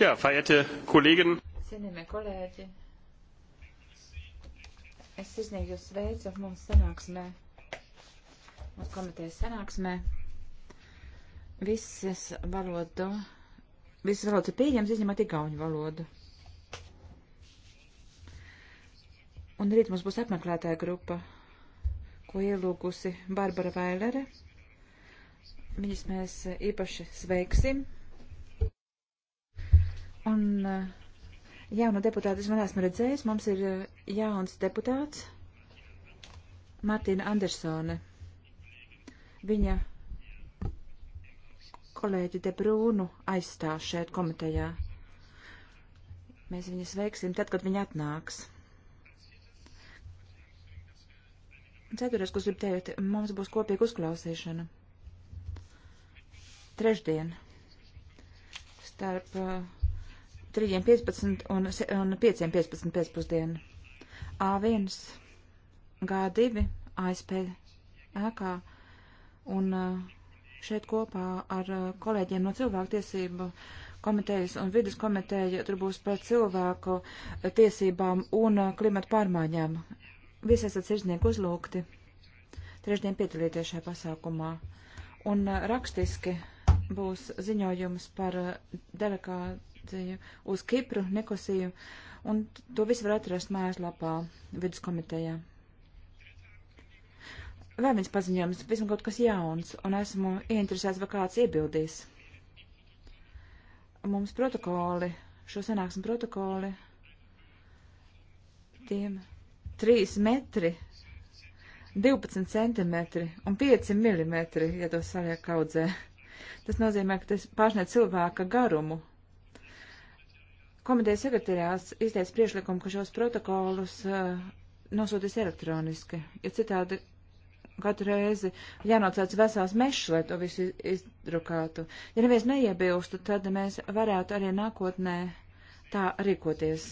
Jā, ja, verehrte Kollegin. Cienījamie kolēģi, es izniegu jūs sveicu mums sanāksmē, mums komitejas sanāksmē. Visas valodu, visas valodas ir pieejams, izņemot igauņu valodu. Un rīt mums būs apmeklētāja grupa, ko ielūgusi Barbara Vailere. Viņas mēs īpaši sveiksim. Un eh, jaunu deputātu es vēl esmu redzējis. Mums ir eh, jauns deputāts Martina Andersone. Viņa kolēģi De Brūnu aizstāv šeit komitejā. Mēs viņu sveiksim tad, kad viņa atnāks. Ceturtais, ko es gribu teikt, mums būs kopīga uzklausīšana. Trešdien. Starp uh, 3.15 un, un 5.15 pēcpusdienu. A1, G2, ASP ēkā un eh, šeit kopā ar eh, kolēģiem no cilvēktiesību komitejas un vidas komiteja tur būs par cilvēku eh, tiesībām un klimatu pārmaiņām. Visi esat sirsnieki uzlūgti trešdien piedalīties šajā pasākumā. Un rakstiski būs ziņojums par delegātu migrāciju uz Kipru, Nikosiju, un to visu var atrast mājaslapā viduskomitejā. Vēl viens paziņojums, visam kaut kas jauns, un esmu ieinteresēts, vai kāds iebildīs. Mums protokoli, šo sanāksmu protokoli, tiem 3 metri 12 centimetri un 5 milimetri, ja to saliek kaudzē. Tas nozīmē, ka tas pārsniedz cilvēka garumu. Komitejas sekretariāts izteica priešlikumu, ka šos protokolus uh, nosūtīs elektroniski, ja citādi katru reizi jānocēts vesels mešs, lai to visu izdrukātu. Ja neviens neiebilstu, tad mēs varētu arī nākotnē tā rīkoties.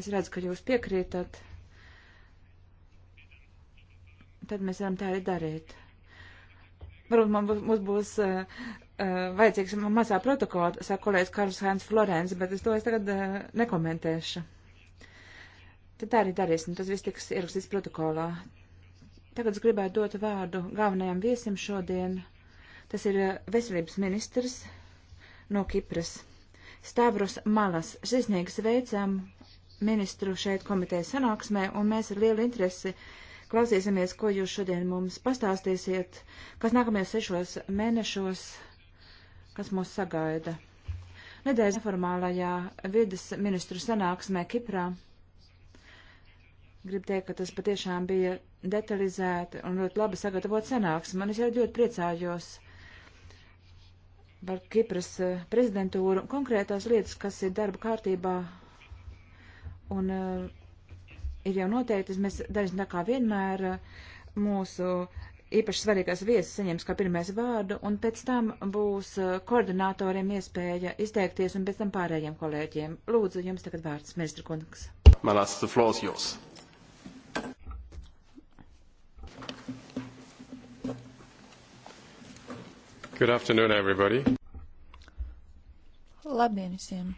Es redzu, ka jūs piekrītat. Tad mēs varam tā arī darīt. Varbūt man, mums būs uh, Eh, vajadzīgs mazā protokola, saka kolēģis Karls Hēns Florence, bet es to es tagad uh, nekomentēšu. Tad tā arī darīsim, tas viss tiks ierakstīts protokolā. Tagad es gribētu dot vārdu galvenajam viesim šodien. Tas ir eh, veselības ministrs no Kipras. Stavros Malas. Sirsnīgi sveicam ministru šeit komitejas sanāksmē, un mēs ar lielu interesi klausīsimies, ko jūs šodien mums pastāstīsiet, kas nākamajos sešos mēnešos kas mūs sagaida. Nedēļas neformālajā vidas ministru sanāksmē Kiprā. Gribu teikt, ka tas patiešām bija detalizēti un ļoti labi sagatavot sanāksmi. Man es jau ļoti priecājos par Kipras eh, prezidentūru konkrētās lietas, kas ir darba kārtībā un uh, ir jau noteikti, mēs daži tā kā vienmēr uh, mūsu īpaši svarīgās viesas saņems kā pirmais vārdu, un pēc tam būs uh, koordinatoriem iespēja izteikties, un pēc tam pārējiem kolēģiem. Lūdzu, jums tagad vārds, ministra kungs. Manas, the floor is yours. Good afternoon, everybody. Labdien visiem!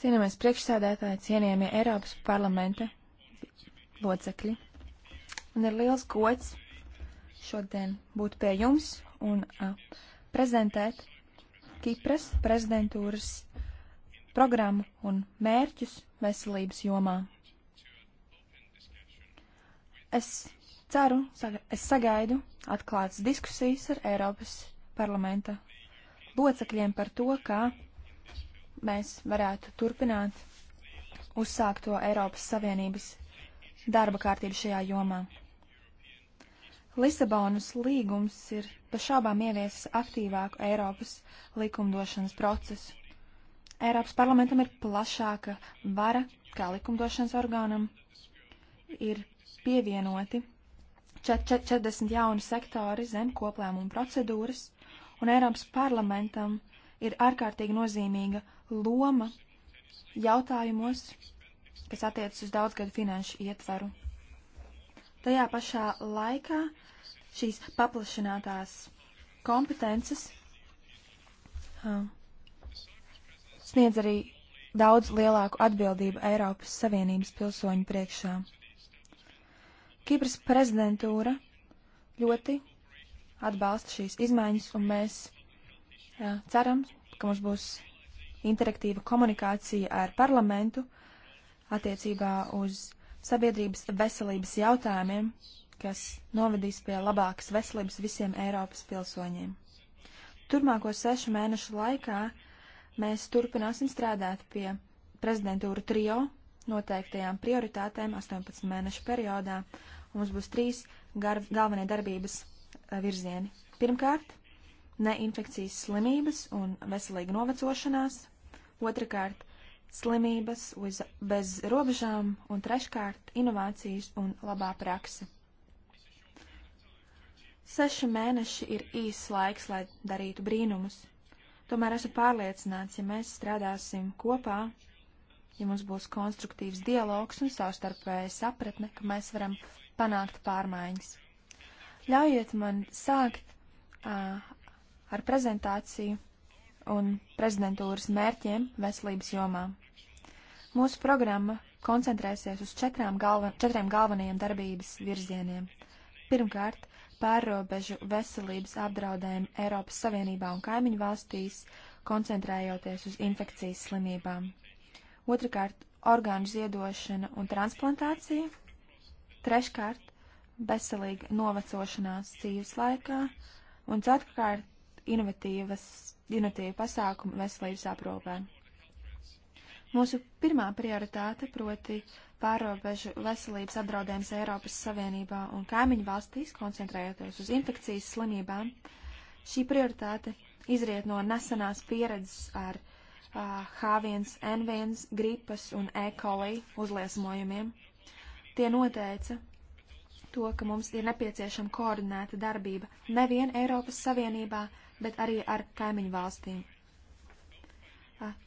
Cienījamais priekšsādētāji, cienījamie Eiropas parlamenta locekļi. Man ir liels gods šodien būt pie jums un a, prezentēt Kipras prezidentūras programmu un mērķus veselības jomā. Es ceru, saga es sagaidu atklātas diskusijas ar Eiropas parlamenta locekļiem par to, kā mēs varētu turpināt uzsākto Eiropas Savienības darba kārtību šajā jomā. Lisabonas līgums ir bez šaubām ieviesis aktīvāku Eiropas likumdošanas procesu. Eiropas parlamentam ir plašāka vara kā likumdošanas orgānam, ir pievienoti 40 jauni sektori zem koplēmuma procedūras, un Eiropas parlamentam ir ārkārtīgi nozīmīga loma jautājumos, kas attiecas uz daudzgadu finanšu ietvaru. Tajā pašā laikā šīs paplašinātās kompetences uh, sniedz arī daudz lielāku atbildību Eiropas Savienības pilsoņu priekšā. Kipras prezidentūra ļoti atbalsta šīs izmaiņas, un mēs uh, ceram, ka mums būs interaktīva komunikācija ar parlamentu, uh, attiecībā uz sabiedrības veselības jautājumiem, kas novedīs pie labākas veselības visiem Eiropas pilsoņiem. Turmāko sešu mēnešu laikā mēs turpināsim strādāt pie prezidentūra trio noteiktajām prioritātēm 18 mēnešu periodā. Mums būs trīs gar, galvenie darbības eh, virzieni. Pirmkārt, neinfekcijas slimības un veselīga novecošanās. Otrakārt, slimības uz, bez robežām un treškārt inovācijas un labā prakse. Seši mēneši ir īss laiks, lai darītu brīnumus. Tomēr esmu pārliecināts, ja mēs strādāsim kopā, ja mums būs konstruktīvs dialogs un savstarpēja sapratne, ka mēs varam panākt pārmaiņas. Ļaujiet man sākt uh, ar prezentāciju un prezidentūras mērķiem veselības jomā. Mūsu programma koncentrēsies uz galva, četriem galvenajiem darbības virzieniem. Pirmkārt, pārrobežu veselības apdraudējumu Eiropas Savienībā un kaimiņu valstīs, koncentrējoties uz infekcijas slimībām. Otrakārt, orgānu ziedošana un transplantācija. Treškārt, veselīga novecošanās dzīves laikā. Un ceturkārt, inovatīvas, inovatīvi pasākumi veselības aprūpē. Mūsu pirmā prioritāte, proti pārobežu veselības apdraudējums Eiropas Savienībā un kaimiņu valstīs, koncentrējoties uz infekcijas slimībām, šī prioritāte izriet no nesenās pieredzes ar uh, H1N1 gripas un E. coli uzliesmojumiem. Tie noteica, to, ka mums ir nepieciešama koordinēta darbība nevien Eiropas Savienībā, bet arī ar kaimiņu valstīm.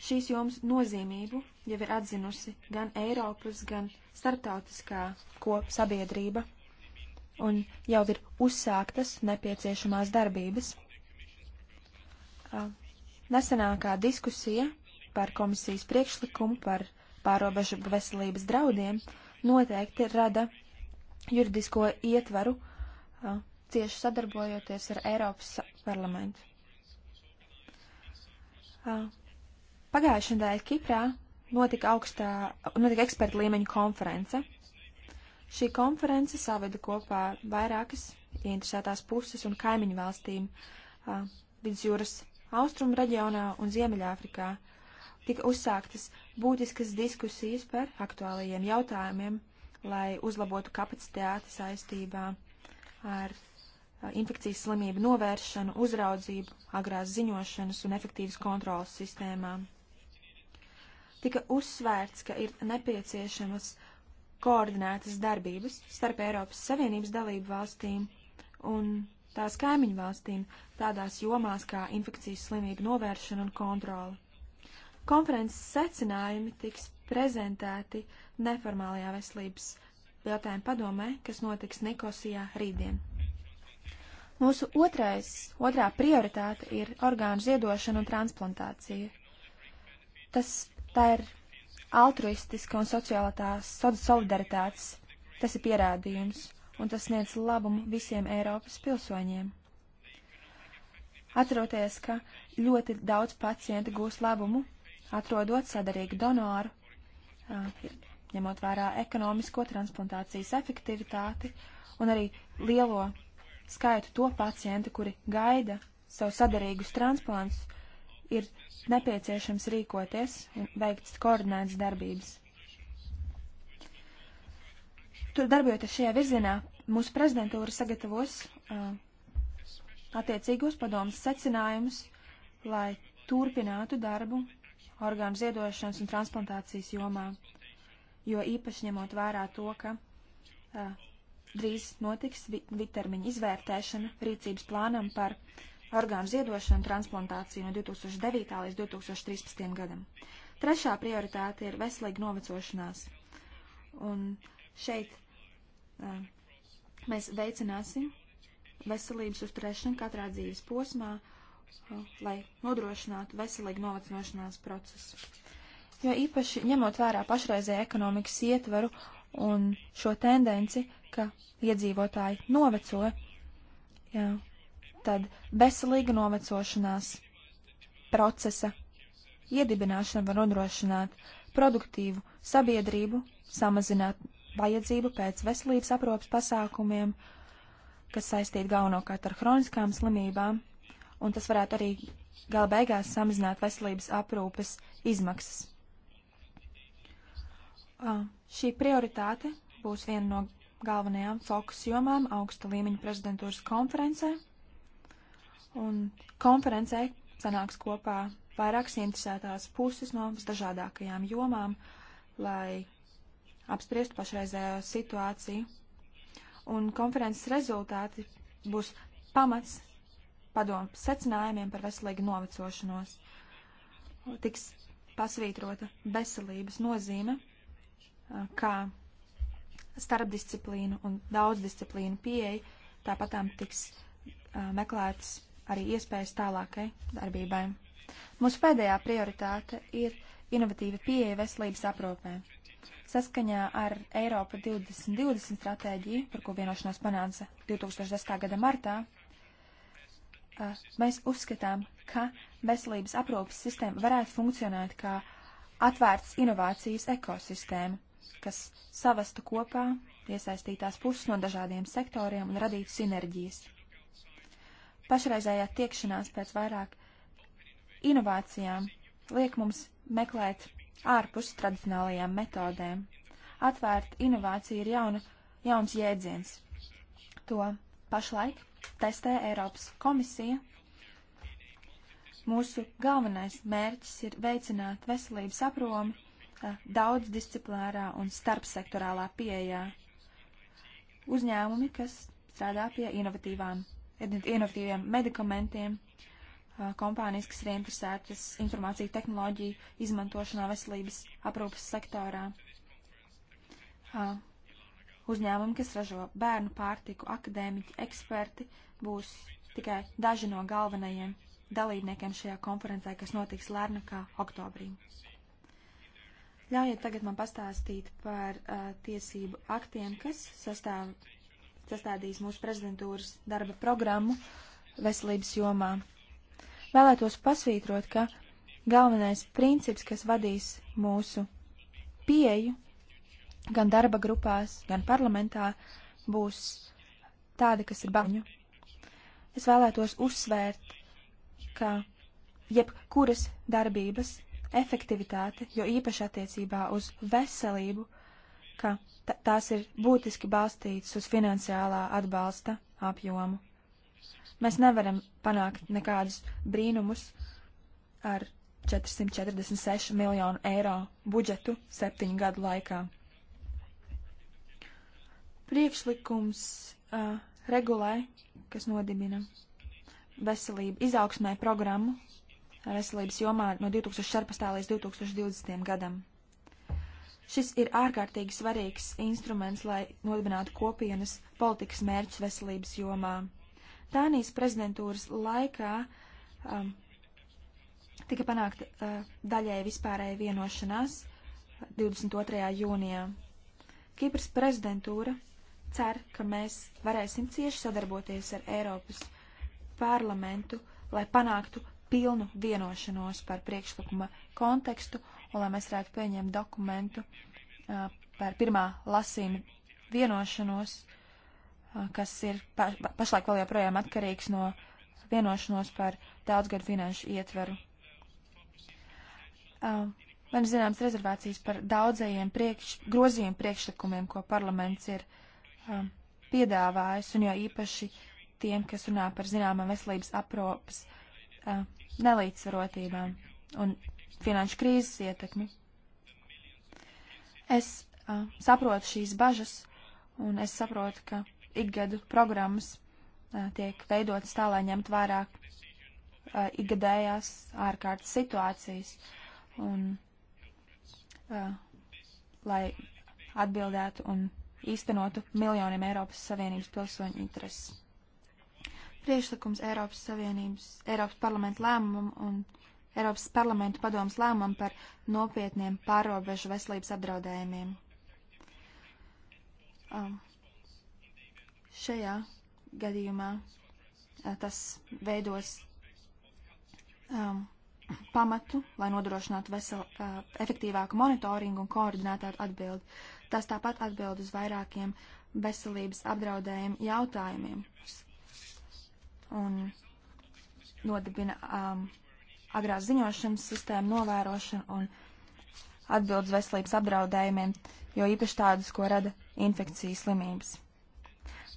Šīs jomas nozīmību jau ir atzinusi gan Eiropas, gan starptautiskā kop sabiedrība, un jau ir uzsāktas nepieciešamās darbības. Nesenākā diskusija par komisijas priekšlikumu par pārobežu veselības draudiem noteikti rada juridisko ietvaru cieši sadarbojoties ar Eiropas parlamentu. Pagājušajā nedēļā Kiprā notika, augstā, notika eksperta līmeņa konference. Šī konference saveda kopā vairākas ieinteresētās puses un kaimiņu valstīm vidusjūras austrumu reģionā un Ziemeļāfrikā. Tika uzsāktas būtiskas diskusijas par aktuālajiem jautājumiem, lai uzlabotu kapacitāti saistībā ar infekcijas slimību novēršanu, uzraudzību, agrās ziņošanas un efektīvas kontrolas sistēmām. Tika uzsvērts, ka ir nepieciešamas koordinētas darbības starp Eiropas Savienības dalību valstīm un tās kaimiņu valstīm tādās jomās kā infekcijas slimību novēršana un kontrola. Konferences secinājumi tiks prezentēti neformālajā veselības jautājumu padomē, kas notiks Nikosijā rītdien. Mūsu otrais, otrā prioritāte ir orgānu ziedošana un transplantācija. Tas tā ir altruistiska un sociālās solidaritātes. Tas ir pierādījums, un tas sniedz labumu visiem Eiropas pilsoņiem. Atceroties, ka ļoti daudz pacienti gūs labumu, atrodot sadarīgu donoru, ņemot vērā ekonomisko transplantācijas efektivitāti un arī lielo skaitu to pacientu, kuri gaida savu sadarīgus transplants, ir nepieciešams rīkoties un veikt koordinētas darbības. Tur darbojoties šajā virzienā, mūsu prezidentūra sagatavos uh, attiecīgos padomus secinājumus, lai turpinātu darbu orgānu ziedošanas un transplantācijas jomā, jo īpaši ņemot vērā to, ka uh, drīz notiks vi vidtermiņa izvērtēšana rīcības plānam par orgānu ziedošanu transplantāciju no 2009. līdz 2013. gadam. Trešā prioritāte ir veselīga novecošanās. Un šeit uh, mēs veicināsim veselības uzturēšanu katrā dzīves posmā, uh, lai nodrošinātu veselīgu novecošanās procesu. Jo īpaši ņemot vērā pašreizēju ekonomikas ietvaru un šo tendenci, ka iedzīvotāji noveco, jā, tad veselīga novecošanās procesa iedibināšana var nodrošināt produktīvu sabiedrību, samazināt vajadzību pēc veselības aprūpas pasākumiem, kas saistīti galvenokārt ar hroniskām slimībām, un tas varētu arī gala beigās samazināt veselības aprūpes izmaksas. Uh, šī prioritāte būs viena no galvenajām fokus jomām augsta līmeņa prezidentūras konferencē. Un konferencē sanāks kopā vairākas interesētās puses no visdažādākajām jomām, lai apspriestu pašreizējo situāciju. Un konferences rezultāti būs pamats padomu secinājumiem par veselīgu novecošanos. Tiks pasvītrota veselības nozīme, kā starpdisciplīnu un daudzdisciplīnu pieeja, tāpat tām tiks uh, meklētas arī iespējas tālākai darbībai. Mūsu pēdējā prioritāte ir inovatīva pieeja veselības aprūpē. Saskaņā ar Eiropa 2020 stratēģiju, par ko vienošanās panāca 2010. gada martā, uh, mēs uzskatām, ka veselības aprūpas sistēma varētu funkcionēt kā atvērts inovācijas ekosistēma kas savestu kopā iesaistītās puses no dažādiem sektoriem un radītu sinerģijas. Pašreizējā tiekšanās pēc vairāk inovācijām liek mums meklēt ārpus tradicionālajām metodēm. Atvērt inovācija ir jauna, jauns jēdziens. To pašlaik testē Eiropas komisija. Mūsu galvenais mērķis ir veicināt veselības apromi Eh, daudz disciplārā un starpsektorālā pieejā. Uzņēmumi, kas strādā pie inovatīvām, inovatīviem medikamentiem, eh, kompānijas, kas ir interesētas informāciju tehnoloģiju izmantošanā veselības aprūpas sektorā. Uh, uzņēmumi, kas ražo bērnu pārtiku, akadēmiķi, eksperti, būs tikai daži no galvenajiem dalībniekiem šajā konferencē, kas notiks Lērnakā oktobrī. Ļaujiet tagad man pastāstīt par uh, tiesību aktiem, kas sastāv, sastādīs mūsu prezidentūras darba programmu veselības jomā. Vēlētos pasvītrot, ka galvenais princips, kas vadīs mūsu pieju gan darba grupās, gan parlamentā, būs tāda, kas ir baņu. Es vēlētos uzsvērt, ka jebkuras darbības efektivitāte, jo īpaši attiecībā uz veselību, ka tās ir būtiski balstītas uz finansiālā atbalsta apjomu. Mēs nevaram panākt nekādus brīnumus ar 446 miljonu eiro budžetu septiņu gadu laikā. Priekšlikums uh, regulē, kas nodibina veselību izaugsmē programmu veselības jomā no 2014. līdz 2020. gadam. Šis ir ārkārtīgi svarīgs instruments, lai nodibinātu kopienas politikas mērķus veselības jomā. Dānijas prezidentūras laikā um, tika panākta uh, daļēji vispārēja vienošanās 22. Uh, jūnijā. Kipras prezidentūra cer, ka mēs varēsim cieši sadarboties ar Eiropas parlamentu, lai panāktu pilnu vienošanos par priekšlikuma kontekstu un lai mēs varētu pieņemt dokumentu uh, par pirmā lasījuma vienošanos, uh, kas ir pa, pašlaik vēl joprojām atkarīgs no vienošanos par daudzgadu finanšu ietveru. Uh, man zināms rezervācijas par daudzajiem priekš, grozījumu priekšlikumiem, ko parlaments ir um, piedāvājis, un jo īpaši tiem, kas runā par zināmām veselības aprūpas um, nelīdzsvarotībām un finanšu krīzes ietekmi. Es uh, saprotu šīs bažas, un es saprotu, ka ikgadu programmas uh, tiek veidotas tā, lai ņemt vairāk uh, ikgadējās ārkārtas situācijas, un uh, lai atbildētu un īstenotu miljoniem Eiropas Savienības pilsoņu intereses. Priekšlikums Eiropas Savienības, Eiropas parlamenta lēmumam un Eiropas parlamenta padomas lēmumam par nopietniem pārobežu veselības apdraudējumiem. Um, šajā gadījumā uh, tas veidos um, pamatu, lai nodrošinātu vesel, uh, efektīvāku monitoringu un koordinētātu atbildi. Tas tāpat atbild uz vairākiem veselības apdraudējumu jautājumiem, uz un nodibina um, agrās ziņošanas sistēmu novērošanu un atbildes veselības apdraudējumiem, jo īpaši tādus, ko rada infekcijas slimības.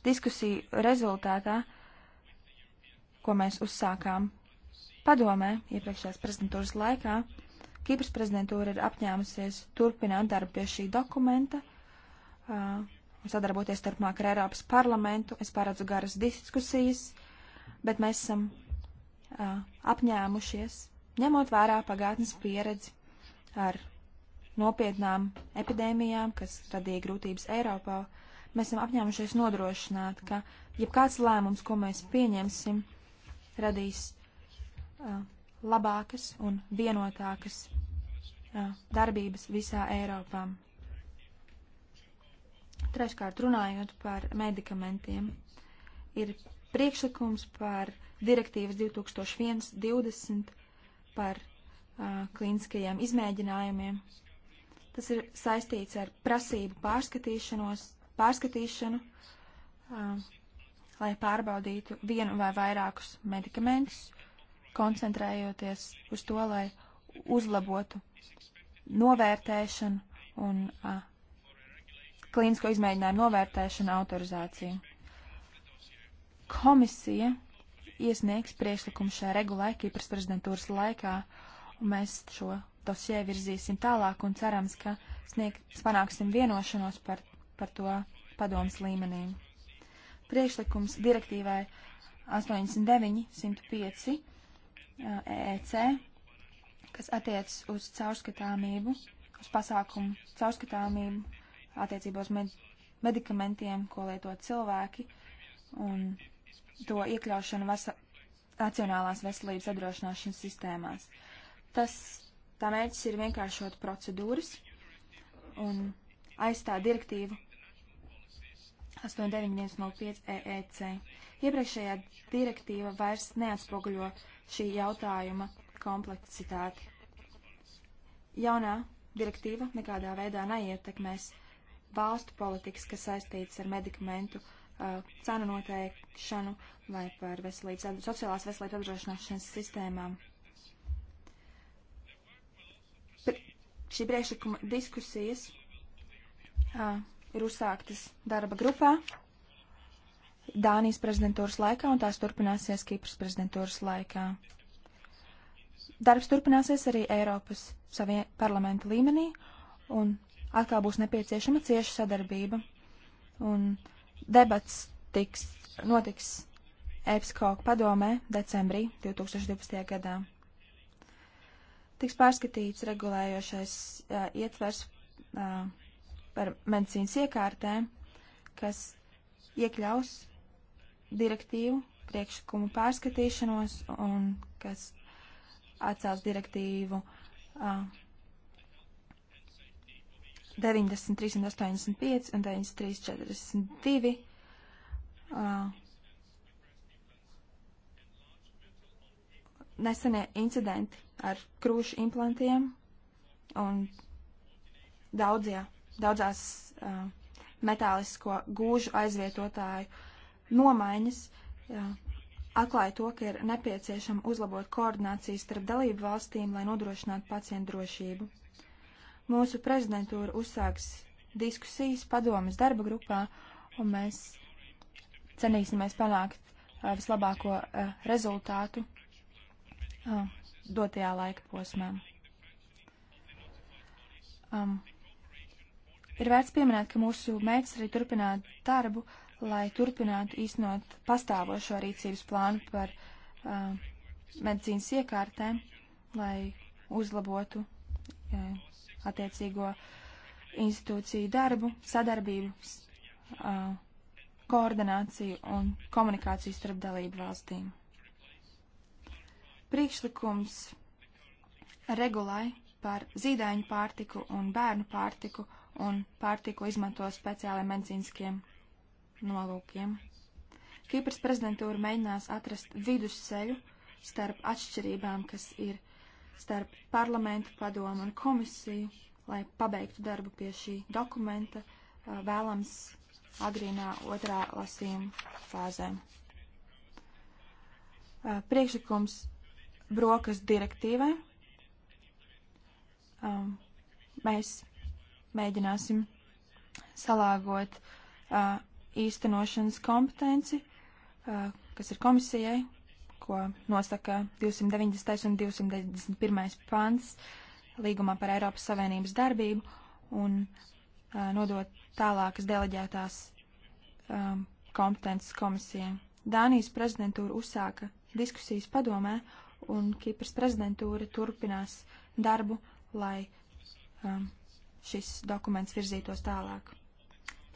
Diskusiju rezultātā, ko mēs uzsākām padomē iepriekšējās prezidentūras laikā, Kipras prezidentūra ir apņēmusies turpināt darbu pie šī dokumenta. Uh, sadarboties turpmāk ar Eiropas parlamentu. Es paredzu garas diskusijas, bet mēs esam uh, apņēmušies, ņemot vērā pagātnes pieredzi ar nopietnām epidēmijām, kas radīja grūtības Eiropā, mēs esam apņēmušies nodrošināt, ka jebkāds lēmums, ko mēs pieņemsim, radīs uh, labākas un vienotākas uh, darbības visā Eiropā. Treškārt, runājot par medikamentiem, ir priekšlikums par direktīvas 2001-20 par uh, klīniskajiem izmēģinājumiem. Tas ir saistīts ar prasību pārskatīšanu, uh, lai pārbaudītu vienu vai vairākus medikamentus, koncentrējoties uz to, lai uzlabotu novērtēšanu un uh, klīnisko izmēģinājumu novērtēšanu autorizāciju. Komisija iesniegs priekšlikumu šai regulai Kipras prezidentūras laikā, un mēs šo dosie virzīsim tālāk un cerams, ka snieg, panāksim vienošanos par, par to padomas līmenī. Priekšlikums direktīvai 89.105 EEC, kas attiecas uz caurskatāmību, uz pasākumu caurskatāmību attiecībos med medikamentiem, ko lieto cilvēki, un to iekļaušanu vesa, nacionālās veselības apdrošināšanas sistēmās. Tas tā mērķis ir vienkāršot procedūras un aizstāt direktīvu 89105 EEC. E e Iepriekšējā direktīva vairs neatspoguļo šī jautājuma kompleksitāti. Jaunā direktīva nekādā veidā neietekmēs valstu politikas, kas saistītas ar medikamentu uh, Uh, cenu noteikšanu vai par veselības, sociālās veselības apdrošināšanas sistēmām. Pr šī priekšlikuma diskusijas uh, ir uzsāktas darba grupā Dānijas prezidentūras laikā un tās turpināsies Kipras prezidentūras laikā. Darbs turpināsies arī Eiropas savie, parlamenta līmenī un atkal būs nepieciešama cieša sadarbība. Un uh, Debats tiks, notiks EPSCO padomē decembrī 2012. gadā. Tiks pārskatīts regulējošais uh, ietvers uh, par medicīnas iekārtēm, kas iekļaus direktīvu priekšlikumu pārskatīšanos un kas atcels direktīvu uh, 90, 385 un 93, 42. Uh, nesenie incidenti ar krūšu implantiem un daudzie, daudzās uh, metālisko gūžu aizvietotāju nomaiņas uh, atklāja to, ka ir nepieciešama uzlabot koordinācijas starp dalību valstīm, lai nodrošinātu pacientu drošību. Mūsu prezidentūra uzsāks diskusijas padomas darba grupā, un mēs cenīsimies panākt uh, vislabāko uh, rezultātu uh, dotajā laika posmā. Um, ir vērts pieminēt, ka mūsu mērķis arī turpināt darbu, lai turpinātu īstenot pastāvošo rīcības plānu par uh, medicīnas iekārtēm, lai uzlabotu uh, attiecīgo institūciju darbu, sadarbību, koordināciju un komunikāciju starp dalību valstīm. Priekšlikums regulai par zīdaiņu pārtiku un bērnu pārtiku un pārtiku izmanto speciāliem medicīniskiem nolūkiem. Kīpras prezidentūra mēģinās atrast vidusceļu starp atšķirībām, kas ir starp parlamentu padomu un komisiju, lai pabeigtu darbu pie šī dokumenta vēlams agrīnā otrā lasījuma fāzē. Priekšlikums brokas direktīvai. Mēs mēģināsim salāgot īstenošanas kompetenci, kas ir komisijai ko nosaka 290. un 291. pants līgumā par Eiropas Savienības darbību un uh, nodot tālākas deleģētās um, kompetences komisijai. Dānijas prezidentūra uzsāka diskusijas padomē, un Kipras prezidentūra turpinās darbu, lai um, šis dokuments virzītos tālāk.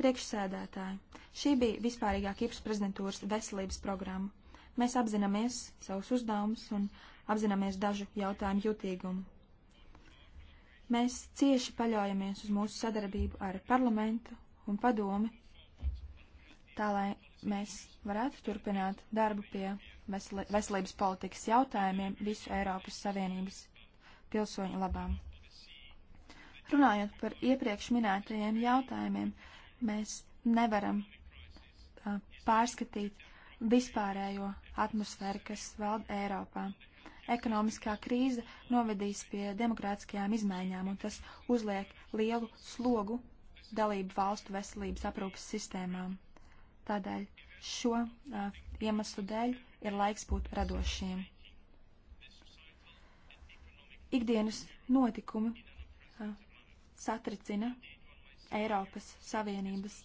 Priekšsēdētāji, šī bija vispārīgā Kipras prezidentūras veselības programma. Mēs apzināmies savus uzdevumus un apzināmies dažu jautājumu jutīgumu. Mēs cieši paļaujamies uz mūsu sadarbību ar parlamentu un padomi, tā lai mēs varētu turpināt darbu pie veselības politikas jautājumiem visu Eiropas Savienības pilsoņu labām. Runājot par iepriekš minētajiem jautājumiem, mēs nevaram a, pārskatīt vispārējo atmosfēru, kas valda Eiropā. Ekonomiskā krīze novedīs pie demokrātiskajām izmaiņām, un tas uzliek lielu slogu dalību valstu veselības aprūpas sistēmām. Tādēļ šo uh, iemeslu dēļ ir laiks būt radošiem. Ikdienas notikumi uh, satricina Eiropas Savienības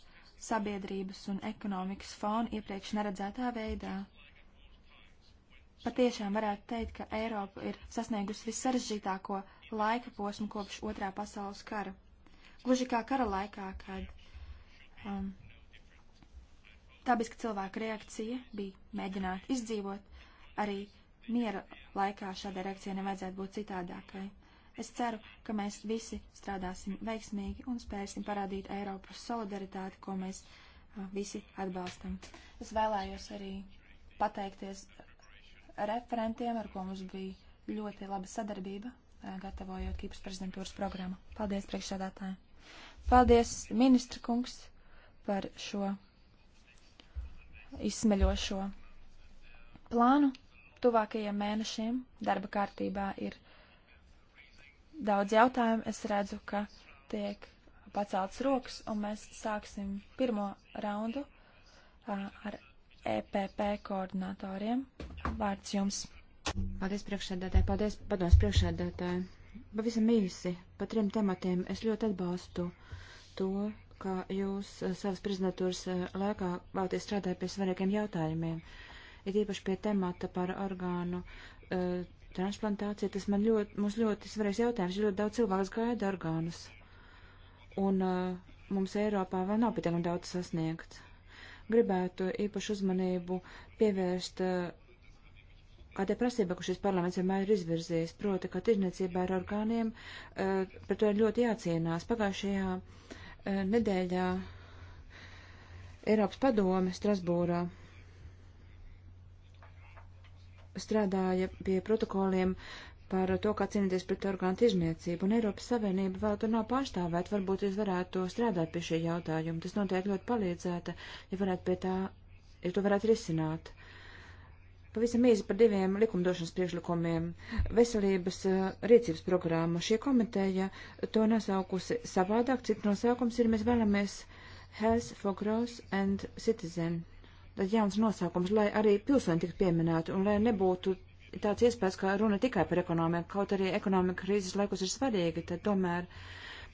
sabiedrības un ekonomikas fonu iepriekš neredzētā veidā patiešām varētu teikt, ka Eiropa ir sasniegusi vissaržģītāko laika posmu kopš otrā pasaules kara. Gluži kā kara laikā, kad um, dabiska cilvēka reakcija bija mēģināt izdzīvot, arī miera laikā šādai reakcijai nevajadzētu būt citādākai. Es ceru, ka mēs visi strādāsim veiksmīgi un spēsim parādīt Eiropas solidaritāti, ko mēs uh, visi atbalstam. Es vēlējos arī pateikties referentiem, ar ko mums bija ļoti laba sadarbība, eh, gatavojot Kipras prezidentūras programmu. Paldies, priekšsādātāji! Paldies, ministra kungs, par šo izsmeļošo plānu. Tuvākajiem mēnešiem darba kārtībā ir daudz jautājumu. Es redzu, ka tiek pacelts rokas, un mēs sāksim pirmo raundu ar EPP koordinatoriem. Vārds jums. Paldies priekšsēdētāji, paldies padoms priekšsēdētāji. Pavisam īsi, pa trim tematiem es ļoti atbalstu to, ka jūs eh, savas prezidentūras eh, laikā vēlaties strādāt pie svarīgiem jautājumiem. Ir īpaši pie temata par orgānu uh, eh, transplantācija, tas man ļoti, mums ļoti svarīgs jautājums, jo ļoti daudz cilvēks gaida orgānus. Un uh, mums Eiropā vēl nav pietiekami daudz sasniegts gribētu īpašu uzmanību pievērst eh, kādai prasībai, ko šis parlaments vienmēr ir izvirzījis, proti, ka tirniecībā ar orgāniem eh, par to ir ļoti jācīnās. Pagājušajā eh, nedēļā Eiropas padome Strasbūrā strādāja pie protokoliem par to, kā cīnīties pret orgānu izniecību, un Eiropas Savienība vēl tur nav pārstāvēt, varbūt jūs varētu strādāt pie šī jautājuma. Tas noteikti ļoti palīdzētu, ja varētu pie tā, ja to varētu risināt. Pavisam īsi par diviem likumdošanas priekšlikumiem. Veselības uh, rīcības programma šie komiteja to nosaukusi savādāk, cik nosaukums ir mēs vēlamies Health for Growth and Citizen. Tad jauns nosaukums, lai arī pilsoņi tiktu pieminēti un lai nebūtu tāds iespējas, ka runa tikai par ekonomiku, kaut arī ekonomika krīzes laikus ir svarīga, tad tomēr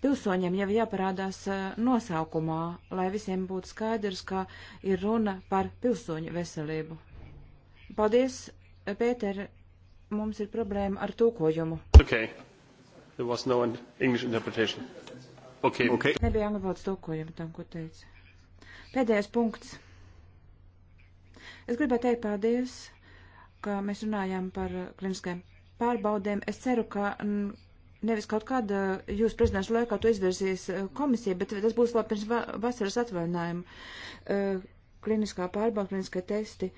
pilsoņiem jau jāparādās nosaukumā, lai visiem būtu skaidrs, ka ir runa par pilsoņu veselību. Paldies, Pēter, mums ir problēma ar tūkojumu. Okay. There was no English interpretation. Okay. Okay. Nebija angļu valodas tūkojuma tam, ko teica. Pēdējais punkts. Es gribētu teikt paldies ka mēs runājām par kliniskajām pārbaudēm. Es ceru, ka nevis kaut kāda jūs prezidents laikā to izvirzīs eh, komisija, bet tas būs vēl pirms vasaras atvaļinājuma eh, kliniskā pārbauda, kliniskie testi.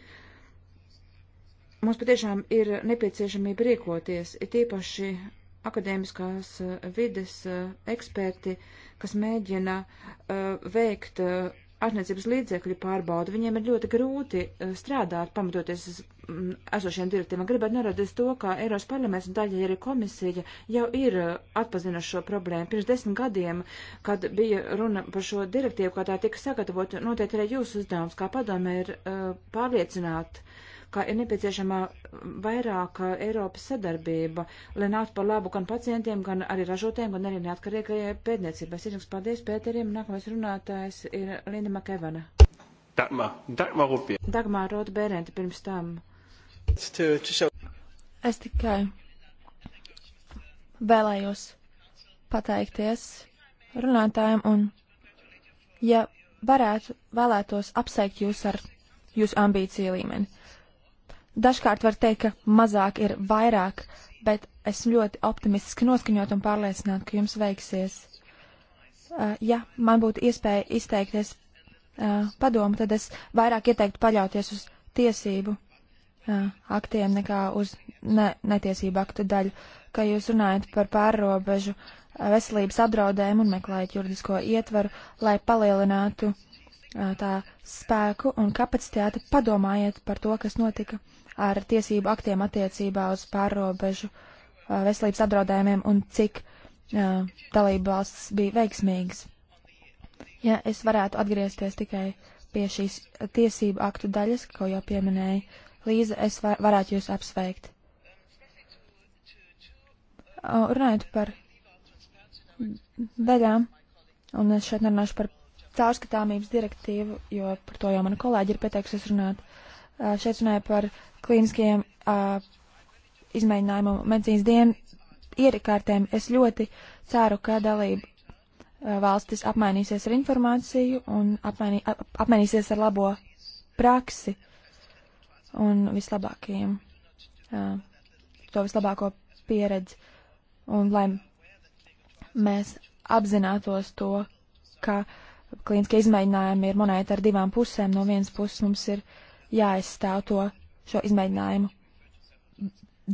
Mums patiešām ir nepieciešamība rīkoties, ir tīpaši akadēmiskās eh, vides eksperti, kas mēģina veikt ārniecības līdzekļu pārbaudu, viņiem ir ļoti grūti eh, strādāt, pamatoties uz mm, esošiem direktīviem. Gribētu norādīt to, ka Eiropas parlaments un daļai arī komisija jau ir eh, atpazinuši šo problēmu. Pirms desmit gadiem, kad bija runa par šo direktīvu, kā tā tika sagatavota, noteikti arī jūsu uzdevums kā padome ir eh, pārliecināt uh, ka ir nepieciešama vairāk eh, Eiropas sadarbība, lai nāktu par labu gan pacientiem, gan arī ražotēm, gan arī neatkarīgajai pētniecībai. Sirsnieks paldies Pēteriem. Nākamais runātājs ir Linda Makevana. Dagmā, Dagmā Rupie. Dagmā Rota Bērenta pirms tam. Es tikai vēlējos pateikties runātājiem un, ja varētu, vēlētos apsveikt jūs ar jūsu ambīciju līmeni. Dažkārt var teikt, ka mazāk ir vairāk, bet esmu ļoti optimistiski noskaņot un pārliecināt, ka jums veiksies. Uh, ja man būtu iespēja izteikties uh, padomu, tad es vairāk ieteiktu paļauties uz tiesību uh, aktiem nekā uz ne, netiesību aktu daļu, ka jūs runājat par pārrobežu veselības apdraudējumu un meklējat juridisko ietvaru, lai palielinātu tā spēku un kapacitāti. Padomājiet par to, kas notika ar tiesību aktiem attiecībā uz pārrobežu uh, veselības apdraudējumiem un cik uh, dalību valsts bija veiksmīgas. Ja es varētu atgriezties tikai pie šīs tiesību aktu daļas, ko jau pieminēja Līza, es var, varētu jūs apsveikt. Runājot par daļām, un es šeit nerunāšu par caurskatāmības direktīvu, jo par to jau mana kolēģi ir pieteikusies runāt. Šeit runāja par klīniskajiem izmēģinājumu medicīnas dienu ierikārtēm. Es ļoti ceru, ka dalība valstis apmainīsies ar informāciju un apmainī, ap, apmainīsies ar labo praksi un vislabākajiem, to vislabāko pieredzi. Un lai mēs apzinātos to, ka klīniskie izmēģinājumi ir monēta ar divām pusēm. No vienas puses mums ir jāaizstāv to šo izmēģinājumu.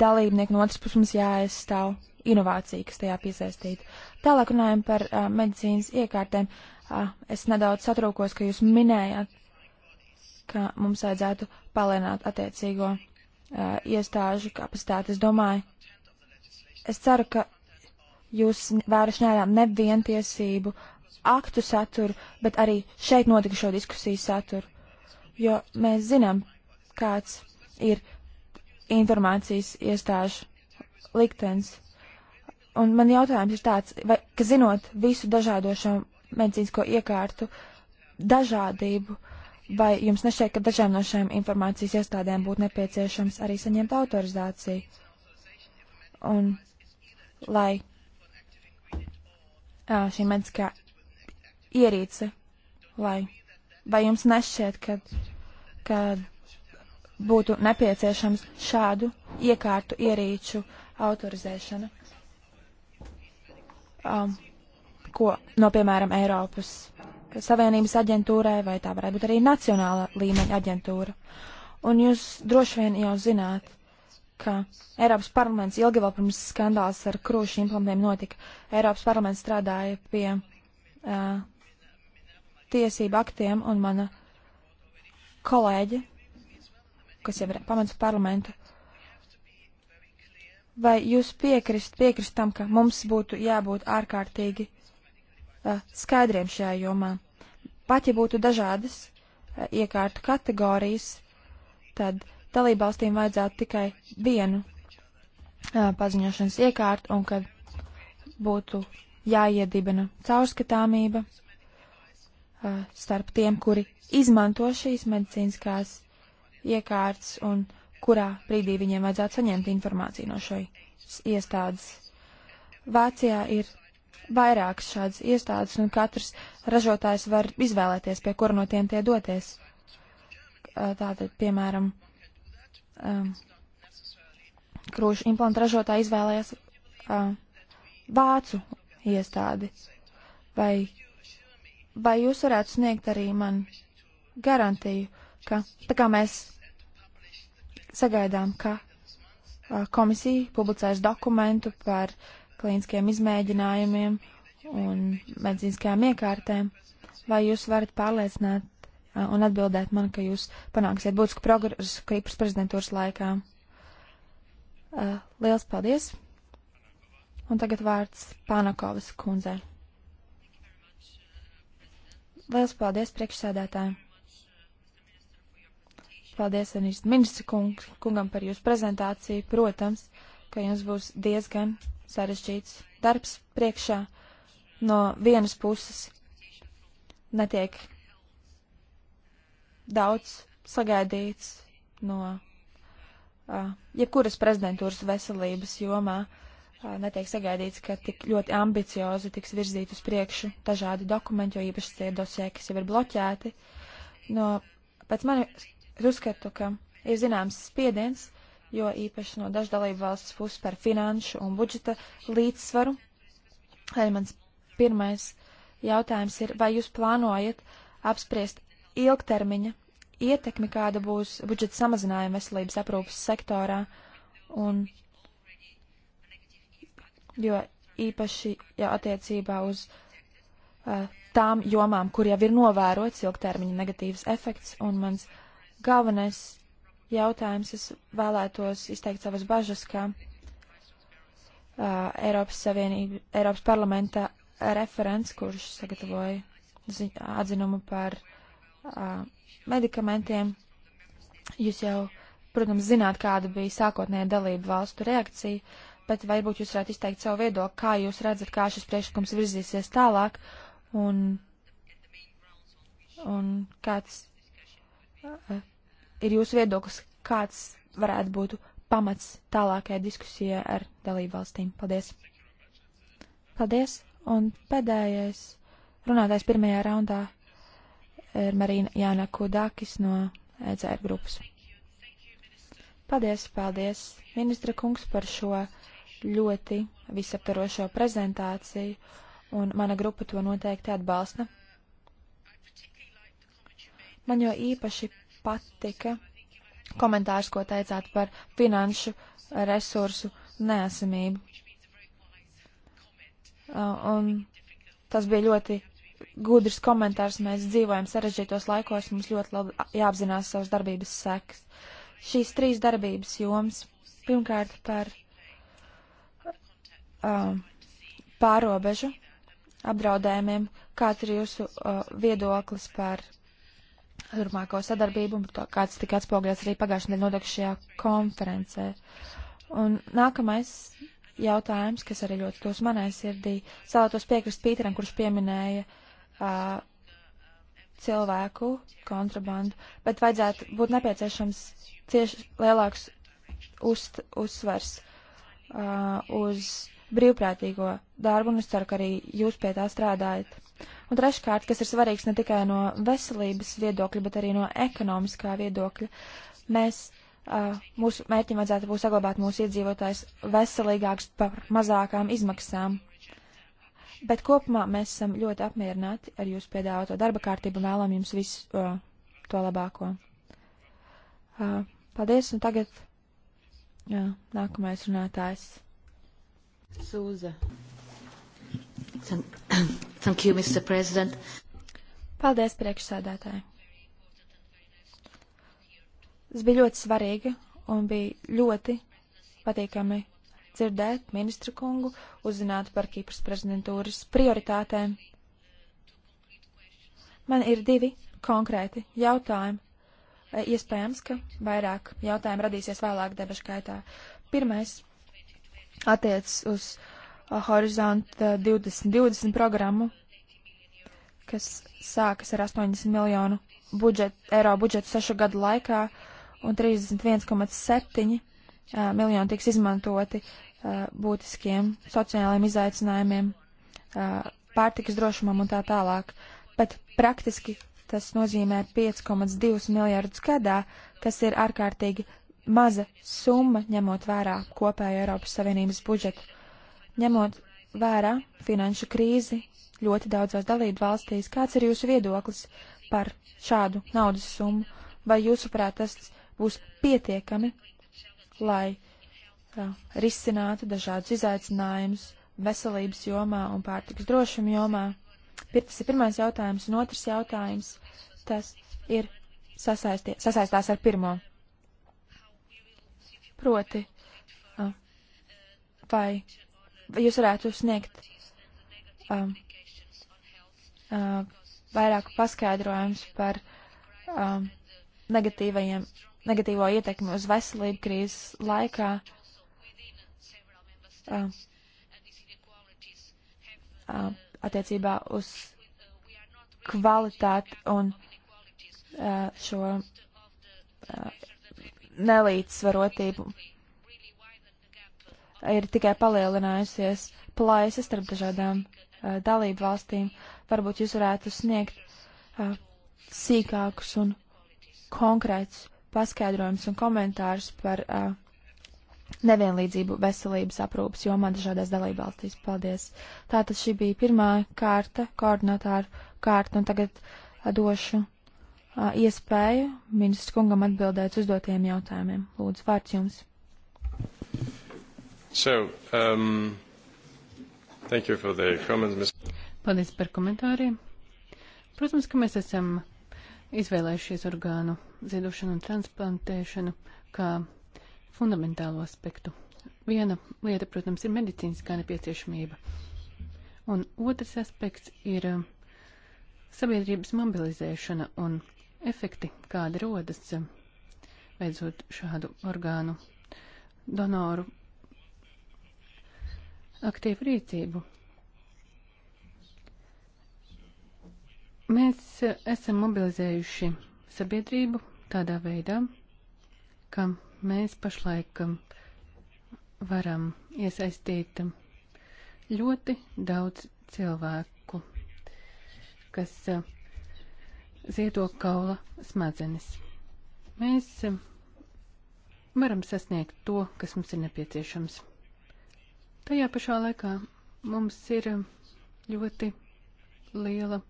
Dalībnieku no otras puses mums jāaizstāv inovācija, kas tajā piesaistīta. Tālāk runājam par uh, medicīnas iekārtēm. Uh, es nedaudz satraukos, ka jūs minējāt, ka mums vajadzētu palēnāt attiecīgo uh, iestāžu kapacitāti. Es domāju, es ceru, ka jūs vairs neļām nevienu tiesību aktu saturu, bet arī šeit notika šo diskusiju saturu jo mēs zinām, kāds ir informācijas iestāžu liktenis. Un man jautājums ir tāds, vai, ka zinot visu dažādo šo medicīnisko iekārtu dažādību, vai jums nešķiet, ka dažām no šiem informācijas iestādēm būtu nepieciešams arī saņemt autorizāciju? Un lai šī mediskā ierīce, lai Vai jums nešķiet, ka, ka būtu nepieciešams šādu iekārtu ierīču autorizēšana, um, ko no, piemēram, Eiropas Savienības aģentūrai, vai tā varētu būt arī nacionāla līmeņa aģentūra. Un jūs droši vien jau zināt, ka Eiropas parlaments ilgi vēl pirms skandāls ar krūšu implantiem notika, Eiropas parlaments strādāja pie uh, tiesību aktiem, un mana kolēģe, kas jau ir pamats parlamenta, vai jūs piekrist, piekrist tam, ka mums būtu jābūt ārkārtīgi uh, skaidriem šajā jomā? Pat ja būtu dažādas uh, iekārtu kategorijas, tad dalībvalstīm vajadzētu tikai vienu uh, paziņošanas iekārtu un kad būtu jāiedibina caurskatāmība Uh, starp tiem, kuri izmanto šīs medicīniskās iekārtas un kurā brīdī viņiem vajadzētu saņemt informāciju no šīs iestādes. Vācijā ir vairākas šādas iestādes, un katrs ražotājs var izvēlēties, pie kura no tiem tie doties. Uh, tātad, piemēram, um, krūšu implantu ražotāji izvēlējās uh, vācu iestādi vai vai jūs varētu sniegt arī man garantiju, ka tā kā mēs sagaidām, ka a, komisija publicēs dokumentu par klīniskiem izmēģinājumiem un medicīniskajām iekārtēm, vai jūs varat pārliecināt a, un atbildēt man, ka jūs panāksiet būtisku progresu Kīpras prezidentūras laikā? A, liels paldies! Un tagad vārds Pānakovas kundzei. Liels paldies priekšsēdētājiem! Paldies arī ministra kung, kungam par jūsu prezentāciju. Protams, ka jums būs diezgan sarežģīts darbs priekšā. No vienas puses netiek daudz sagaidīts no uh, jebkuras prezidentūras veselības jomā. Uh, netiek sagaidīts, ka tik ļoti ambiciozi tiks virzīt uz priekšu dažādi dokumenti, jo īpaši tie ir dosē, kas jau ir bloķēti. No, pēc manis uzskatu, ka ir zināms spiediens, jo īpaši no dažu dalību valsts puses par finanšu un budžeta līdzsvaru. Arī mans pirmais jautājums ir, vai jūs plānojat apspriest ilgtermiņa ietekmi, kāda būs budžeta samazinājuma veselības aprūpas sektorā un uh, jo īpaši ja attiecībā uz uh, tām jomām, kur jau ir novērots ilgtermiņa negatīvs efekts, un mans galvenais jautājums, es vēlētos izteikt savas bažas, ka uh, Eiropas Savienība, Eiropas parlamenta referents, kurš sagatavoja zi, atzinumu par uh, medikamentiem, jūs jau, protams, zināt, kāda bija sākotnēja dalību valstu reakcija. Uh, bet varbūt jūs varētu izteikt savu viedokli, kā jūs redzat, kā šis priekšlikums virzīsies tālāk un, un kāds uh, ir jūsu viedoklis, kāds varētu būt pamats tālākajai diskusijai ar dalību valstīm. Paldies! Paldies! Un pēdējais runātājs pirmajā raundā ir Marīna Jāna Kudakis no ECR grupas. Paldies, paldies, ministra kungs, par šo ļoti visaptarošo prezentāciju, un mana grupa to noteikti atbalsta. Man jau īpaši patika komentārs, ko teicāt par finanšu resursu neesamību. Un tas bija ļoti gudrs komentārs. Mēs dzīvojam sarežģītos laikos, mums ļoti labi jāapzinās savas darbības sekas. Šīs trīs darbības joms pirmkārt par um, pārobežu apdraudējumiem. Kāds ir jūsu uh, viedoklis par turpmāko sadarbību, un to, kāds tika atspoguļots arī pagājušajā nedēļā notikušajā konferencē? Un nākamais jautājums, kas arī ļoti tos manai sirdī, sālētos piekrist Pīteram, kurš pieminēja uh, cilvēku kontrabandu, bet vajadzētu būt nepieciešams cieši lielāks uzt, uzsvars uh, uz brīvprātīgo darbu, un es ceru, ka arī jūs pie tā strādājat. Un treškārt, kas ir svarīgs ne tikai no veselības viedokļa, bet arī no ekonomiskā viedokļa, mēs, uh, mūsu mērķim vajadzētu būs saglabāt mūsu iedzīvotājs veselīgāks par mazākām izmaksām. Bet kopumā mēs esam ļoti apmierināti ar jūsu piedāvāto darba kārtību un vēlam jums visu uh, to labāko. Uh, paldies, un tagad jā, uh, nākamais runātājs. Sūza. Thank you, Mr. President. Paldies, priekšsēdētāji. Tas bija ļoti svarīgi un bija ļoti patīkami dzirdēt ministru kungu, uzzināt par Kīpras prezidentūras prioritātēm. Man ir divi konkrēti jautājumi. E, iespējams, ka vairāk jautājumu radīsies vēlāk debašu gaitā. Pirmais attiecas uz uh, Horizonta 2020 programmu, kas sākas ar 80 miljonu budžet, eiro budžetu sešu gadu laikā un 31,7 uh, miljoni tiks izmantoti uh, būtiskiem sociālajiem izaicinājumiem, uh, pārtikas drošumam un tā tālāk. Bet praktiski tas nozīmē 5,2 miljardus gadā, kas ir ārkārtīgi maza summa, ņemot vērā kopēju Eiropas Savienības budžetu. Ņemot vērā finanšu krīzi ļoti daudzās dalību valstīs, kāds ir jūsu viedoklis par šādu naudas summu? Vai jūsuprāt tas būs pietiekami, lai tā, risinātu dažādus izaicinājumus veselības jomā un pārtikas drošuma jomā? Tas ir pirmais jautājums, un otrs jautājums, tas ir sasaistās ar pirmo Proti, vai jūs varētu sniegt um, uh, vairāk paskaidrojums par um, negatīvajiem, negatīvo ietekmi uz veselību krīzes laikā. Um, um, attiecībā uz kvalitāti un uh, šo uh, nelīdzsvarotību ir tikai palielinājusies plaisa starp dažādām uh, dalību valstīm. Varbūt jūs varētu sniegt uh, sīkākus un konkrētus paskaidrojumus un komentārus par uh, nevienlīdzību veselības aprūpas jomā dažādās dalību valstīs. Paldies! Tātad šī bija pirmā kārta, koordinātāra kārta, un tagad došu iespēju ministrs kungam atbildēt uzdotiem jautājumiem. Lūdzu, vārds jums. So, um, thank you for the comments, Ms. Paldies par komentāriem. Protams, ka mēs esam izvēlējušies orgānu ziedošanu un transplantēšanu kā fundamentālo aspektu. Viena lieta, protams, ir medicīniskā nepieciešamība. Un otrs aspekts ir sabiedrības mobilizēšana un efekti, kādi rodas veidzot šādu orgānu donoru aktīvu rīcību. Mēs esam mobilizējuši sabiedrību tādā veidā, ka mēs pašlaik varam iesaistīt ļoti daudz cilvēku, kas uh, ziedo kaula smadzenes. Mēs varam sasniegt to, kas mums ir nepieciešams. Tajā pašā laikā mums ir ļoti liela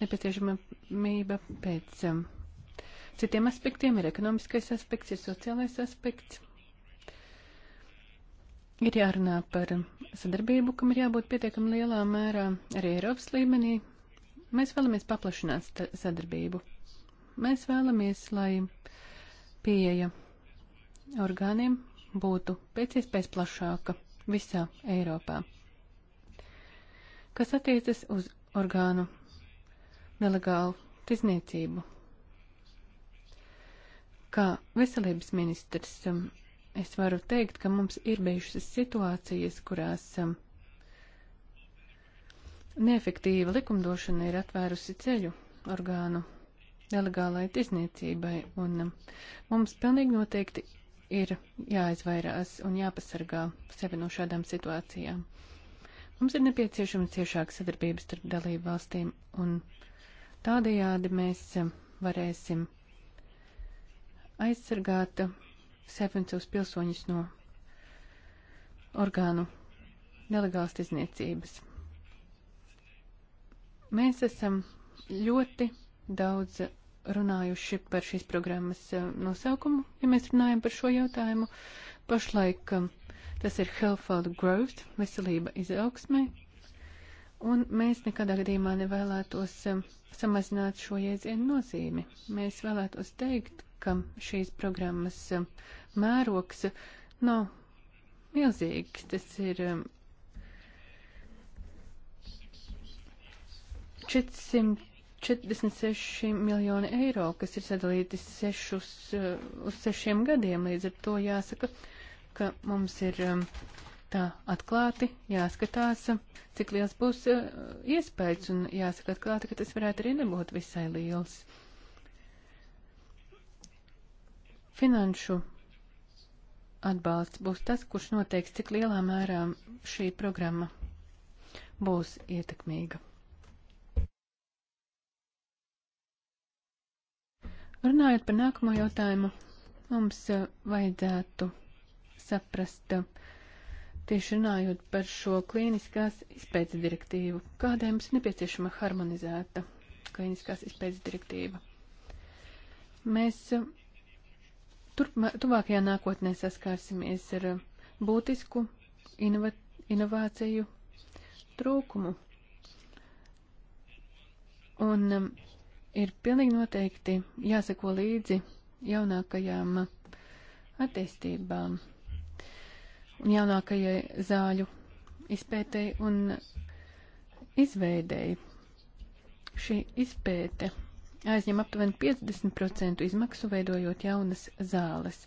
nepieciešamība pēc um, citiem aspektiem. Ir ekonomiskais aspekts, ir sociālais aspekts. Ir jārunā par sadarbību, kam ir jābūt pietiekami lielā mērā arī Eiropas līmenī, Mēs vēlamies paplašināt sadarbību. Mēs vēlamies, lai pieeja orgāniem būtu pēc iespējas plašāka visā Eiropā. Kas attiecas uz orgānu nelegālu tirzniecību. Kā veselības ministrs, um, es varu teikt, ka mums ir bijušas situācijas, kurās um, Neefektīva likumdošana ir atvērusi ceļu orgānu nelegālai tirzniecībai, un um, mums pilnīgi noteikti ir jāizvairās un jāpasargā sevi no šādām situācijām. Mums ir nepieciešama ciešāka sadarbība starp dalību valstīm, un tādējādi mēs um, varēsim aizsargāt sevi un savus pilsoņus no orgānu nelegālas tirzniecības. Mēs esam ļoti daudz runājuši par šīs programmas eh, nosaukumu, ja mēs runājam par šo jautājumu. Pašlaik eh, tas ir Health for Growth, veselība izaugsmē, un mēs nekādā gadījumā nevēlētos eh, samazināt šo jēdzienu nozīmi. Mēs vēlētos teikt, ka šīs programmas mērogs nav milzīgs, tas ir 446 miljoni eiro, kas ir sadalīti sešus, uh, uz sešiem gadiem. Līdz ar to jāsaka, ka mums ir um, tā atklāti jāskatās, cik liels būs uh, iespējas, un jāsaka atklāti, ka tas varētu arī nebūt visai liels. Finanšu atbalsts būs tas, kurš noteiks, cik lielā mērā šī programma būs ietekmīga. Runājot par nākamo jautājumu, mums eh, vajadzētu saprast, eh, tieši runājot par šo klīniskās izpētes direktīvu, kādai mums ir nepieciešama harmonizēta klīniskās izpētes direktīva. Mēs eh, turpmā, tuvākajā nākotnē saskārsimies ar būtisku inova, inovāciju trūkumu. Un ir pilnīgi noteikti jāseko līdzi jaunākajām attīstībām un jaunākajai zāļu izpētēji un izveidēji. Šī izpēte aizņem aptuveni 50% izmaksu veidojot jaunas zāles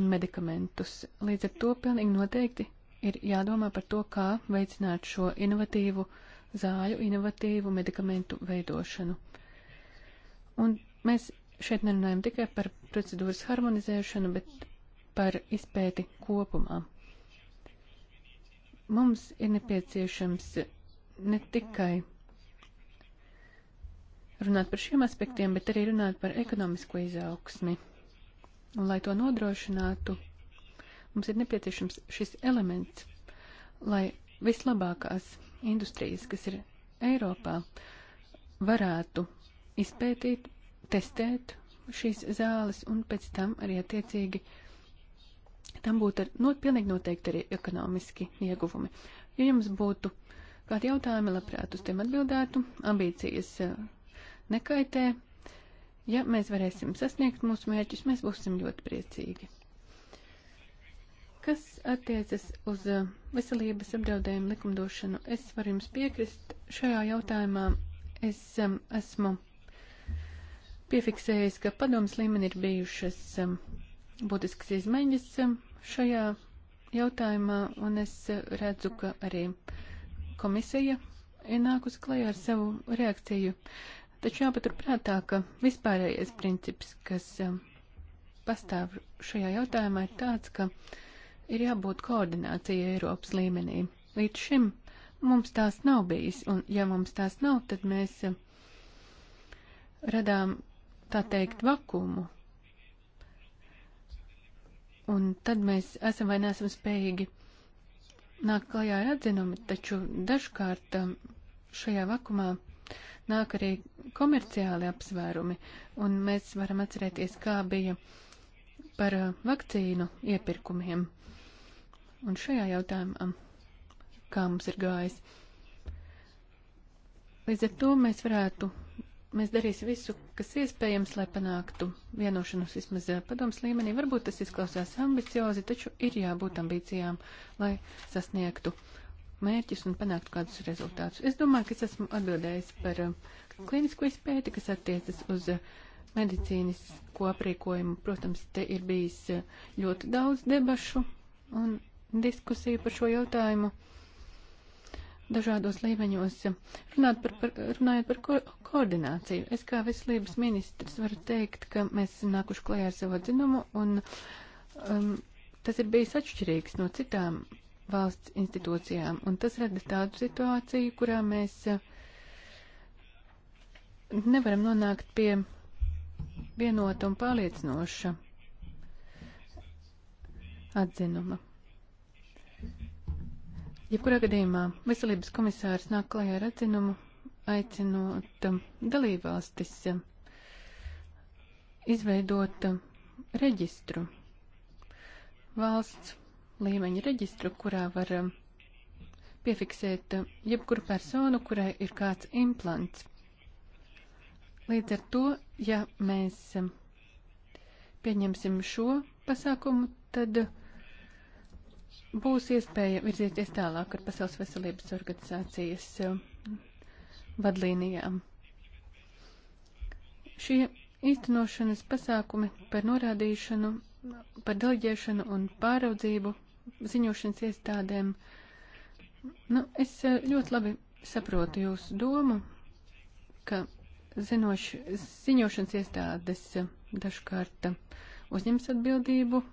un medikamentus. Līdz ar to pilnīgi noteikti ir jādomā par to, kā veicināt šo inovatīvu uh, zāļu inovatīvu medikamentu veidošanu. Un mēs šeit nerunājam tikai par procedūras harmonizēšanu, bet par izpēti kopumā. Mums ir nepieciešams ne tikai runāt par šiem aspektiem, bet arī runāt par ekonomisko izaugsmi. Un, lai to nodrošinātu, mums ir nepieciešams šis elements, lai vislabākās industrijas, kas ir Eiropā, varētu izpētīt, testēt šīs zāles un pēc tam arī attiecīgi tam būtu ar, no, pilnīgi noteikti arī ekonomiski ieguvumi. Ja jums būtu kādi jautājumi, labprāt uz tiem atbildētu, ambīcijas eh, nekaitē. Ja mēs varēsim sasniegt mūsu mērķus, mēs būsim ļoti priecīgi. Kas attiecas uz uh, veselības apdraudējumu likumdošanu, es varu jums piekrist. Šajā jautājumā es um, esmu piefiksējis, ka padomas līmenī ir bijušas um, būtiskas izmaiņas um, šajā jautājumā, un es uh, redzu, ka arī komisija ir nākusi klajā ar savu reakciju. Taču jāpaturprātā, ka vispārējais princips, kas um, pastāv šajā jautājumā, ir tāds, ka uh, ir jābūt koordinācijai Eiropas līmenī. Līdz šim mums tās nav bijis, un ja mums tās nav, tad mēs eh, radām, tā teikt, vakumu. Un tad mēs esam vai nesam spējīgi nākt klajā ar atzinumu, taču dažkārt eh, šajā vakumā nāk arī komerciāli apsvērumi, un mēs varam atcerēties, kā bija par eh, vakcīnu iepirkumiem un šajā jautājumā, kā mums ir gājis. Līdz ar to mēs varētu, mēs darīsim visu, kas iespējams, lai panāktu vienošanos vismaz eh, padoms līmenī. Varbūt tas izklausās ambiciozi, taču ir jābūt ambīcijām, lai sasniegtu mērķus un panākt kādus rezultātus. Es domāju, ka es esmu atbildējis par eh, klīnisko izpēti, kas attiecas uz eh, medicīnisko aprīkojumu. Protams, te ir bijis ļoti daudz debašu, un diskusiju par šo jautājumu dažādos līmeņos. Runāt par, par, runājot par ko, koordināciju, es kā veselības ministrs varu teikt, ka mēs esam nākuši klajā ar savu atzinumu, un um, tas ir bijis atšķirīgs no citām valsts institūcijām, un tas rada tādu situāciju, kurā mēs uh, nevaram nonākt pie vienota un pārliecinoša atzinuma. Jebkurā gadījumā veselības komisārs nāk klajā ar atzinumu, aicinot um, dalībvalstis um, izveidot um, reģistru, valsts līmeņa reģistru, kurā var piefiksēt jebkuru personu, kurai ir kāds implants. Līdz ar to, ja mēs pieņemsim šo pasākumu, tad uh, būs iespēja virzīties tālāk ar Pasaules veselības organizācijas um, vadlīnijām. Šie īstenošanas pasākumi par norādīšanu, par deleģēšanu un pāraudzību ziņošanas iestādēm. Nu, es uh, ļoti labi saprotu jūsu domu, ka zinoši, ziņošanas iestādes uh, dažkārt uh, uzņems atbildību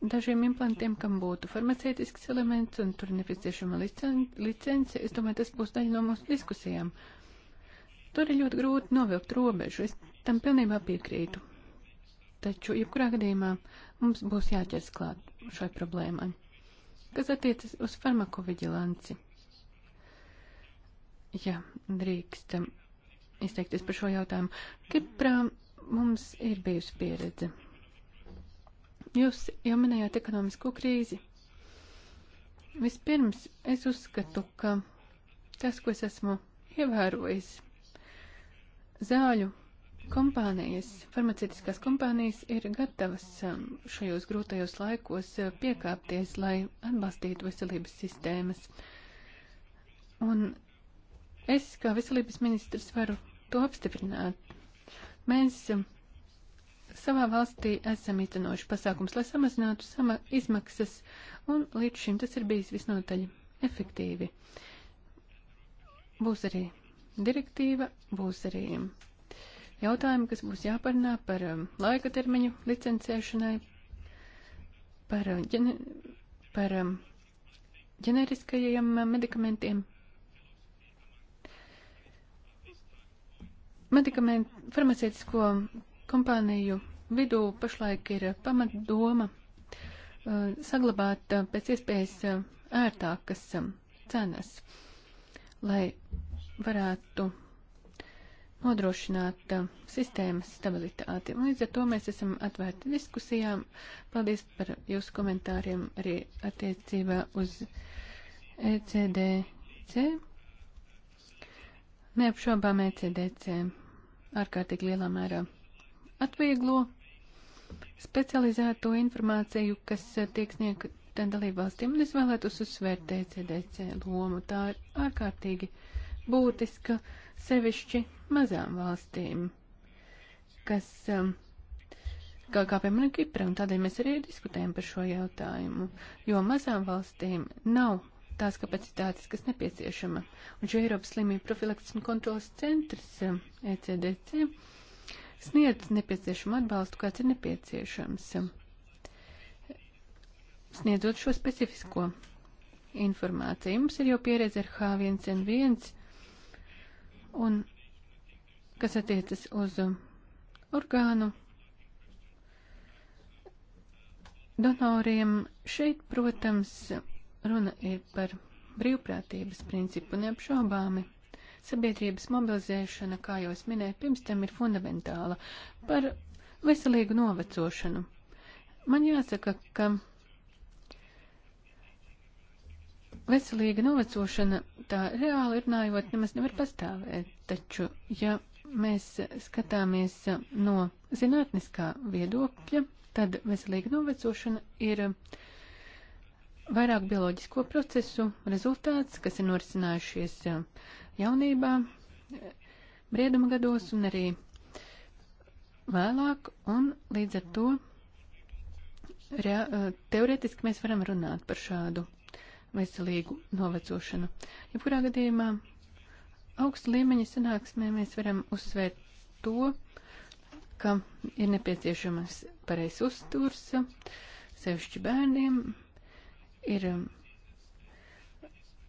dažiem implantiem, kam būtu farmacētisks elements un tur nepieciešama licence, es domāju, tas būs daļa no mūsu diskusijām. Tur ir ļoti grūti novilkt robežu, es tam pilnībā piekrītu. Taču, jebkurā gadījumā, mums būs jāķers klāt šai problēmai. Kas attiecas uz farmakoviģilanci? Ja drīkstam izteikties par šo jautājumu, Kiprā mums ir bijusi pieredze Jūs jau minējāt ekonomisko krīzi. Vispirms es uzskatu, ka tas, ko es esmu ievērojis, zāļu kompānijas, farmaceitiskās kompānijas ir gatavas um, šajos grūtajos laikos uh, piekāpties, lai atbalstītu veselības sistēmas. Un es, kā veselības ministrs, varu to apstiprināt. Mēs um, savā valstī esam īstenojuši pasākums, lai samazinātu sama izmaksas, un līdz šim tas ir bijis visnotaļ efektīvi. Būs arī direktīva, būs arī jautājumi, kas būs jāparunā par um, laika termiņu licencēšanai, par, um, ģene, par um, ģeneriskajiem medikamentiem. Medikamentu farmaceitisko Kompāniju vidū pašlaik ir pamatdoma uh, saglabāt uh, pēc iespējas uh, ērtākas um, cenas, lai varētu nodrošināt sistēmas stabilitāti. Līdz ar to mēs esam atvērti diskusijām. Paldies par jūsu komentāriem arī attiecībā uz ECDC. Neapšaubām ECDC ārkārtīgi lielā mērā atvieglo specializēto informāciju, kas eh, tiek sniegta dalībvalstīm. Un es vēlētos uzsvērt TCDC e lomu. Tā ir ārkārtīgi būtiska sevišķi mazām valstīm, kas, eh, kā, kā piemēram, Kipra, un tādēļ mēs arī diskutējam par šo jautājumu, jo mazām valstīm nav tās kapacitātes, kas nepieciešama. Un šo Eiropas slimību profilakses un kontrolas centrs ECDC eh, e sniedz nepieciešamu atbalstu, kāds ir nepieciešams, sniedzot šo specifisko informāciju. Mums ir jau pieredze ar H1N1 un kas attiecas uz orgānu donoriem. Šeit, protams, runa ir par brīvprātības principu neapšaubāmi. Sabiedrības mobilizēšana, kā jau es minēju, pirms tam ir fundamentāla par veselīgu novecošanu. Man jāsaka, ka veselīga novecošana tā reāli runājot nemaz nevar pastāvēt, taču, ja mēs skatāmies no zinātniskā viedokļa, tad veselīga novecošana ir vairāk bioloģisko procesu rezultāts, kas ir norisinājušies jaunībā, brieduma gados un arī vēlāk, un līdz ar to rea, eh, teoretiski mēs varam runāt par šādu veselīgu novecošanu. Jebkurā gadījumā augsta līmeņa sanāksmē mēs varam uzsvērt to, ka ir nepieciešamas pareizs uzturs, sevišķi bērniem, ir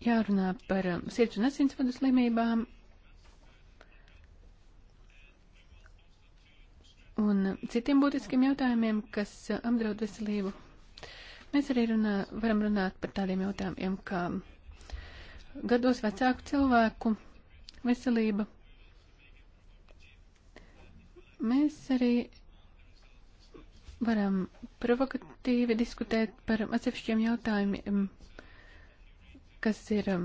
jārunā par um, sirds un asinsvadu slimībām. Un um, citiem būtiskiem jautājumiem, kas uh, apdraud veselību. Mēs arī runā, varam runāt par tādiem jautājumiem, kā um, gados vecāku cilvēku veselība. Mēs arī varam provokatīvi diskutēt par atsevišķiem jautājumiem, kas ir um,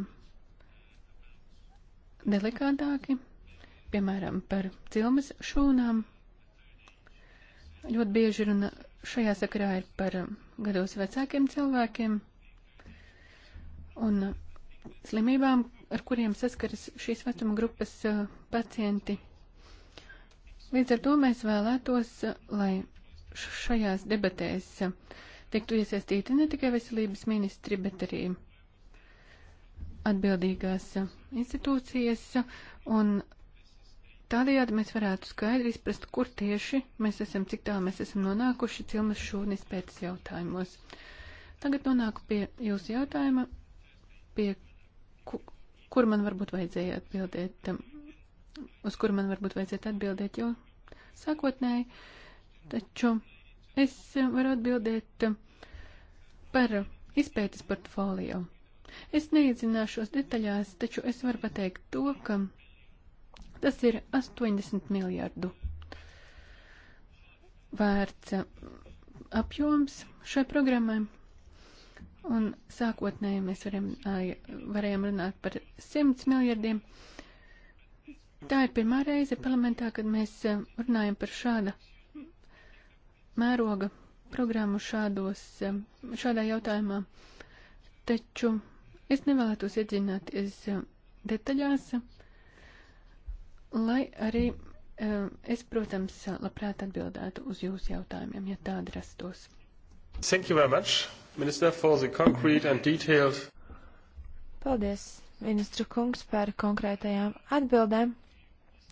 delikātāki, piemēram, par cilmes šūnām. Ļoti bieži runa šajā sakarā ir par um, gados vecākiem cilvēkiem un uh, slimībām, ar kuriem saskaras šīs vecuma grupas uh, pacienti. Līdz ar to mēs vēlētos, uh, lai šajās debatēs tiktu iesaistīti ne tikai veselības ministri, bet arī uh, atbildīgās institūcijas, un tādējādi mēs varētu skaidri izprast, kur tieši mēs esam, cik tālu mēs esam nonākuši cilmes šūnis pēc jautājumos. Tagad nonāku pie jūsu jautājuma, pie ku, kur man varbūt vajadzēja atbildēt, um, uz kur man varbūt vajadzētu atbildēt jau sākotnēji, taču es varu atbildēt um, par izpētes portfolio. Es neiedzināšos detaļās, taču es varu pateikt to, ka tas ir 80 miljardu vērts uh, apjoms šai programmai. Un sākotnēji mēs varam, varējām runāt par 100 miljardiem. Tā ir pirmā reize parlamentā, kad mēs uh, runājam par šāda mēroga programmu šādos, uh, šādā jautājumā. Taču Es nevēlētos iedzināties eh, detaļās, lai arī eh, es, protams, labprāt atbildētu uz jūsu jautājumiem, ja tādi rastos. Thank you very much, Minister, for the concrete and detailed. Paldies, ministru kungs, par konkrētajām atbildēm,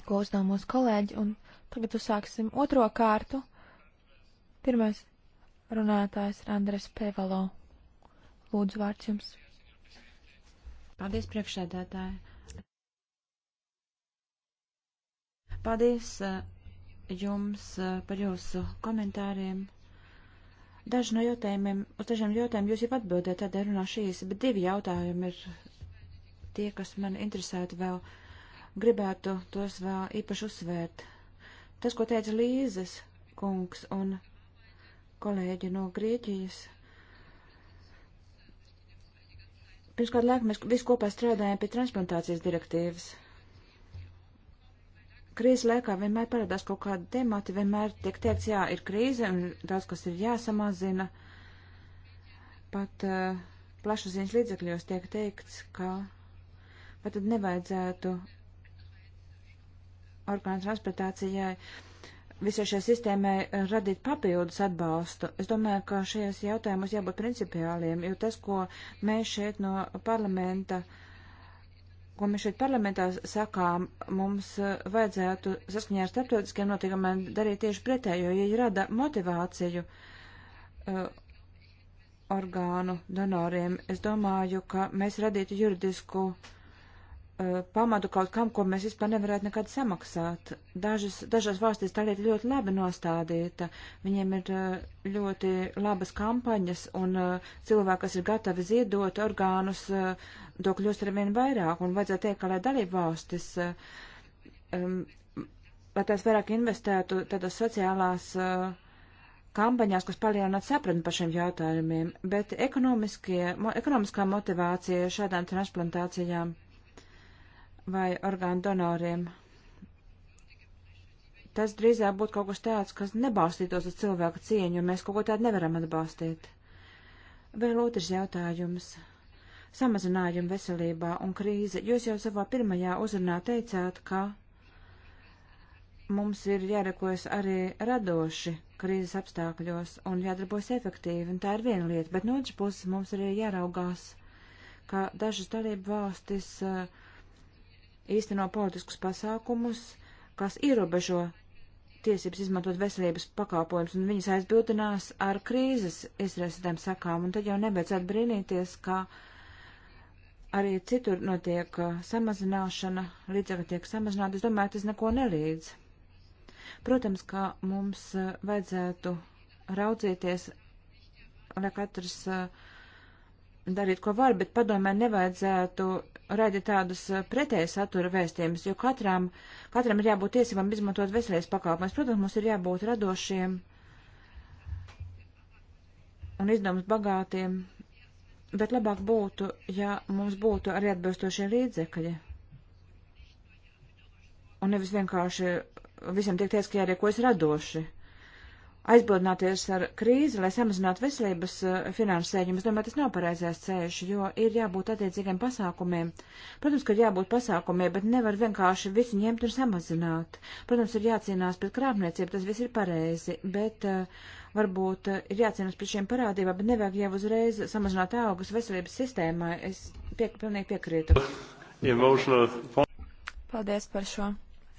ko uzdev mūsu kolēģi, un tagad uzsāksim otro kārtu. Pirmais runātājs ir Andres Pevalo. Lūdzu, vārds jums. Paldies, priekšsēdētāji. Paldies eh, jums eh, par jūsu komentāriem. Daži no jautājumiem, uz dažiem jautājumiem jūs jau atbildējat, tad runāšu īsi, bet divi jautājumi ir tie, kas man interesētu vēl, gribētu tos vēl īpaši uzsvērt. Tas, ko teica Līzes kungs un kolēģi no Grieķijas Pirms kādu laiku mēs visi kopā strādājām pie transplantācijas direktīvas. Krīzes laikā vienmēr parādās kaut kāda temati, vienmēr tiek teikts, jā, ir krīze un daudz kas ir jāsamazina. Pat uh, plašsaziņas līdzekļos tiek teikts, ka pat tad nevajadzētu orgānu transplantācijai uh, visai šai sistēmai eh, radīt papildus atbalstu. Es domāju, ka šajos jautājumos jābūt principiāliem, jo tas, ko mēs šeit no parlamenta, ko mēs šeit parlamentā sakām, mums eh, vajadzētu saskaņā ar starptautiskiem notikumiem darīt tieši pretējo, ja rada motivāciju uh, orgānu donoriem. Es domāju, ka mēs radītu juridisku uh, Uh, pamatu kaut kam, ko mēs vispār nevarētu nekad samaksāt. Dažas, dažās valstīs tā lieta ļoti labi nostādīta. Viņiem ir uh, ļoti labas kampaņas, un uh, cilvēki, kas ir gatavi ziedot orgānus, to kļūst ar vien vairāk, un vajadzētu teikt, ka, lai dalība valstis, um, lai tās vairāk investētu tādās sociālās uh, kampaņās, kas palielinātu sapratni par šiem jautājumiem, bet ekonomiskie, mo, ekonomiskā motivācija šādām transplantācijām vai orgānu donoriem. Tas drīzāk būtu kaut kas tāds, kas nebalstītos uz cilvēku cieņu, un mēs kaut ko tādu nevaram atbalstīt. Vēl otrs jautājums. Samazinājumi veselībā un krīze. Jūs jau savā pirmajā uzrunā teicāt, ka mums ir jārīkojas arī radoši krīzes apstākļos un jādarbojas efektīvi, un tā ir viena lieta, bet no otras puses mums arī jāraugās, ka dažas dalību valstis uh, īsteno politiskus pasākumus, kas ierobežo tiesības izmantot veselības pakāpojumus, un viņas aizbildinās ar krīzes izraisītām sakām, un tad jau nebeidzētu brīnīties, ka arī citur notiek uh, samazināšana, līdzekļi tiek samazināti, es domāju, tas neko nelīdz. Protams, ka mums uh, vajadzētu raudzīties, lai katrs uh, darīt, ko var, bet padomē nevajadzētu raidīt tādus eh, pretēju satura vēstījumus, jo katram, katram ir jābūt tiesībām izmantot veselības pakalpojumus. Protams, mums ir jābūt radošiem un izdevums bagātiem, bet labāk būtu, ja mums būtu arī atbilstošie līdzekļi. Un nevis vienkārši visam tiek teiks, ka jārīkojas radoši. Uh, aizbildināties ar krīzi, lai samazinātu veselības eh, finansējumu. Es domāju, tas nav pareizais ceļš, jo ir jābūt attiecīgiem pasākumiem. Protams, ka ir jābūt pasākumiem, bet nevar vienkārši visu ņemt un samazināt. Protams, ir jācīnās pret krāpniecību, tas viss ir pareizi, bet uh, varbūt uh, ir jācīnās pret šiem parādībām, bet nevajag jau uzreiz samazināt augus veselības sistēmai. Es piek, pilnīgi piekrītu. Emotional. Paldies par šo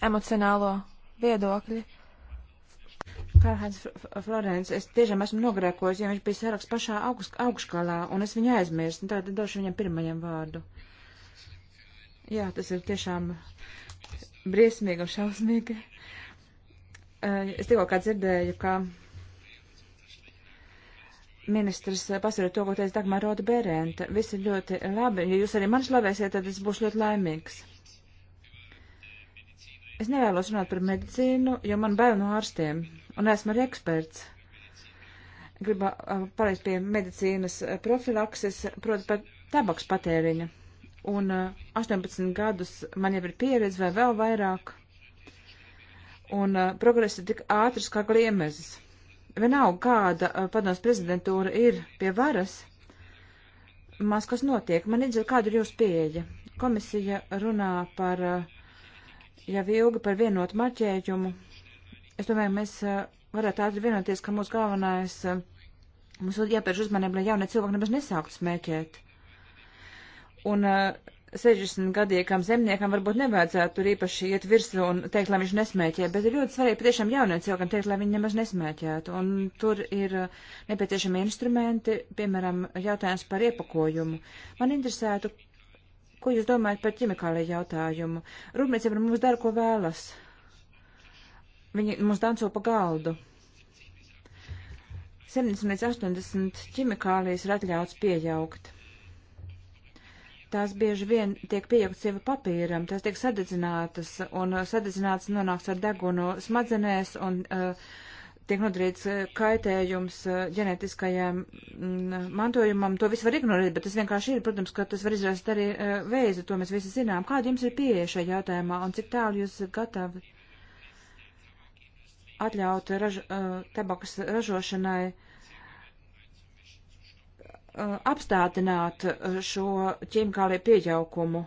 emocionālo viedokļu. Karhāns Florence, es tiešām esmu nogrēkojis, jo viņš bija saraksts pašā augst, augškalā, un es viņu aizmirstu, un nu, tātad došu viņam pirmajam vārdu. Jā, tas ir tiešām briesmīgi un šausmīgi. Eh, es tikko kā dzirdēju, ka ministrs pasver to, ko teica Dagmar Roda Bērēnta. Viss ir ļoti labi. Ja jūs arī mani slavēsiet, tad es būšu ļoti laimīgs. Es nevēlos runāt par medicīnu, jo man bail no ārstiem un esmu arī eksperts. Gribu uh, palikt pie medicīnas profilakses, proti par tabaks patēriņu. Un 18 uh, gadus man jau ir pieredze vai vēl vairāk. Un uh, progresa tik ātrs kā gliemezis. Vienalga, kāda padoms prezidentūra ir pie varas, maz kas notiek. Man iedzer, kāda ir jūsu pieeja. Komisija runā par jau ilgi par vienotu marķējumu Es domāju, mēs eh, varētu ātri vienoties, ka mūsu galvenais, eh, mums jāpērš uzmanība, lai jaunie cilvēki nemaz nesāktu smēķēt. Un 60 eh, gadīgam zemniekam varbūt nevajadzētu tur īpaši iet virsū un teikt, lai viņš nesmēķē, bet ir ļoti svarīgi patiešām jauniem cilvēkam teikt, lai viņi nemaz nesmēķētu. Un tur ir nepieciešami instrumenti, piemēram, jautājums par iepakojumu. Man interesētu, ko jūs domājat par ķimikālajā jautājumu. Rūpniecība mums dara, ko vēlas. Viņi mums danco pa galdu. 70 līdz 80 ķimikālijas ir atļauts pieaugt. Tās bieži vien tiek pieaugtas jau papīram, tās tiek sadedzinātas, un uh, sadedzinātas nonāks ar degunu smadzenēs, un uh, tiek nodarīts uh, kaitējums uh, ģenetiskajam mm, mantojumam. To viss var ignorēt, bet tas vienkārši ir, protams, ka tas var izrast arī uh, vēzi, to mēs visi zinām. Kāda jums ir pieeja šajā jautājumā, un cik tālu jūs esat gatavi atļaut raž, uh, tabakas ražošanai uh, apstādināt uh, šo ķīmikālie pieļaukumu.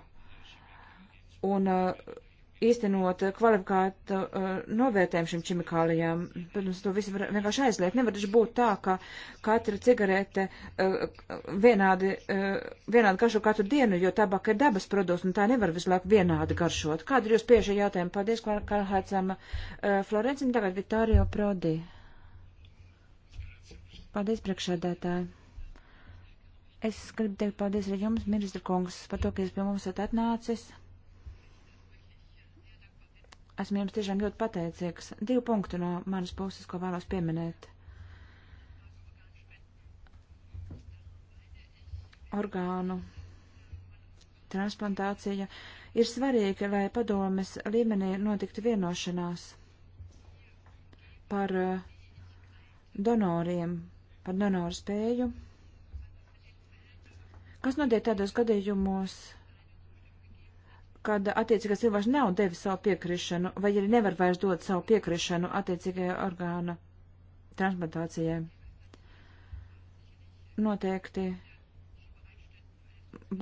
Un uh, īstenot kvalifikātu uh, novērtējumu šīm ķimikālijām. Protams, to visu var vienkārši aizliegt. Nevar taču būt tā, ka katra cigarete uh, vienādi, uh, vienādi garšo katru dienu, jo tabaka ir dabas produkts, un tā nevar visu laiku vienādi garšot. Kāda ir jūs pieeja jautājuma? Paldies, Karlhēcam Florencim, tagad Vittorio Prodi. Paldies, priekšēdētāji. Es gribu teikt paldies arī jums, ministra kungs, par to, ka jūs pie mums esat atnācis. Esmu jums tiešām ļoti pateicīgs. Divi punkti no manas puses, ko vēlos pieminēt. Orgānu transplantācija ir svarīga, lai padomes līmenī notiktu vienošanās par eh, donoriem, par donoru spēju. Kas notiek tādos gadījumos, kad attiecīgais cilvēks nav devis savu piekrišanu, vai arī nevar vairs dot savu piekrišanu attiecīgajai orgāna transplantācijai. Noteikti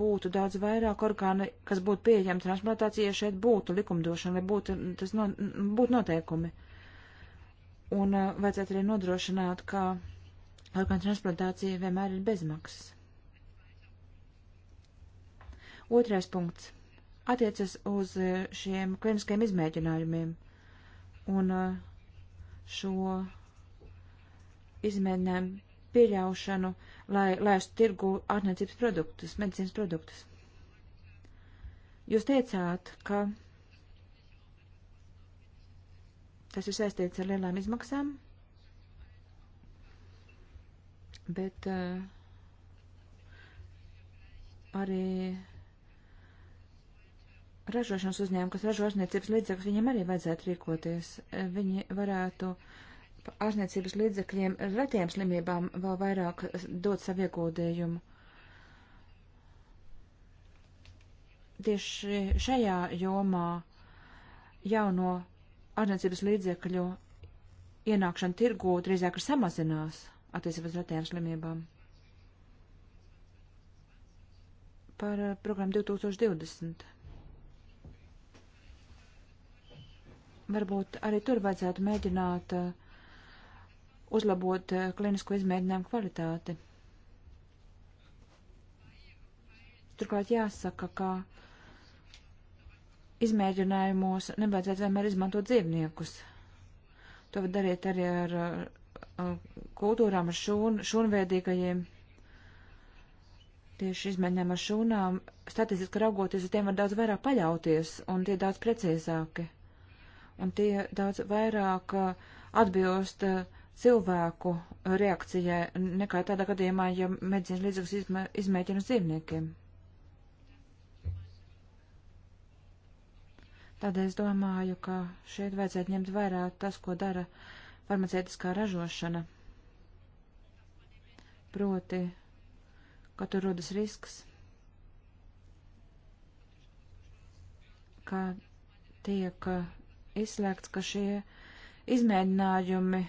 būtu daudz vairāk orgānu, kas būtu pieejami transplantācijai, ja šeit būtu likumdošana, vai būtu, tas no, būtu noteikumi. Un uh, vajadzētu arī nodrošināt, ka orgānu transplantācija vienmēr ir bezmaksas. Otrais punkts attiecas uz e, šiem kliniskiem izmēģinājumiem un e, šo izmēģinājumu pieļaušanu, lai laistu tirgu ārniecības produktus, medicīnas produktus. Jūs teicāt, ka tas ir saistīts ar lielām izmaksām, bet uh, arī ražošanas uzņēmumi, kas ražo ārzniecības līdzekļus, viņiem arī vajadzētu rīkoties. E, viņi varētu ārzniecības līdzekļiem retiem slimībām vēl vairāk dot savu ieguldījumu. Tieši šajā jomā jauno ārzniecības līdzekļu ienākšana tirgū drīzāk ir samazinās attiecībā uz retiem slimībām. Par e, programmu 2020. varbūt arī tur vajadzētu mēģināt uh, uzlabot uh, klinisko izmēģinājumu kvalitāti. Turklāt jāsaka, ka izmēģinājumos nevajadzētu vienmēr izmantot dzīvniekus. To var darīt arī ar, ar uh, kultūrām, ar šūn, šūnveidīgajiem. Tieši izmēģinājumi ar šūnām, statistiski raugoties, uz tiem var daudz vairāk paļauties, un tie daudz precīzāki un tie daudz vairāk uh, atbilst uh, cilvēku reakcijai nekā tādā gadījumā, ja medicīnas līdzekļus izmēģina uz dzīvniekiem. Tādēļ es domāju, ka šeit vajadzētu ņemt vērā tas, ko dara farmacētiskā ražošana. Proti, ka tur rodas risks, ka tiek uh, izslēgts, ka šie izmēģinājumi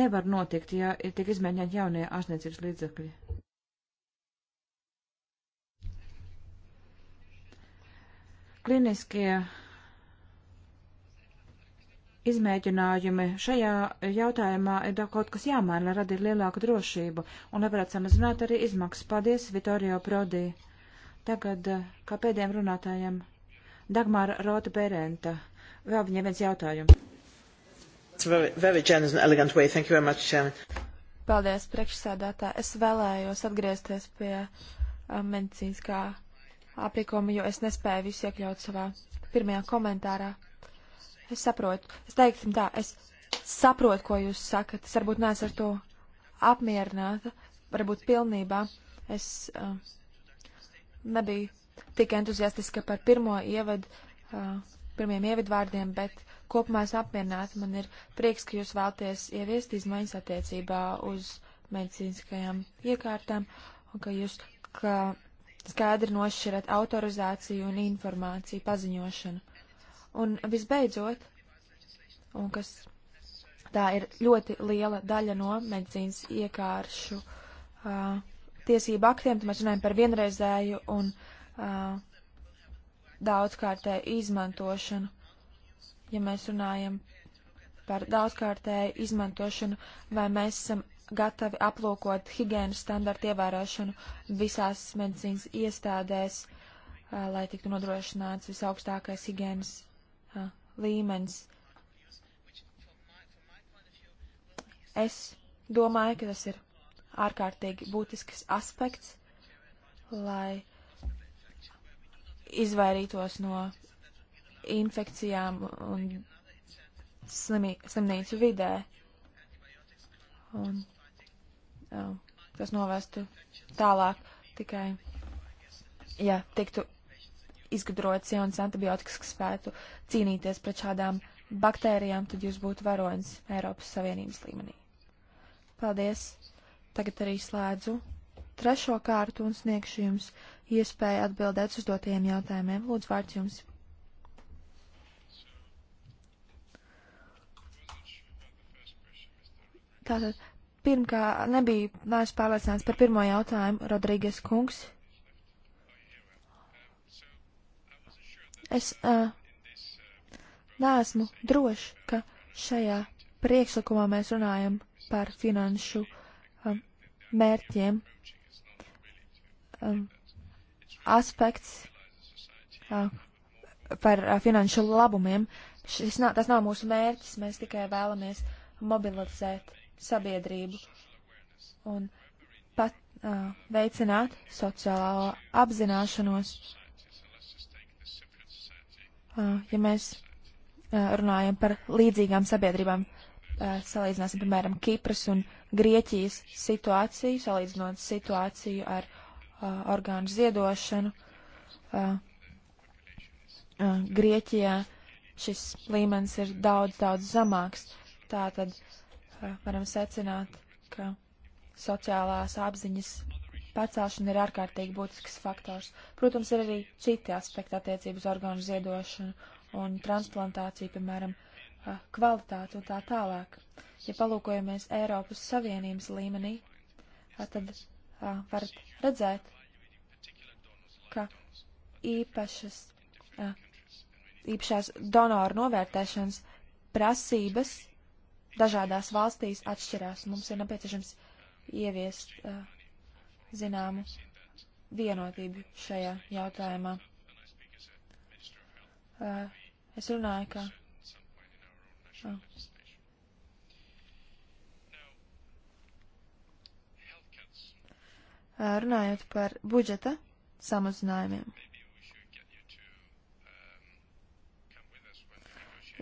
nevar notikt, ja tiek izmēģināti jaunie ārstniecības līdzekļi. Kliniskie izmēģinājumi šajā jautājumā ir kaut kas jāmaina, lai radītu lielāku drošību un lai varētu samazināt arī izmaksas. Paldies, Vitorio Prodī. Tagad, eh, kā pēdējiem runātājiem, Dagmāra Rota Berenta. Vēl viņiem viens jautājums. Very, very much, Paldies, priekšsēdētā. Es vēlējos atgriezties pie uh, medicīniskā aprīkojuma, jo es nespēju visu iekļaut savā pirmajā komentārā. Es saprotu. Es teiksim tā, es saprotu, ko jūs sakat. Es varbūt neesmu ar to apmierināta, varbūt pilnībā. Es uh, nebiju tik entuziastiska par pirmo ievadu. Uh, pirmiem ievadvārdiem, bet kopumā esmu apmierināta. Man ir prieks, ka jūs vēlties ieviest izmaiņas attiecībā uz medicīniskajām iekārtām un ka jūs ka skaidri nošķirat autorizāciju un informāciju paziņošanu. Un visbeidzot, un kas tā ir ļoti liela daļa no medicīnas iekāršu uh, tiesību aktiem, tad mēs runājam par vienreizēju un uh, daudzkārtēju izmantošanu. Ja mēs runājam par daudzkārtēju izmantošanu, vai mēs esam gatavi aplūkot higiēnas standartu ievērošanu visās medicīnas iestādēs, lai tiktu nodrošināts visaugstākais higiēnas līmenis. Es domāju, ka tas ir ārkārtīgi būtisks aspekts, lai izvairītos no infekcijām un slimi, slimnīcu vidē. Un, jā, um, tas novestu tālāk tikai, ja tiktu izgudrots jauns antibiotikas, kas spētu cīnīties pret šādām baktērijām, tad jūs būtu varonis Eiropas Savienības līmenī. Paldies! Tagad arī slēdzu trešo kārtu un sniegšu jums iespēja atbildēt uz dotajiem jautājumiem. Lūdzu, vārds jums. Tātad, pirmkārt, nebija, neesmu pārliecināts par pirmo jautājumu, Rodrīgas kungs. Es uh, neesmu drošs, ka šajā priekšlikumā mēs runājam par finanšu um, mērķiem. Um, aspekts uh, par uh, finanšu labumiem. Šis nav, tas nav mūsu mērķis, mēs tikai vēlamies mobilizēt sabiedrību un pat uh, veicināt sociālo apzināšanos. Uh, ja mēs uh, runājam par līdzīgām sabiedrībām, uh, salīdzināsim, piemēram, Kipras un Grieķijas situāciju, salīdzinot situāciju ar uh, orgānu ziedošanu. Grieķijā šis līmenis ir daudz, daudz zemāks. Tātad varam secināt, ka sociālās apziņas pacelšana ir ārkārtīgi būtisks faktors. Protams, ir arī citi aspekti attiecības orgānu ziedošanu un transplantāciju, piemēram, kvalitāti un tā tālāk. Ja palūkojamies Eiropas Savienības līmenī, tad varat redzēt, ka īpašas, īpašās donoru novērtēšanas prasības dažādās valstīs atšķirās. Mums ir nepieciešams ieviest zināmu vienotību šajā jautājumā. Es runāju, ka runājot par budžeta samazinājumiem.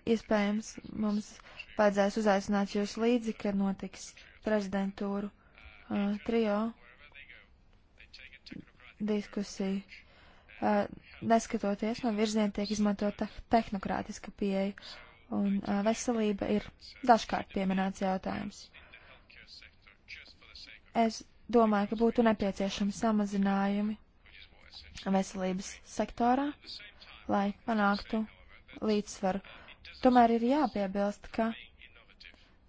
Iespējams, mums vajadzēs uzaicināt jūs līdzi, kad notiks prezidentūru uh, trio diskusija. Uh, neskatoties no virziena tiek izmantota tehnokrātiska pieeja, un uh, veselība ir dažkārt pieminēts jautājums. Es domāju, ka būtu nepieciešami samazinājumi veselības sektorā, lai panāktu līdzsvaru. Tomēr ir jāpiebilst, ka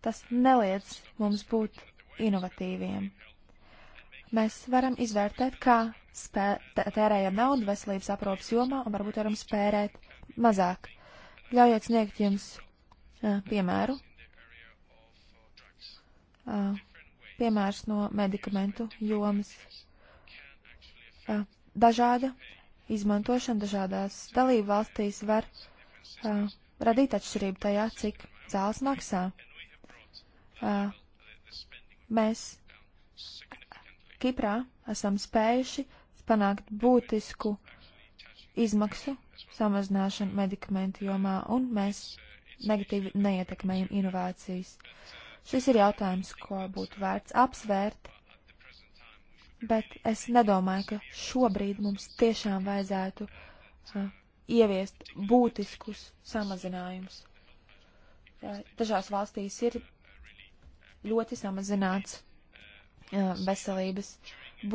tas neliedz mums būt inovatīviem. Mēs varam izvērtēt, kā spē, tērējam naudu veselības aprūpas jomā un varbūt varam spērēt mazāk. Ļaujiet sniegt jums uh, piemēru. Uh, piemērs no medikamentu jomas. Eh, dažāda izmantošana dažādās dalību valstīs var eh, radīt atšķirību tajā, cik zāles maksā. Eh, mēs Kiprā esam spējuši panākt būtisku izmaksu samazināšanu medikamentu jomā, un mēs negatīvi neietekmējam inovācijas. Uh, Šis ir jautājums, ko būtu vērts apsvērt, bet es nedomāju, ka šobrīd mums tiešām vajadzētu uh, ieviest būtiskus samazinājumus. Uh, dažās valstīs ir ļoti samazināts uh, veselības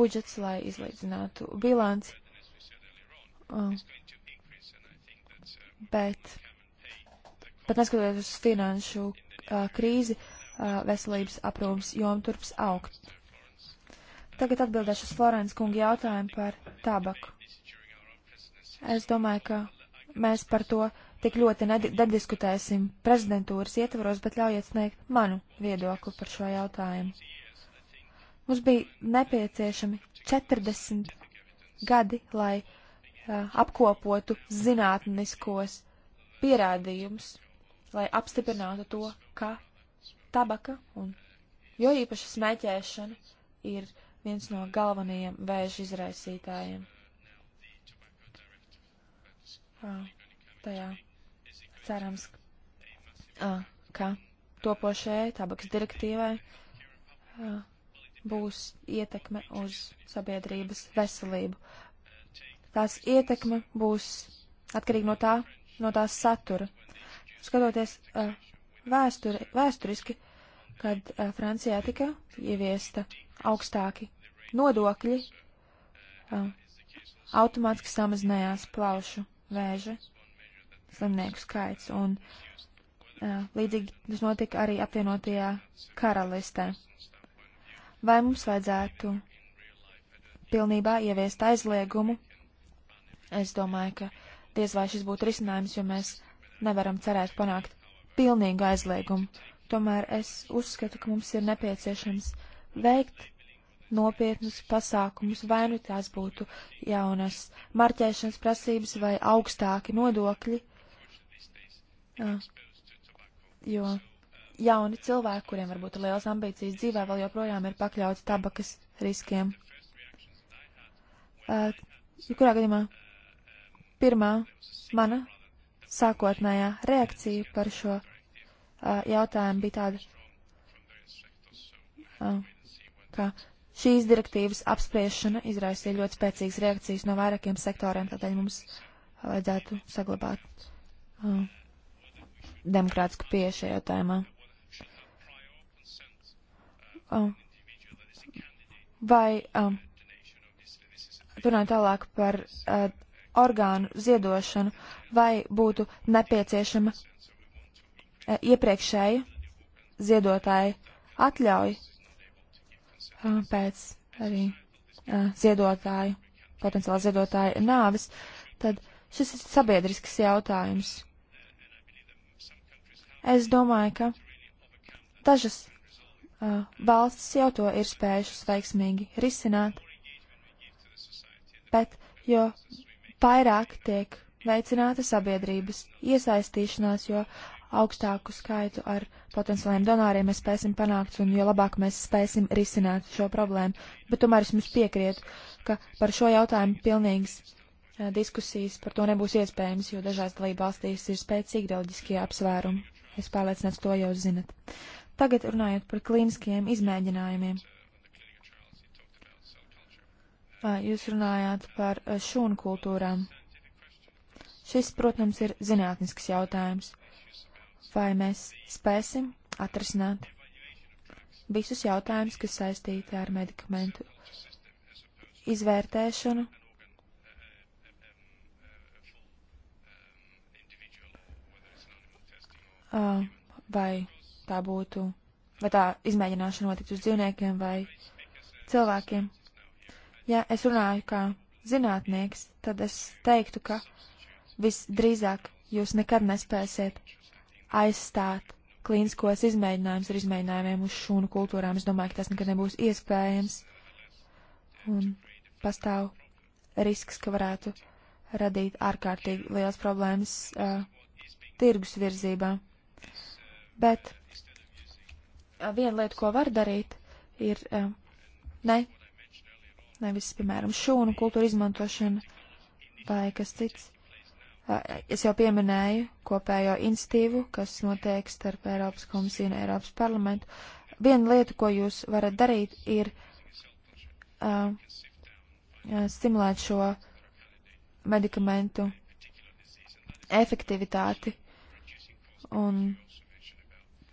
budžets, lai izlīdzinātu bilanci. Uh, bet, bet neskatoties uz finanšu uh, krīzi, uh, veselības aprūpas jomu turps augt. Tagad atbildēšu uz Florence kunga jautājumu par tabaku. Es domāju, ka mēs par to tik ļoti nediskutēsim prezidentūras ietvaros, bet ļaujiet sniegt manu viedokli par šo jautājumu. Mums bija nepieciešami 40 gadi, lai uh, apkopotu zinātniskos pierādījumus, lai apstiprinātu to, ka Tabaka un jo īpaši smēķēšana ir viens no galvenajiem vēža izraisītājiem. À, tajā cerams, à, ka topošajai tabaks direktīvai à, būs ietekme uz sabiedrības veselību. Tās ietekme būs atkarīga no tā, no tās satura. Skatoties uh, Vēsturi, vēsturiski, kad uh, Francijā tika ieviesta augstāki nodokļi, uh, automātiski samazinājās plaušu vēža slimnieku skaits, un uh, līdzīgi tas notika arī apvienotajā karalistē. Vai mums vajadzētu pilnībā ieviest aizliegumu? Es domāju, ka diez vai šis būtu risinājums, jo mēs nevaram cerēt panākt pilnīgu aizliegumu. Tomēr es uzskatu, ka mums ir nepieciešams veikt nopietnus pasākumus, vai nu tās būtu jaunas marķēšanas prasības vai augstāki nodokļi, jā. jo jauni cilvēki, kuriem varbūt ir liels ambīcijas dzīvē, vēl joprojām ir pakļauts tabakas riskiem. Uh, jebkurā gadījumā pirmā mana sākotnējā reakcija par šo jautājumi bija tādi, ka šīs direktīvas apspriešana izraisīja ļoti spēcīgas reakcijas no vairākiem sektoriem, tādēļ mums vajadzētu saglabāt demokrātisku pieeju šajā jautājumā. Vai um, runājot tālāk par uh, orgānu ziedošanu, vai būtu nepieciešama E, iepriekšēju ziedotāju atļauju e, pēc arī e, ziedotāju, potenciāla ziedotāja nāvis, tad šis ir sabiedrisks jautājums. Es domāju, ka dažas uh, valstis jau to ir spējušas veiksmīgi risināt, bet jo vairāk tiek veicināta sabiedrības iesaistīšanās, jo augstāku skaitu ar potenciāliem donoriem mēs spēsim panākt un jo labāk mēs spēsim risināt šo problēmu. Bet tomēr es jums piekrietu, ka par šo jautājumu pilnīgas uh, diskusijas par to nebūs iespējams, jo dažās dalībvalstīs ir spēcīgi reliģiskie apsvērumi. Es pārliecināts, to jau zinat. Tagad runājot par klīniskiem izmēģinājumiem. Uh, jūs runājāt par eh, šūnu kultūrām. Šis, protams, ir zinātnisks jautājums vai mēs spēsim atrisināt visus jautājumus, kas saistīti ar medikamentu izvērtēšanu. Vai tā būtu, vai tā izmēģināšana notiks uz dzīvniekiem vai cilvēkiem. Ja es runāju kā zinātnieks, tad es teiktu, ka visdrīzāk jūs nekad nespēsiet aizstāt klīniskos izmēģinājumus ar izmēģinājumiem uz šūnu kultūrām. Es domāju, ka tas nekad nebūs iespējams. Un pastāv risks, ka varētu radīt ārkārtīgi liels problēmas uh, tirgus virzībā. Bet uh, viena lieta, ko var darīt, ir uh, ne, nevis, piemēram, šūnu kultūra izmantošana vai kas cits. Es jau pieminēju kopējo institīvu, kas notiek starp Eiropas komisiju un Eiropas parlamentu. Viena lieta, ko jūs varat darīt, ir uh, stimulēt šo medikamentu efektivitāti. Un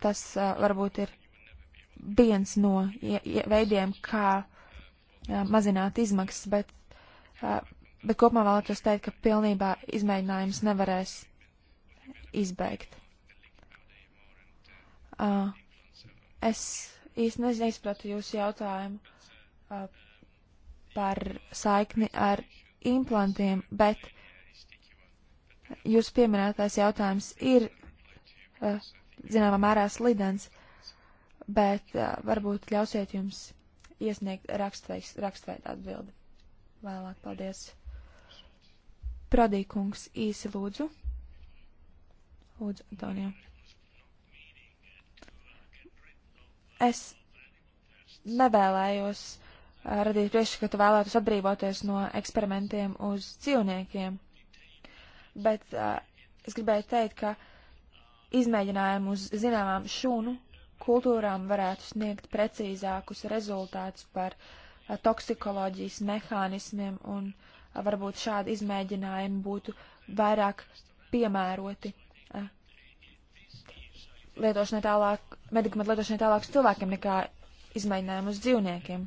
tas uh, varbūt ir viens no veidiem, kā uh, mazināt izmaksas, bet uh, bet kopumā vēlētos teikt, ka pilnībā izmēģinājums nevarēs izbeigt. Uh, es īsti nezinu, izpratu jūsu jautājumu uh, par saikni ar implantiem, bet jūsu pieminētais jautājums ir, uh, zināmā mērā, slidens, bet uh, varbūt ļausiet jums iesniegt rakstveidā atbildi. Vēlāk, paldies! Pradīkungs īsi lūdzu. Lūdzu, Antonija. Es nevēlējos eh, radīt priekšskatu vēlētos atbrīvoties no eksperimentiem uz dzīvniekiem, bet uh, es gribēju teikt, ka izmēģinājumu uz zināmām šūnu kultūrām varētu sniegt precīzākus rezultātus par uh, toksikoloģijas mehānismiem un uh, varbūt šādi izmēģinājumi būtu vairāk piemēroti eh, lietošanai tālāk, medikamentu lietošanai tālāk uz cilvēkiem nekā izmēģinājumu uz dzīvniekiem.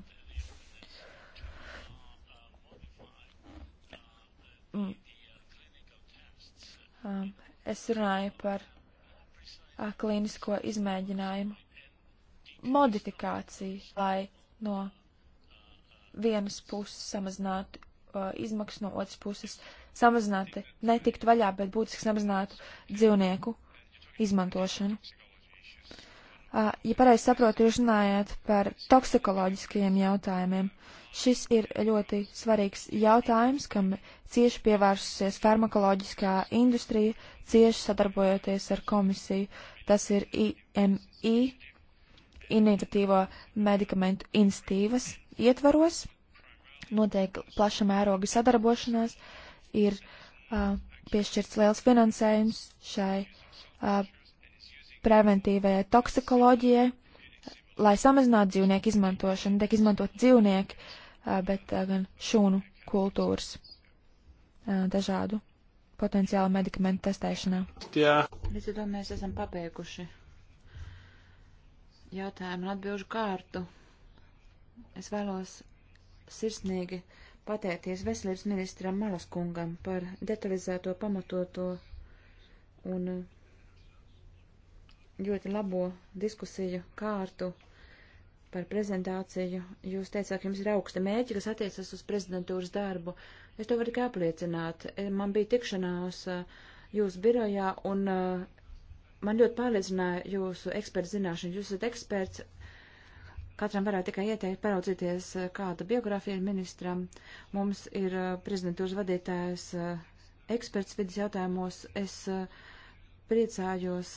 Mm. Um, es runāju par klīnisko izmēģinājumu modifikāciju, lai no vienas puses samazinātu uh, izmaksas no otras puses samazinātu, netiktu vaļā, bet būtiski samazinātu dzīvnieku izmantošanu. Uh, ja pareizi saprotu, jūs runājāt par toksikoloģiskajiem jautājumiem. Šis ir ļoti svarīgs jautājums, kam cieši pievērsusies farmakoloģiskā industrija, cieši sadarbojoties ar komisiju. Tas ir IMI, Innovatīvo medikamentu institīvas ietvaros notiek plaša mēroga sadarbošanās, ir uh, piešķirts liels finansējums šai uh, preventīvajai toksikoloģijai, lai samazinātu dzīvnieku izmantošanu, tiek izmantot dzīvnieki, uh, bet uh, gan šūnu kultūras uh, dažādu potenciālu medikamentu testēšanā. Jā. Līdz ar to mēs esam pabeiguši jautājumu un atbilžu kārtu. Es vēlos sirsnīgi pateikties veselības ministram Malaskungam par detalizēto, pamatoto un ļoti labo diskusiju kārtu par prezentāciju. Jūs teicāt, ka jums ir augsta mēķi, kas attiecas uz prezidentūras darbu. Es to varu tikai apliecināt. E, man bija tikšanās e, jūsu birojā, un e, man ļoti pārliecināja jūsu eksperta zināšanas. Jūs esat eksperts Katram varētu tikai ieteikt paraudzīties, eh, kāda biogrāfija ir ministram. Mums ir eh, prezidentūras vadītājs eh, eksperts vidas jautājumos. Es priecājos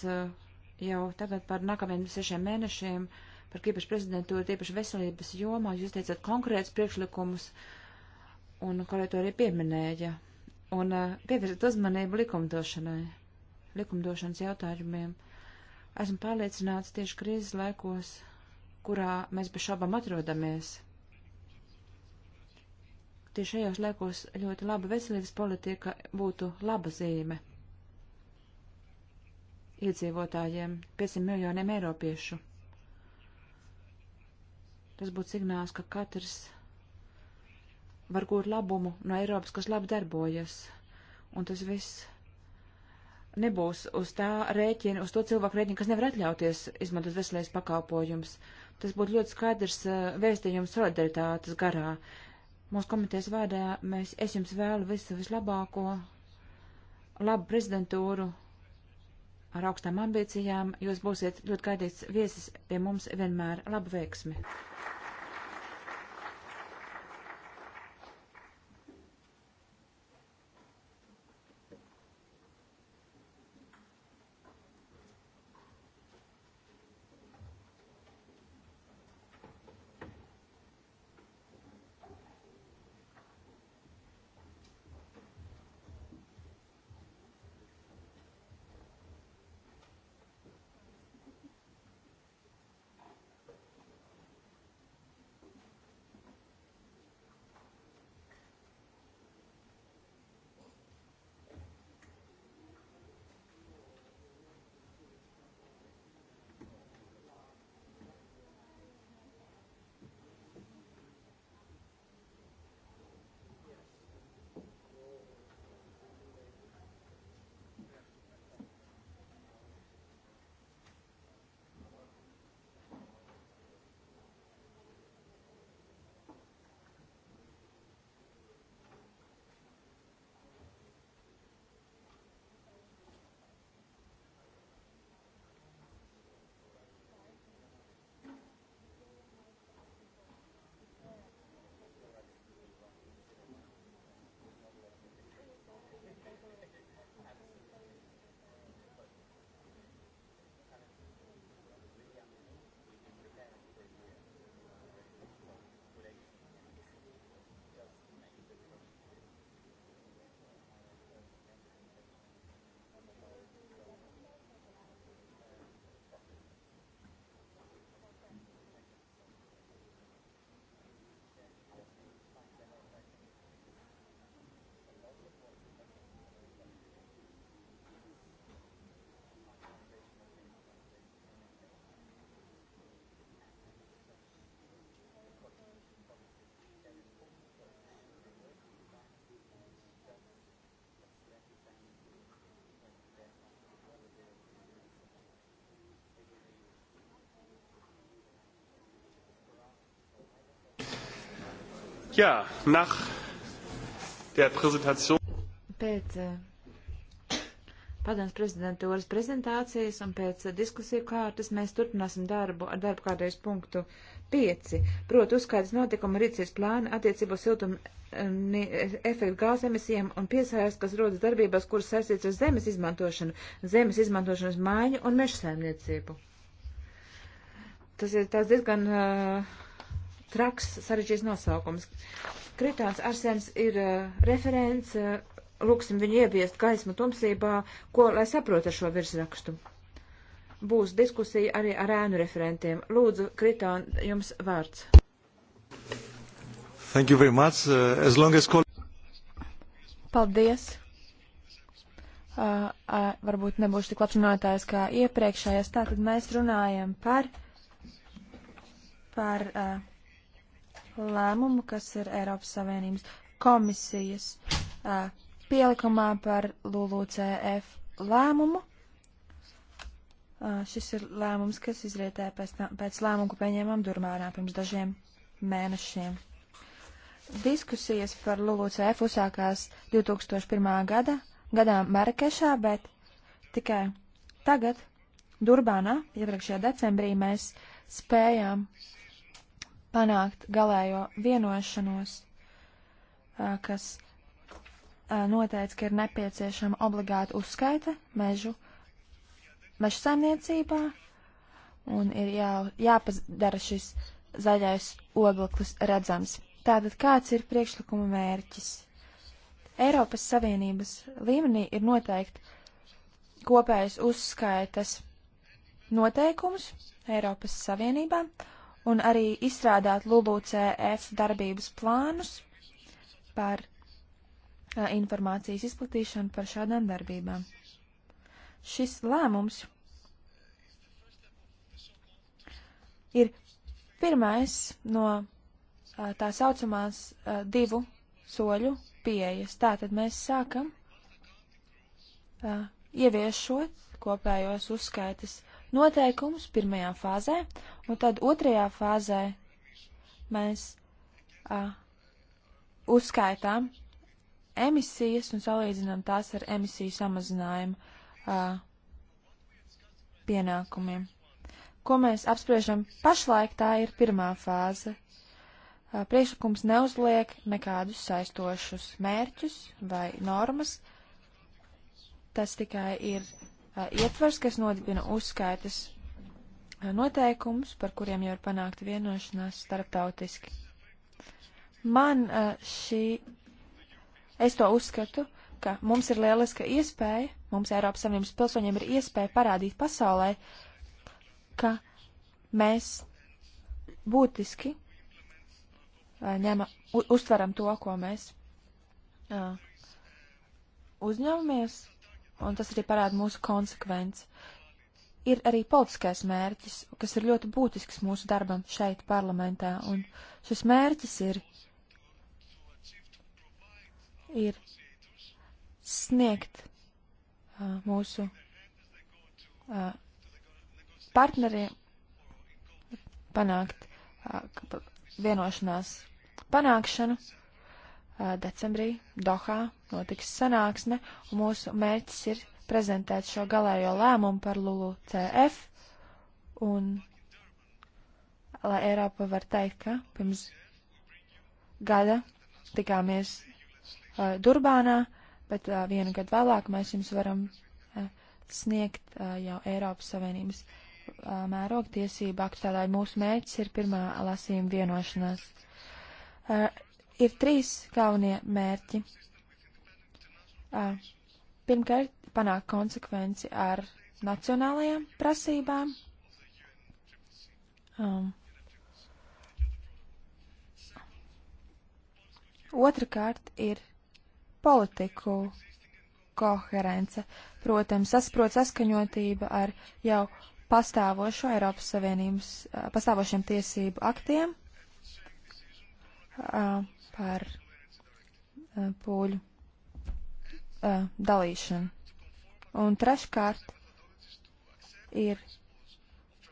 jau tagad par nākamajiem sešiem mēnešiem, par Kipras prezidentūru, tiepaši veselības jomā. Jūs teicat konkrēts priekšlikumus, un kolēģi to arī pieminēja. Un pievērst uzmanību likumdošanai, likumdošanas jautājumiem. Esmu pārliecināts tieši krīzes laikos kurā mēs bez šaubām atrodamies. Tieši šajos laikos ļoti laba veselības politika būtu laba zīme iedzīvotājiem, 500 miljoniem eiropiešu. Tas būtu signāls, ka katrs var gūt labumu no Eiropas, kas labi darbojas. Un tas viss nebūs uz tā rēķina, uz to cilvēku rēķina, kas nevar atļauties izmantot veselības pakalpojums. Tas būtu ļoti skaidrs eh, vēstījums solidaritātes garā. Mūsu komitejas vārdā mēs, es jums vēlu visu vislabāko, labu prezidentūru ar augstām ambīcijām. Jūs būsiet ļoti gaidīts viesis pie mums vienmēr. Labu veiksmi! Jā, nach der Präsentation. Pēc eh, padomus prezidentūras prezentācijas un pēc eh, diskusiju kārtas mēs turpināsim darbu ar darbu kādreiz punktu 5, proti uzskaits notikuma rīcības plāni attiecībā siltum eh, efektu gāzes emisijām un piesaist, kas rodas darbībās, kuras saistīts ar zemes izmantošanu, zemes izmantošanas maiņu un meža saimniecību. Tas ir tās diezgan uh, traks sarežģīts nosaukums. Kritāns Arsens ir uh, referents, uh, lūksim viņu ieviest gaismu tumsībā, ko lai saprot ar šo virsrakstu. Būs diskusija arī ar ēnu referentiem. Lūdzu, Kritán, jums vārds. Thank you very much. Uh, as long as call... Paldies. Uh, uh, varbūt nebūšu tik labs runātājs kā iepriekšējais. Tātad mēs runājam par, par uh, lēmumu, kas ir Eiropas Savienības komisijas uh, pielikumā par LULUCF lēmumu. Uh, šis ir lēmums, kas izrietē pēc, tā, pēc lēmumu, ko pieņēmām Durmārā pirms dažiem mēnešiem. Diskusijas par LULUCF uzsākās 2001. gada, gadā Marakešā, bet tikai tagad, Durbānā, iepriekšējā decembrī, mēs spējām panākt galējo vienošanos, kas noteica, ka ir nepieciešama obligāta uzskaita mežu, mežu saimniecībā un ir jā, jāpadara šis zaļais ogleklis redzams. Tātad kāds ir priekšlikuma mērķis? Eiropas Savienības līmenī ir noteikti kopējas uzskaitas noteikums Eiropas Savienībā, un arī izstrādāt LUBUCF darbības plānus par a, informācijas izplatīšanu par šādām darbībām. Šis lēmums ir pirmais no a, tā saucamās a, divu soļu pieejas. Tātad mēs sākam ieviešot kopējos uzskaitas noteikumus pirmajā fāzē, un tad otrajā fāzē mēs uh, uzskaitām emisijas un salīdzinām tās ar emisiju samazinājumu uh, pienākumiem. Ko mēs apspriežam pašlaik, tā ir pirmā fāze. Uh, priekšlikums neuzliek nekādus saistošus mērķus vai normas, tas tikai ir Eh, ietvars, kas nodibina uzskaitas eh, noteikumus, par kuriem jau ir panākta vienošanās starptautiski. Man eh, šī, es to uzskatu, ka mums ir lieliska iespēja, mums Eiropas Savienības pilsoņiem ir iespēja parādīt pasaulē, ka mēs būtiski ņema, uztveram to, ko mēs uzņemamies un tas arī parāda mūsu konsekvenci. Ir arī politiskais mērķis, kas ir ļoti būtisks mūsu darbam šeit parlamentā, un šis mērķis ir, ir sniegt uh, mūsu uh, partneriem panākt uh, vienošanās panākšanu. Uh, Eh, decembrī Dohā notiks sanāksme, un mūsu mērķis ir prezentēt šo galējo lēmumu par LULUCF, un lai Eiropa var teikt, ka pirms gada tikāmies uh, Durbānā, bet uh, vienu gadu vēlāk mēs jums varam uh, sniegt uh, jau Eiropas Savienības uh, mērogtiesību aktu, tādēļ mūsu mērķis ir pirmā lasījuma vienošanās. Uh, Ir trīs galvenie mērķi. Pirmkārt, panākt konsekvenci ar nacionālajām prasībām. Um. Otrakārt ir politiku koherence, protams, sasprot saskaņotība ar jau pastāvošo Eiropas Savienības, pastāvošiem tiesību aktiem. Uh, par uh, pūļu uh, dalīšanu. Un treškārt ir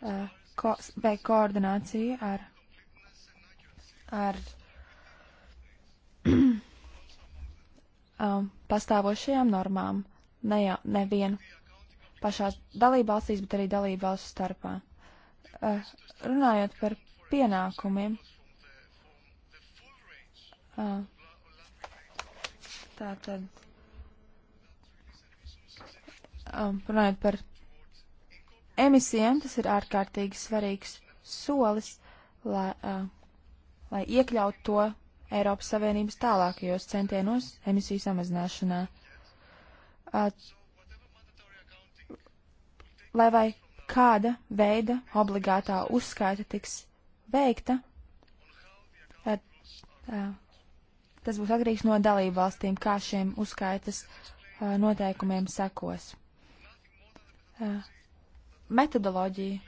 uh, ko, veikt koordināciju ar, ar um, pastāvošajām normām, ne, jau, nevienu pašās dalībvalstīs, bet arī dalībvalstu starpā. Uh, runājot par pienākumiem, uh, Tātad, runājot par emisijām, tas ir ārkārtīgi svarīgs solis, lai, lai iekļaut to Eiropas Savienības tālākajos centienos emisiju samazināšanā. Lai vai kāda veida obligātā uzskaita tiks veikta, Tas būs atkarīgs no dalību valstīm, kā šiem uzskaitas uh, noteikumiem sekos. Uh, metodoloģija,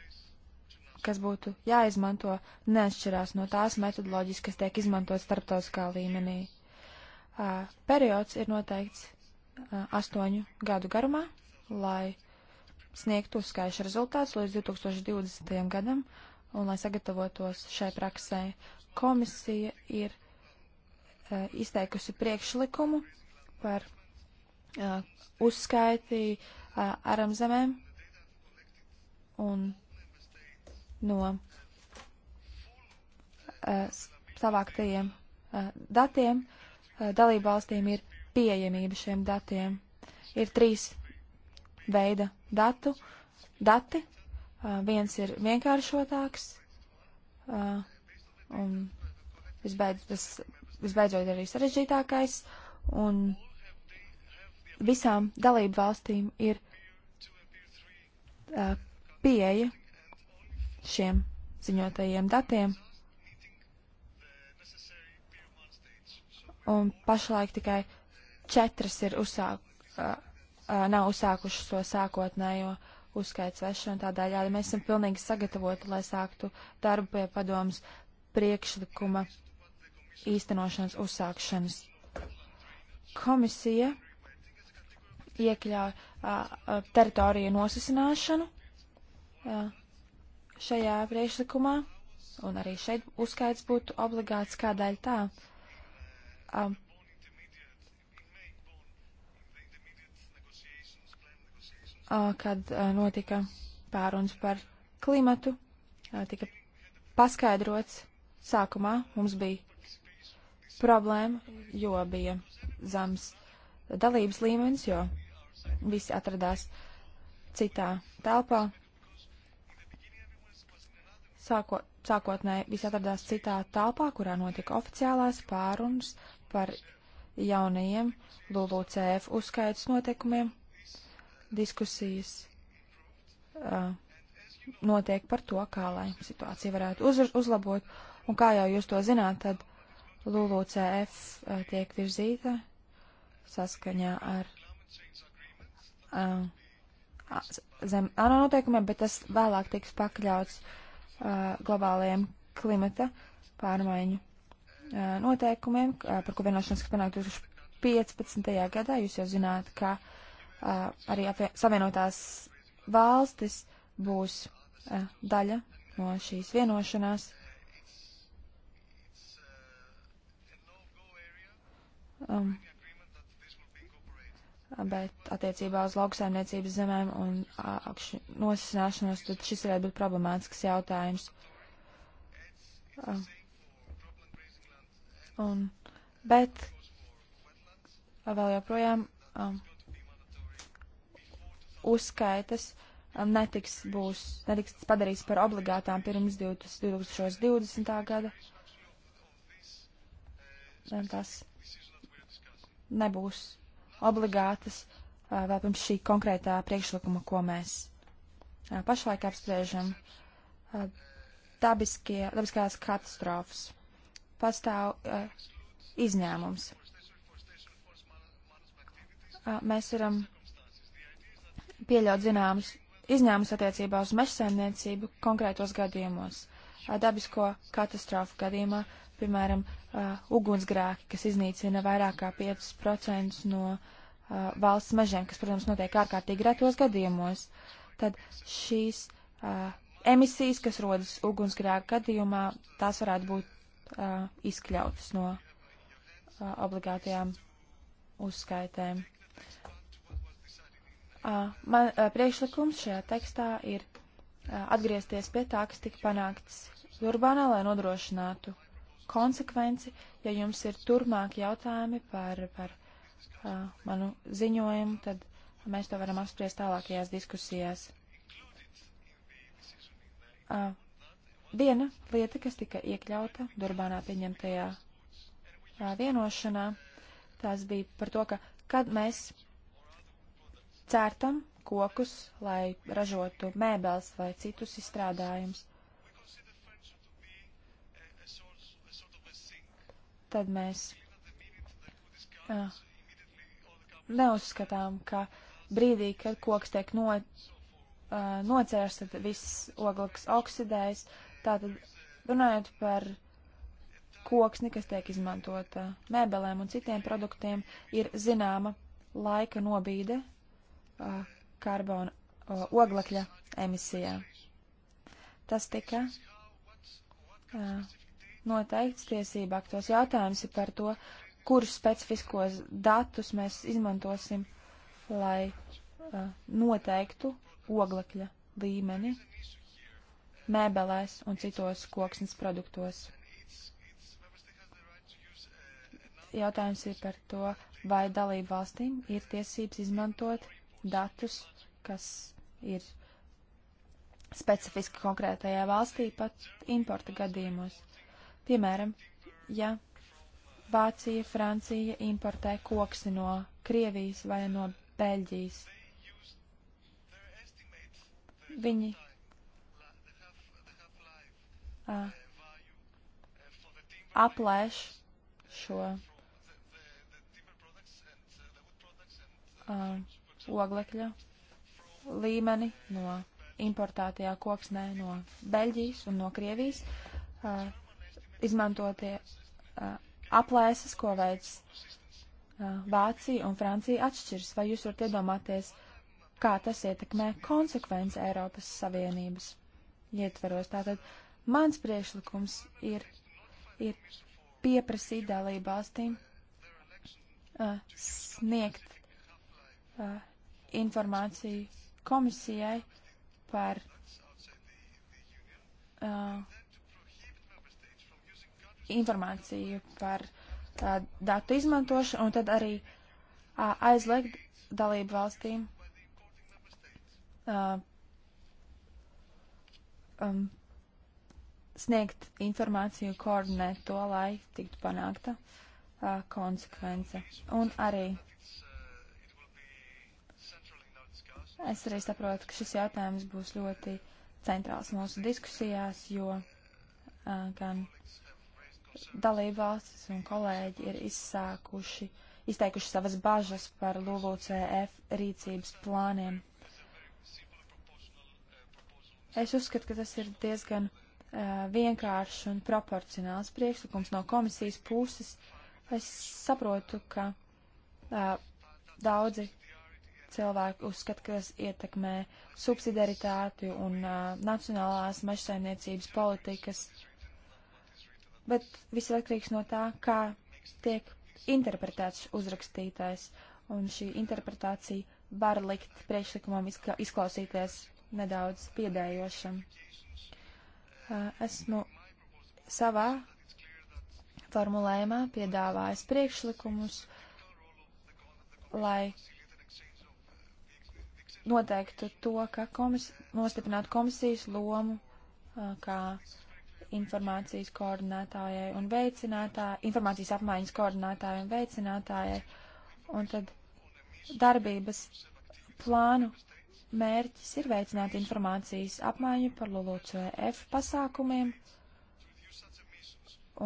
kas būtu jāizmanto, neatšķirās no tās metodoloģijas, kas tiek izmantot starptautiskā līmenī. Uh, periods ir noteikts astoņu gadu garumā, lai sniegtu uzskaišu rezultātus līdz 2020. gadam un lai sagatavotos šai praksē. Komisija ir Eh, izteikusi priekšlikumu par eh, uzskaiti eh, aramzemēm un no savāktajiem datiem dalībvalstīm ir pieejamība šiem datiem. Ir trīs veida datu, dati. Viens ir vienkāršotāks, un visbeidz tas visbeidzot arī sarežģītākais, un visām dalību valstīm ir uh, pieeja šiem ziņotajiem datiem. Un pašlaik tikai četras ir uzsāk, uh, uh, nav uzsākušas to sākotnējo uzskaits vešanu, tādēļ mēs esam pilnīgi sagatavoti, lai sāktu darbu pie padomas priekšlikuma īstenošanas uzsākšanas. Komisija iekļauj teritoriju nosasināšanu a, šajā priekšlikumā, un arī šeit uzskaits būtu obligāts kādēļ tā. A, kad notika pārunas par klimatu, tika paskaidrots sākumā, mums bija problēma, jo bija zems dalības līmenis, jo visi atradās citā telpā. Sākot, sākotnēji visi atradās citā telpā, kurā notika oficiālās pārunas par jaunajiem LULUCF uzskaitas noteikumiem. Diskusijas uh, notiek par to, kā lai situācija varētu uz, uzlabot, un kā jau jūs to zināt, tad LULUCF eh, tiek virzīta saskaņā ar uh, zem ANO noteikumiem, bet tas vēlāk tiks pakļauts uh, globālajiem klimata pārmaiņu uh, noteikumiem, par ko vienošanās, kas panāk 2015. gadā. Jūs jau zināt, ka arī savienotās valstis būs daļa no šīs vienošanās. Um, bet attiecībā uz lauksaimniecības zemēm un akšu nosasināšanos, tad šis varētu būt problemātisks jautājums. Um, un, bet vēl joprojām um, uzskaitas um, netiks, būs, netiks padarīts par obligātām pirms 20, 2020. gada. Un tas nebūs obligātas uh, vēl pirms šī konkrētā priekšlikuma, ko mēs uh, pašlaik apspriežam. Uh, dabiskie, dabiskās katastrofas. Pastāv uh, izņēmums. Uh, mēs varam pieļaut zināmas izņēmumus attiecībā uz mežsaimniecību konkrētos gadījumos. Uh, dabisko katastrofu gadījumā, piemēram, uh, uh, ugunsgrēki, kas iznīcina vairāk kā 5% no uh, valsts mežiem, kas, protams, notiek ārkārtīgi retos gadījumos, tad šīs uh, emisijas, kas rodas ugunsgrēku gadījumā, tās varētu būt uh, izkļautas no uh, obligātajām uzskaitēm. Uh, man uh, priekšlikums šajā tekstā ir uh, atgriezties pie tā, kas tika panākts Durbānā, lai nodrošinātu uh, konsekvenci. Ja jums ir turmāk jautājumi par, par uh, manu ziņojumu, tad mēs to varam apspriest tālākajās diskusijās. Uh, viena lieta, kas tika iekļauta Durbānā pieņemtajā uh, vienošanā, tās bija par to, ka kad mēs cērtam kokus, lai ražotu mēbeles vai citus izstrādājumus, tad mēs uh, neuzskatām, ka brīdī, kad koks tiek no, uh, nocērs, tad viss ogleks oksidējas. Tātad runājot par koksni, kas tiek izmantota mēbelēm un citiem produktiem, ir zināma laika nobīde uh, karbona uh, oglekļa emisijā. Tas tika uh, noteikts tiesību aktos. Jautājums ir par to, kurus specifiskos datus mēs izmantosim, lai uh, noteiktu oglekļa līmeni mēbelēs un citos koksnes produktos. Jautājums ir par to, vai dalību valstīm ir tiesības izmantot datus, kas ir specifiski konkrētajā valstī pat importa gadījumos. Piemēram, ja Vācija, Francija importē koksi no Krievijas vai no Beļģijas, viņi uh, aplēš šo uh, oglekļa līmeni no importētajā koksnē no Beļģijas un no Krievijas. Uh, izmantotie uh, aplēses, ko veids uh, Vācija un Francija atšķirs. Vai jūs varat iedomāties, kā tas ietekmē konsekvence Eiropas Savienības ietveros? Tātad mans priešlikums ir, ir pieprasīt dalību valstīm uh, sniegt uh, informāciju komisijai par uh, informāciju par uh, datu izmantošanu un tad arī uh, aizliegt dalību valstīm uh, um, sniegt informāciju, koordinēt to, lai tiktu panākta uh, konsekvence. Un arī es arī saprotu, ka šis jautājums būs ļoti centrāls mūsu diskusijās, jo uh, gan uh, dalībvalstis un kolēģi ir izsākuši, izteikuši savas bažas par LULUCF rīcības plāniem. Es uzskatu, ka tas ir diezgan uh, vienkāršs un proporcionāls priekšlikums no komisijas puses. Es saprotu, ka uh, daudzi cilvēki uzskata, ka tas ietekmē subsidiaritāti un uh, nacionālās mežsaimniecības politikas uh, bet viss ir atkarīgs no tā, kā tiek interpretēts uzrakstītais, un šī interpretācija var likt priekšlikumam izklausīties nedaudz piedējošam. Esmu savā formulējumā piedāvājis priekšlikumus, lai noteiktu to, ka komis, nostiprinātu komisijas lomu kā uh, informācijas koordinātājai un veicinātājai, informācijas apmaiņas koordinātājai un veicinātājai, un tad darbības plānu mērķis ir veicināt informācijas apmaiņu par LULUCF pasākumiem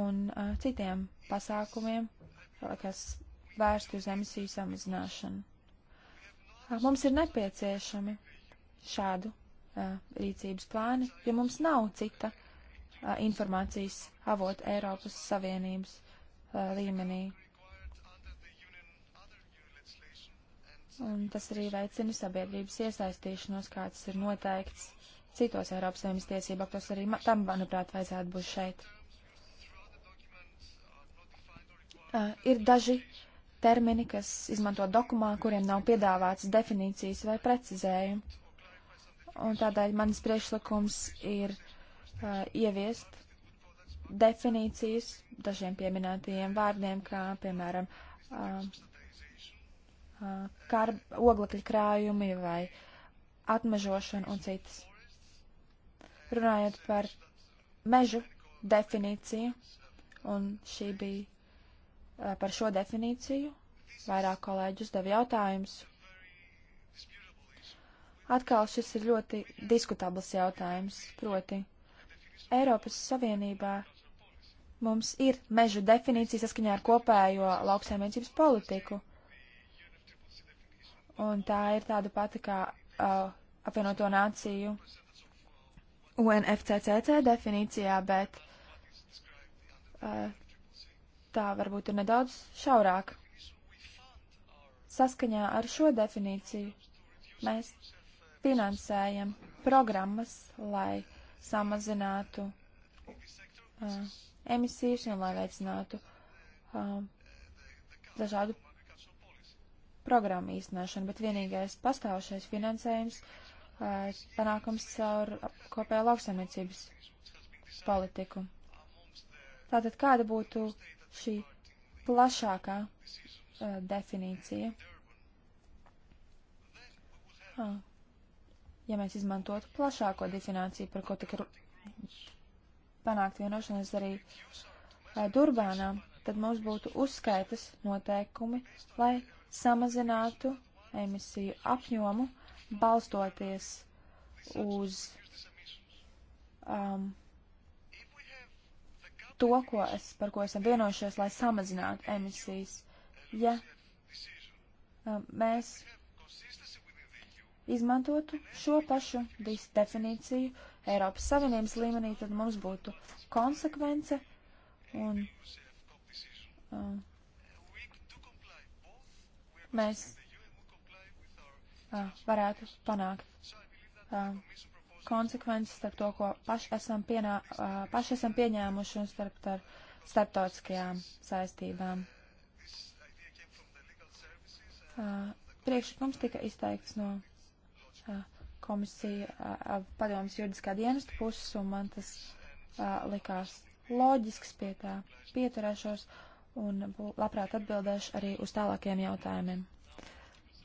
un uh, citiem pasākumiem, kas vērsti uz emisiju samazināšanu. Uh, mums ir nepieciešami šādu uh, rīcības plāni, jo mums nav cita uh, informācijas avotu Eiropas Savienības līmenī. Un tas arī veicina sabiedrības iesaistīšanos, kā tas ir noteikts citos Eiropas Savienības tiesību aktos. Arī tam, manuprāt, vajadzētu būt šeit. Uh, ir daži termini, kas izmanto dokumā, kuriem nav piedāvāts definīcijas vai precizējumi. Un tādēļ mans priekšlikums ir uh, ieviest definīcijas dažiem pieminētajiem vārdiem, kā piemēram uh, uh, karb, oglekļa krājumi vai atmežošana un citas. Runājot par mežu definīciju, un šī bija uh, par šo definīciju, vairāk kolēģi uzdeva jautājumus. Atkal šis ir ļoti diskutabls jautājums, proti Eiropas Savienībā mums ir meža definīcija saskaņā ar kopējo lauksaimniecības politiku. Un tā ir tāda pati kā uh, apvienoto nāciju UNFCCC definīcijā, bet uh, tā varbūt ir nedaudz šaurāk. Saskaņā ar šo definīciju mēs finansējam programmas, lai uh, samazinātu uh, emisijas un lai veicinātu uh, dažādu programmu īstenošanu, bet vienīgais pastāvošais finansējums uh, panākums caur kopējo lauksaimniecības politiku. Tātad kāda būtu šī plašākā uh, definīcija? Uh ja mēs izmantotu plašāko definīciju, par ko tika panākt vienošanās arī eh, Durbānā, tad mums būtu uzskaitas noteikumi, lai samazinātu emisiju apjomu, balstoties uz um, to, ko es, par ko esam vienojušies, lai samazinātu emisijas. Ja um, mēs izmantotu šo pašu definīciju Eiropas Savienības līmenī, tad mums būtu konsekvence un uh, mēs uh, varētu panākt uh, konsekvences starp to, ko paši esam, pienā, uh, paši esam pieņēmuši un starp tar, starptautiskajām saistībām. Uh, priekšlikums tika izteikts no komisija padomas juridiskā dienesta puses, un man tas likās loģisks pie tā pieturēšos un labprāt atbildēšu arī uz tālākiem jautājumiem.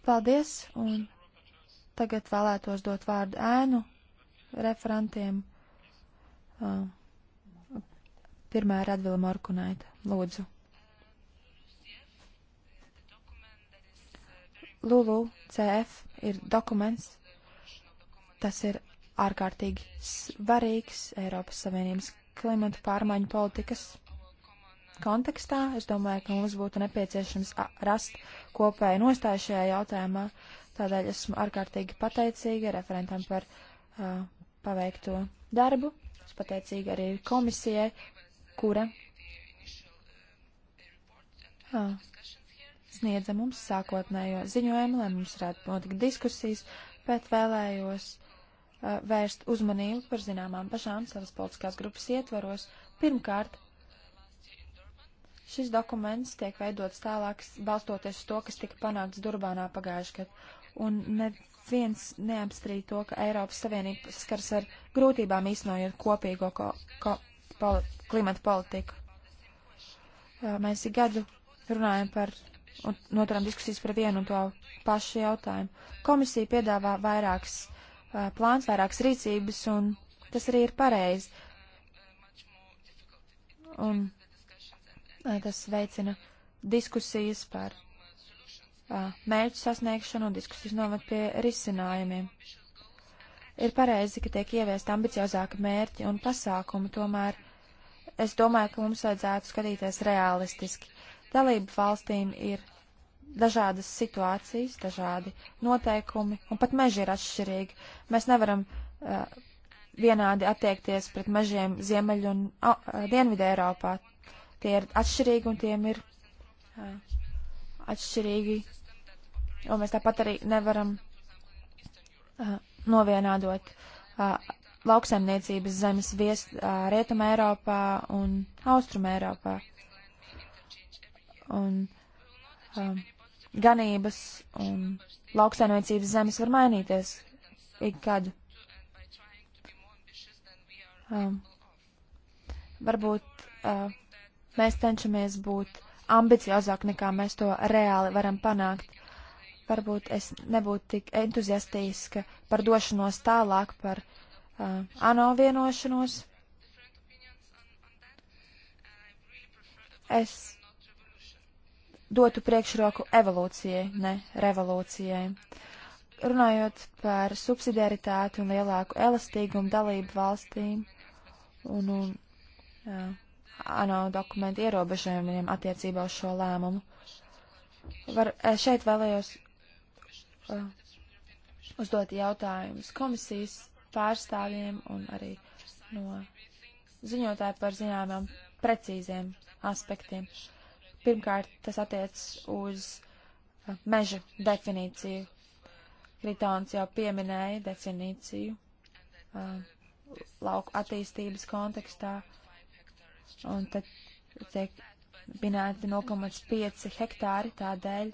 Paldies, un tagad vēlētos dot vārdu ēnu referentiem. Pirmā ir Advila Morkunaita. Lūdzu. Lulu CF ir dokuments, Tas ir ārkārtīgi svarīgs Eiropas Savienības klimata pārmaiņu politikas kontekstā. Es domāju, ka mums būtu nepieciešams rast kopēju nostāju šajā jautājumā. Tādēļ esmu ārkārtīgi pateicīga referentam par uh, paveikto darbu. Es pateicīga arī komisijai, kura uh, sniedza mums sākotnējo ziņojumu, lai mums varētu notikt diskusijas, bet vēlējos uh, Eh, vērst uzmanību par zināmām pašām savas politiskās grupas ietvaros. Pirmkārt, šis dokuments tiek veidots tālāk, balstoties uz to, kas tika panākts Durbānā pagājušajā gadā. Un neviens neapstrīd to, ka Eiropas Savienība skars ar grūtībām īstenojot kopīgo ko, ko, poli, klimata politiku. Eh, mēs ik gadu runājam par un noturam diskusijas par vienu un to pašu jautājumu. Komisija piedāvā vairākas uh, Uh, plāns, vairākas rīcības, un tas arī ir pareizi. Un uh, tas veicina diskusijas par uh, mērķu sasniegšanu un diskusijas novad pie risinājumiem. Ir pareizi, ka tiek ieviest ambiciozāka mērķi un pasākumi, tomēr es domāju, ka mums vajadzētu skatīties realistiski. Dalību valstīm ir dažādas situācijas, dažādi noteikumi, un pat meži ir atšķirīgi. Mēs nevaram uh, vienādi attiekties pret mežiem Ziemeļu un uh, Dienvidu Eiropā. Tie ir atšķirīgi un tiem ir uh, atšķirīgi, un mēs tāpat arī nevaram uh, novienādot uh, lauksaimniecības zemes viest uh, Rietuma Eiropā un Austruma Eiropā. Un, um, ganības un lauksainiecības zemes var mainīties ik kādu. Um, varbūt uh, mēs cenšamies būt ambiciozāk nekā mēs to reāli varam panākt. Varbūt es nebūtu tik entuziastiska par došanos tālāk par uh, ANO vienošanos. Es dotu priekšroku evolūcijai, ne revolūcijai. Runājot par subsidiaritāti un lielāku elastīgumu dalību valstīm un, un jā, ANO dokumentu ierobežojumiem attiecībā uz šo lēmumu. Var, šeit vēlējos uh, uzdot jautājumus komisijas pārstāvjiem un arī no ziņotāju par zināmām precīziem aspektiem. Uh, Pirmkārt, tas attiec uz uh, meža definīciju. Kritāns jau pieminēja definīciju uh, lauku attīstības kontekstā, un tad tiek minēti 0,5 hektāri tādēļ,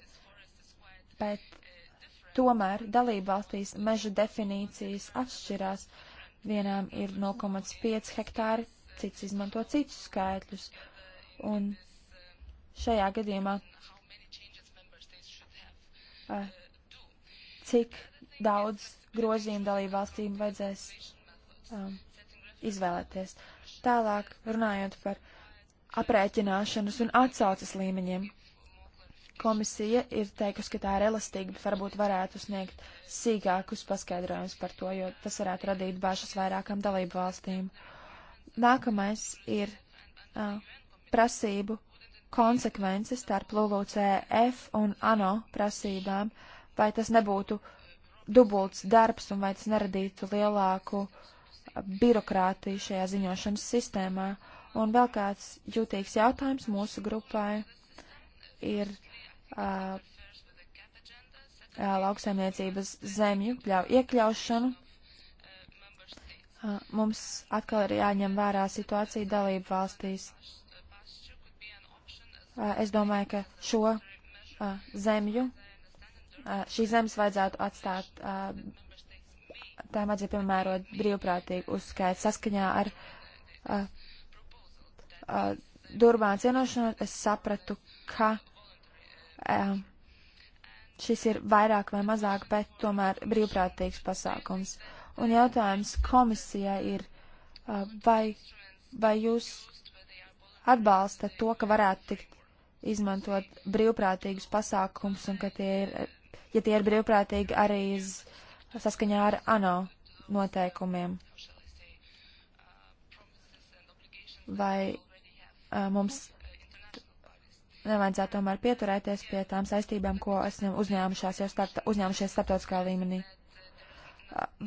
bet tomēr dalībvalstīs meža definīcijas atšķirās. Vienām ir 0,5 hektāri, cits izmanto citus skaitļus, un šajā gadījumā eh, cik daudz grozījumu dalību valstīm vajadzēs um, izvēlēties. Tālāk runājot par aprēķināšanas un atsaucas līmeņiem. Komisija ir teikusi, ka tā ir elastīga, bet varbūt varētu sniegt sīkākus paskaidrojumus par to, jo tas varētu radīt bāžas vairākām dalību valstīm. Nākamais ir uh, prasību konsekvences starp LULUCF e un ANO prasībām, vai tas nebūtu dubults darbs un vai tas neradītu lielāku birokrātiju šajā ziņošanas sistēmā. Un vēl kāds jūtīgs jautājums mūsu grupai ir uh, lauksaimniecības zemju pļau, iekļaušanu. Uh, mums atkal ir jāņem vērā situācija dalību valstīs. Uh, Es domāju, ka šo zemju, šīs zemes vajadzētu atstāt tām vajadzētu piemērot brīvprātīgu uzskaitu saskaņā ar Durbāns vienošanos. Es sapratu, ka a, šis ir vairāk vai mazāk, bet tomēr brīvprātīgs pasākums. Un jautājums komisijai ir, a, vai, vai jūs atbalsta to, ka varētu tikt izmantot brīvprātīgus pasākums un ka tie ir, ja tie ir brīvprātīgi arī iz, saskaņā ar ANO noteikumiem. Vai uh, mums nevajadzētu tomēr pieturēties pie tām saistībām, ko esam uzņēmušās jau starta, uzņēmušies starptautiskā līmenī.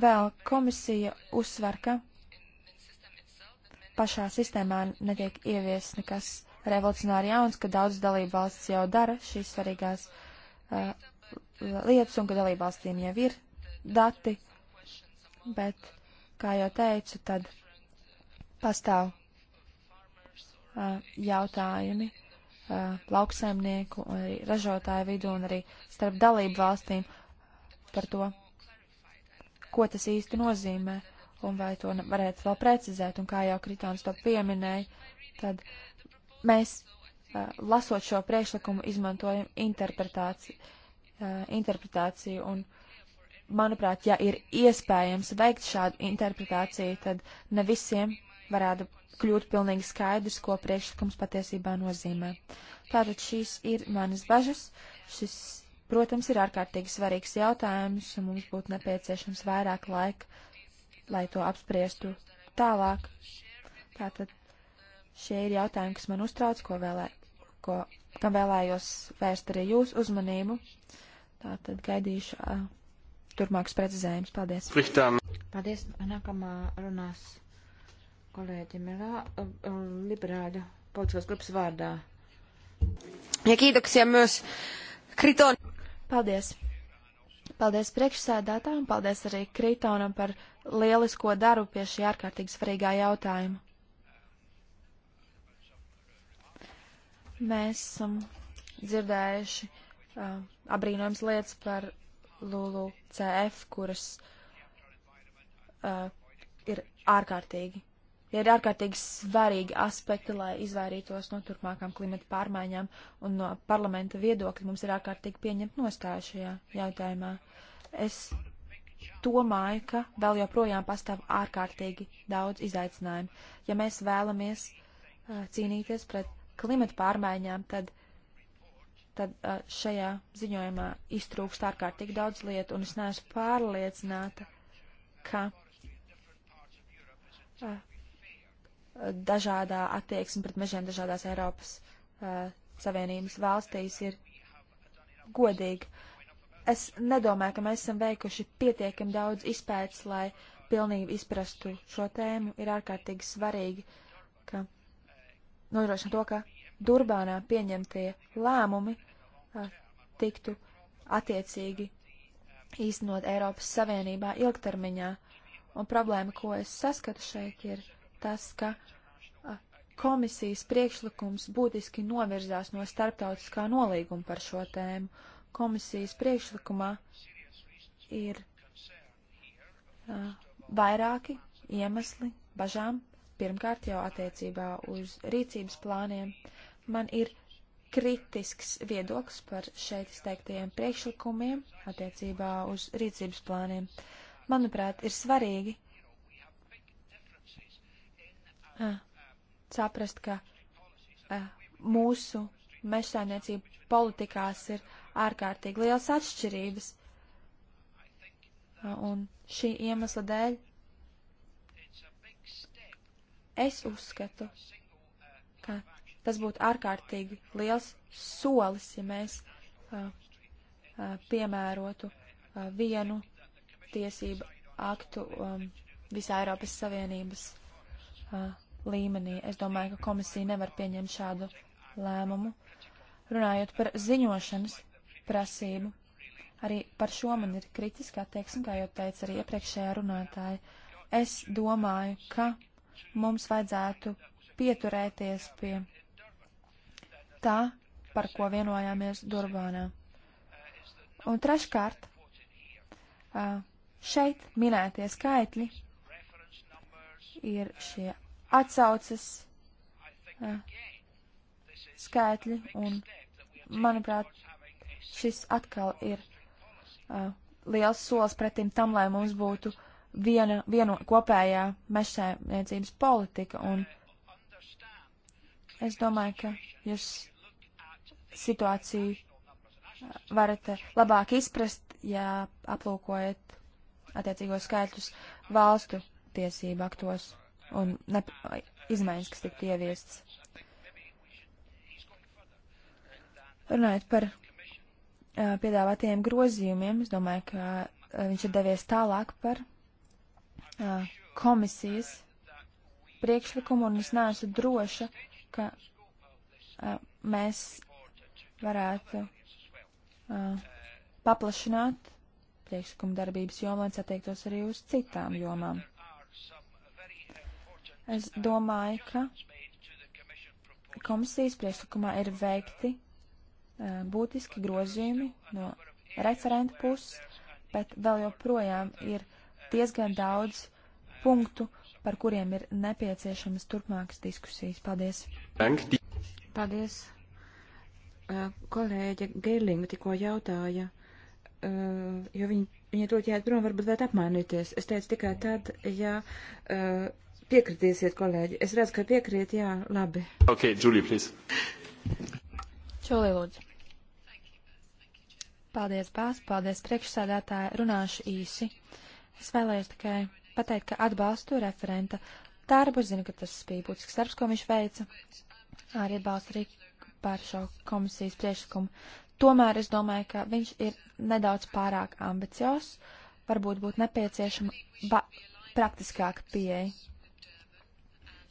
Vēl komisija uzsver, ka pašā sistēmā netiek ievies nekas revolucionāri jauns, ka daudz dalību valsts jau dara šīs svarīgās uh, lietas un ka dalību valstīm jau ir dati, bet, kā jau teicu, tad pastāv uh, jautājumi uh, lauksaimnieku un arī ražotāju vidū un arī starp dalību valstīm par to, ko tas īsti nozīmē un vai to varētu vēl precizēt. Un kā jau Kritons to pieminēja, tad Mēs, lasot šo priekšlikumu, izmantojam interpretāciju, interpretāciju un, manuprāt, ja ir iespējams veikt šādu interpretāciju, tad ne visiem varētu kļūt pilnīgi skaidrs, ko priekšlikums patiesībā nozīmē. Tātad šīs ir manas bažas. Šis, protams, ir ārkārtīgi svarīgs jautājums, un mums būtu nepieciešams vairāk laika, lai to apspriestu tālāk. Tātad Šie ir jautājumi, kas man uztrauc, ko vēlē, ko, kam vēlējos vērst arī jūsu uzmanību. Tātad gaidīšu uh, turpmākus precizējumus. Paldies. Richtām. Paldies. Nākamā runās kolēģi Milā, uh, liberāļu politiskās grupas vārdā. Ja kiitoksia myös Kriton. Paldies. Paldies priekšsēdētājiem, paldies arī Kritonam par lielisko darbu pie šī ārkārtīgi svarīgā jautājuma. Mēs esam dzirdējuši uh, abrīnojums lietas par Lulu CF, kuras uh, ir ārkārtīgi. Ja ir ārkārtīgi svarīgi aspekti, lai izvairītos no turpmākām klimata pārmaiņām un no parlamenta viedokļa, mums ir ārkārtīgi pieņemt nostāju šajā jautājumā. Es domāju, ka vēl joprojām pastāv ārkārtīgi daudz izaicinājumu. Ja mēs vēlamies uh, cīnīties pret klimata pārmaiņām, tad, tad šajā ziņojumā iztrūkst ārkārtīgi daudz lietu, un es neesmu pārliecināta, ka dažādā attieksme pret mežiem dažādās Eiropas Savienības valstīs ir godīga. Es nedomāju, ka mēs esam veikuši pietiekami daudz izpētes, lai pilnībā izprastu šo tēmu. Ir ārkārtīgi svarīgi, ka nodrošina to, ka Durbānā pieņemtie lēmumi tiktu attiecīgi īstenot Eiropas Savienībā ilgtermiņā. Un problēma, ko es saskatu šeit, ir tas, ka komisijas priekšlikums būtiski novirzās no starptautiskā nolīguma par šo tēmu. Komisijas priekšlikumā ir uh, vairāki iemesli bažām, pirmkārt jau attiecībā uz rīcības plāniem, uh, Man ir kritisks viedoklis par šeit izteiktajiem priekšlikumiem attiecībā uz rīcības plāniem. Manuprāt, ir svarīgi uh, saprast, ka uh, mūsu mežsainiecību politikās ir ārkārtīgi liels atšķirības. Uh, un šī iemesla dēļ es uzskatu, ka Tas būtu ārkārtīgi liels solis, ja mēs uh, uh, piemērotu uh, vienu tiesību aktu um, visā Eiropas Savienības līmenī. Es domāju, ka komisija nevar pieņemt šādu lēmumu. Runājot par ziņošanas prasību, arī par šo man ir kritiskā attieksme, kā jau teica arī iepriekšējā runātāja. Es domāju, ka mums vajadzētu pieturēties pie tā, par ko vienojāmies Durbānā. Un treškārt, šeit minētie skaitļi ir šie atsauces skaitļi, un, manuprāt, šis atkal ir liels solis pretim tam, lai mums būtu viena, vieno kopējā mežsēmniecības politika, un Es domāju, ka jūs situāciju uh, varat uh, labāk izprast, ja aplūkojat attiecīgos skaitļus valstu tiesību aktos un ne, izmaiņas, kas tiktu ieviestas. Runājot par uh, piedāvātajiem grozījumiem, es domāju, ka uh, viņš ir devies tālāk par uh, komisijas priekšlikumu, un es neesmu droša, uh, ka uh, mēs varētu uh, paplašināt priekšlikuma darbības jomu, lai attiektos arī uz citām jomām. Es domāju, ka komisijas priekšlikumā ir veikti uh, būtiski grozījumi no referenta puses, bet vēl joprojām ir diezgan daudz punktu, uh, par kuriem ir nepieciešamas turpmākas diskusijas. Paldies! Paldies! Kolēģe Gerlinga tikko jautāja, jo viņa, viņa to ķēda prom, varbūt vajag apmainīties. Es teicu tikai tad, ja piekritīsiet, kolēģi. Es redzu, ka piekrīt, jā, labi. Ok, Julie, please. Čolī, lūdzu. Paldies, Bās, paldies priekšsādātāji, runāšu īsi. Es vēlējos tikai pateikt, ka atbalstu referenta darbu. Zinu, ka tas bija būtisks darbs, ko viņš veica. Arī atbalstu arī par šo komisijas priekšlikumu. Tomēr es domāju, ka viņš ir nedaudz pārāk ambicios. Varbūt būtu nepieciešama praktiskāka pieeja.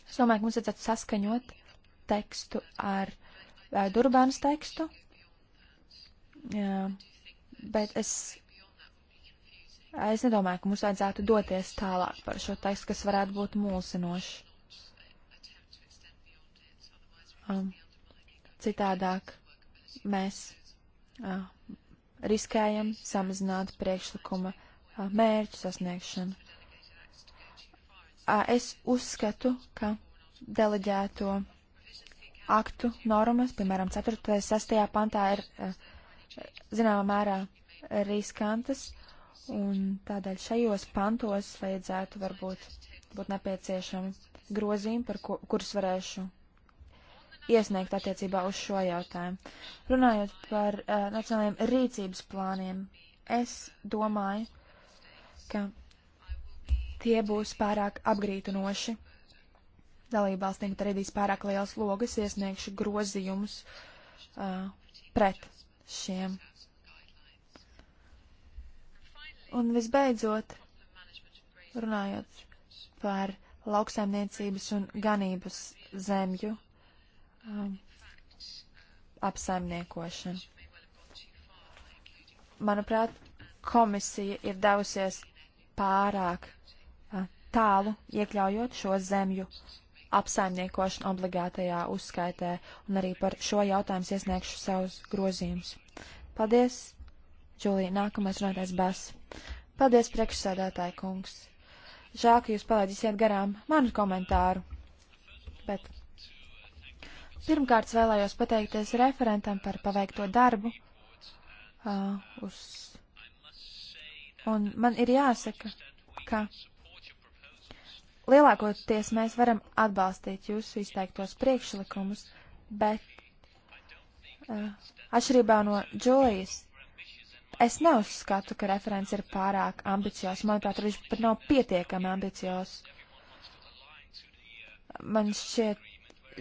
Es domāju, ka mums vajadzētu saskaņot tekstu ar eh, Durbānas tekstu. Jā, bet es Es nedomāju, ka mums vajadzētu doties tālāk par šo tekstu, kas varētu būt mulsinošs. Um, citādāk mēs uh, riskējam samazināt priekšlikuma uh, mērķu sasniegšanu. Uh, es uzskatu, ka deleģēto aktu normas, piemēram, 4. un 6. pantā ir uh, zināmā mērā riskantas Un tādēļ šajos pantos vajadzētu varbūt būt nepieciešami grozījumi, par ko, kurus varēšu iesniegt attiecībā uz šo jautājumu. Runājot par uh, nacionālajiem rīcības plāniem, es domāju, ka tie būs pārāk apgrītinoši. Dalībvalstīm tad radīs pārāk liels logas, iesniegšu grozījumus uh, pret šiem Un visbeidzot, runājot par lauksaimniecības un ganības zemju um, apsaimniekošanu. Manuprāt, komisija ir devusies pārāk uh, tālu, iekļaujot šo zemju apsaimniekošanu obligātajā uzskaitē, un arī par šo jautājumu iesniegšu savus grozījumus. Paldies, Džulija. Nākamais runātais Bas. Paldies, priekšsēdētāji kungs. Žēl, ka jūs palaidīsiet garām manu komentāru. Bet pirmkārt vēlējos pateikties referentam par paveikto darbu. Uh, uz... Un man ir jāsaka, ka lielākoties mēs varam atbalstīt jūsu izteiktos priekšlikumus, bet uh, atšķirībā no Džulijas es neuzskatu, ka referents ir pārāk ambiciozs. Manuprāt, viņš pat nav pietiekami ambiciozs. Man šķiet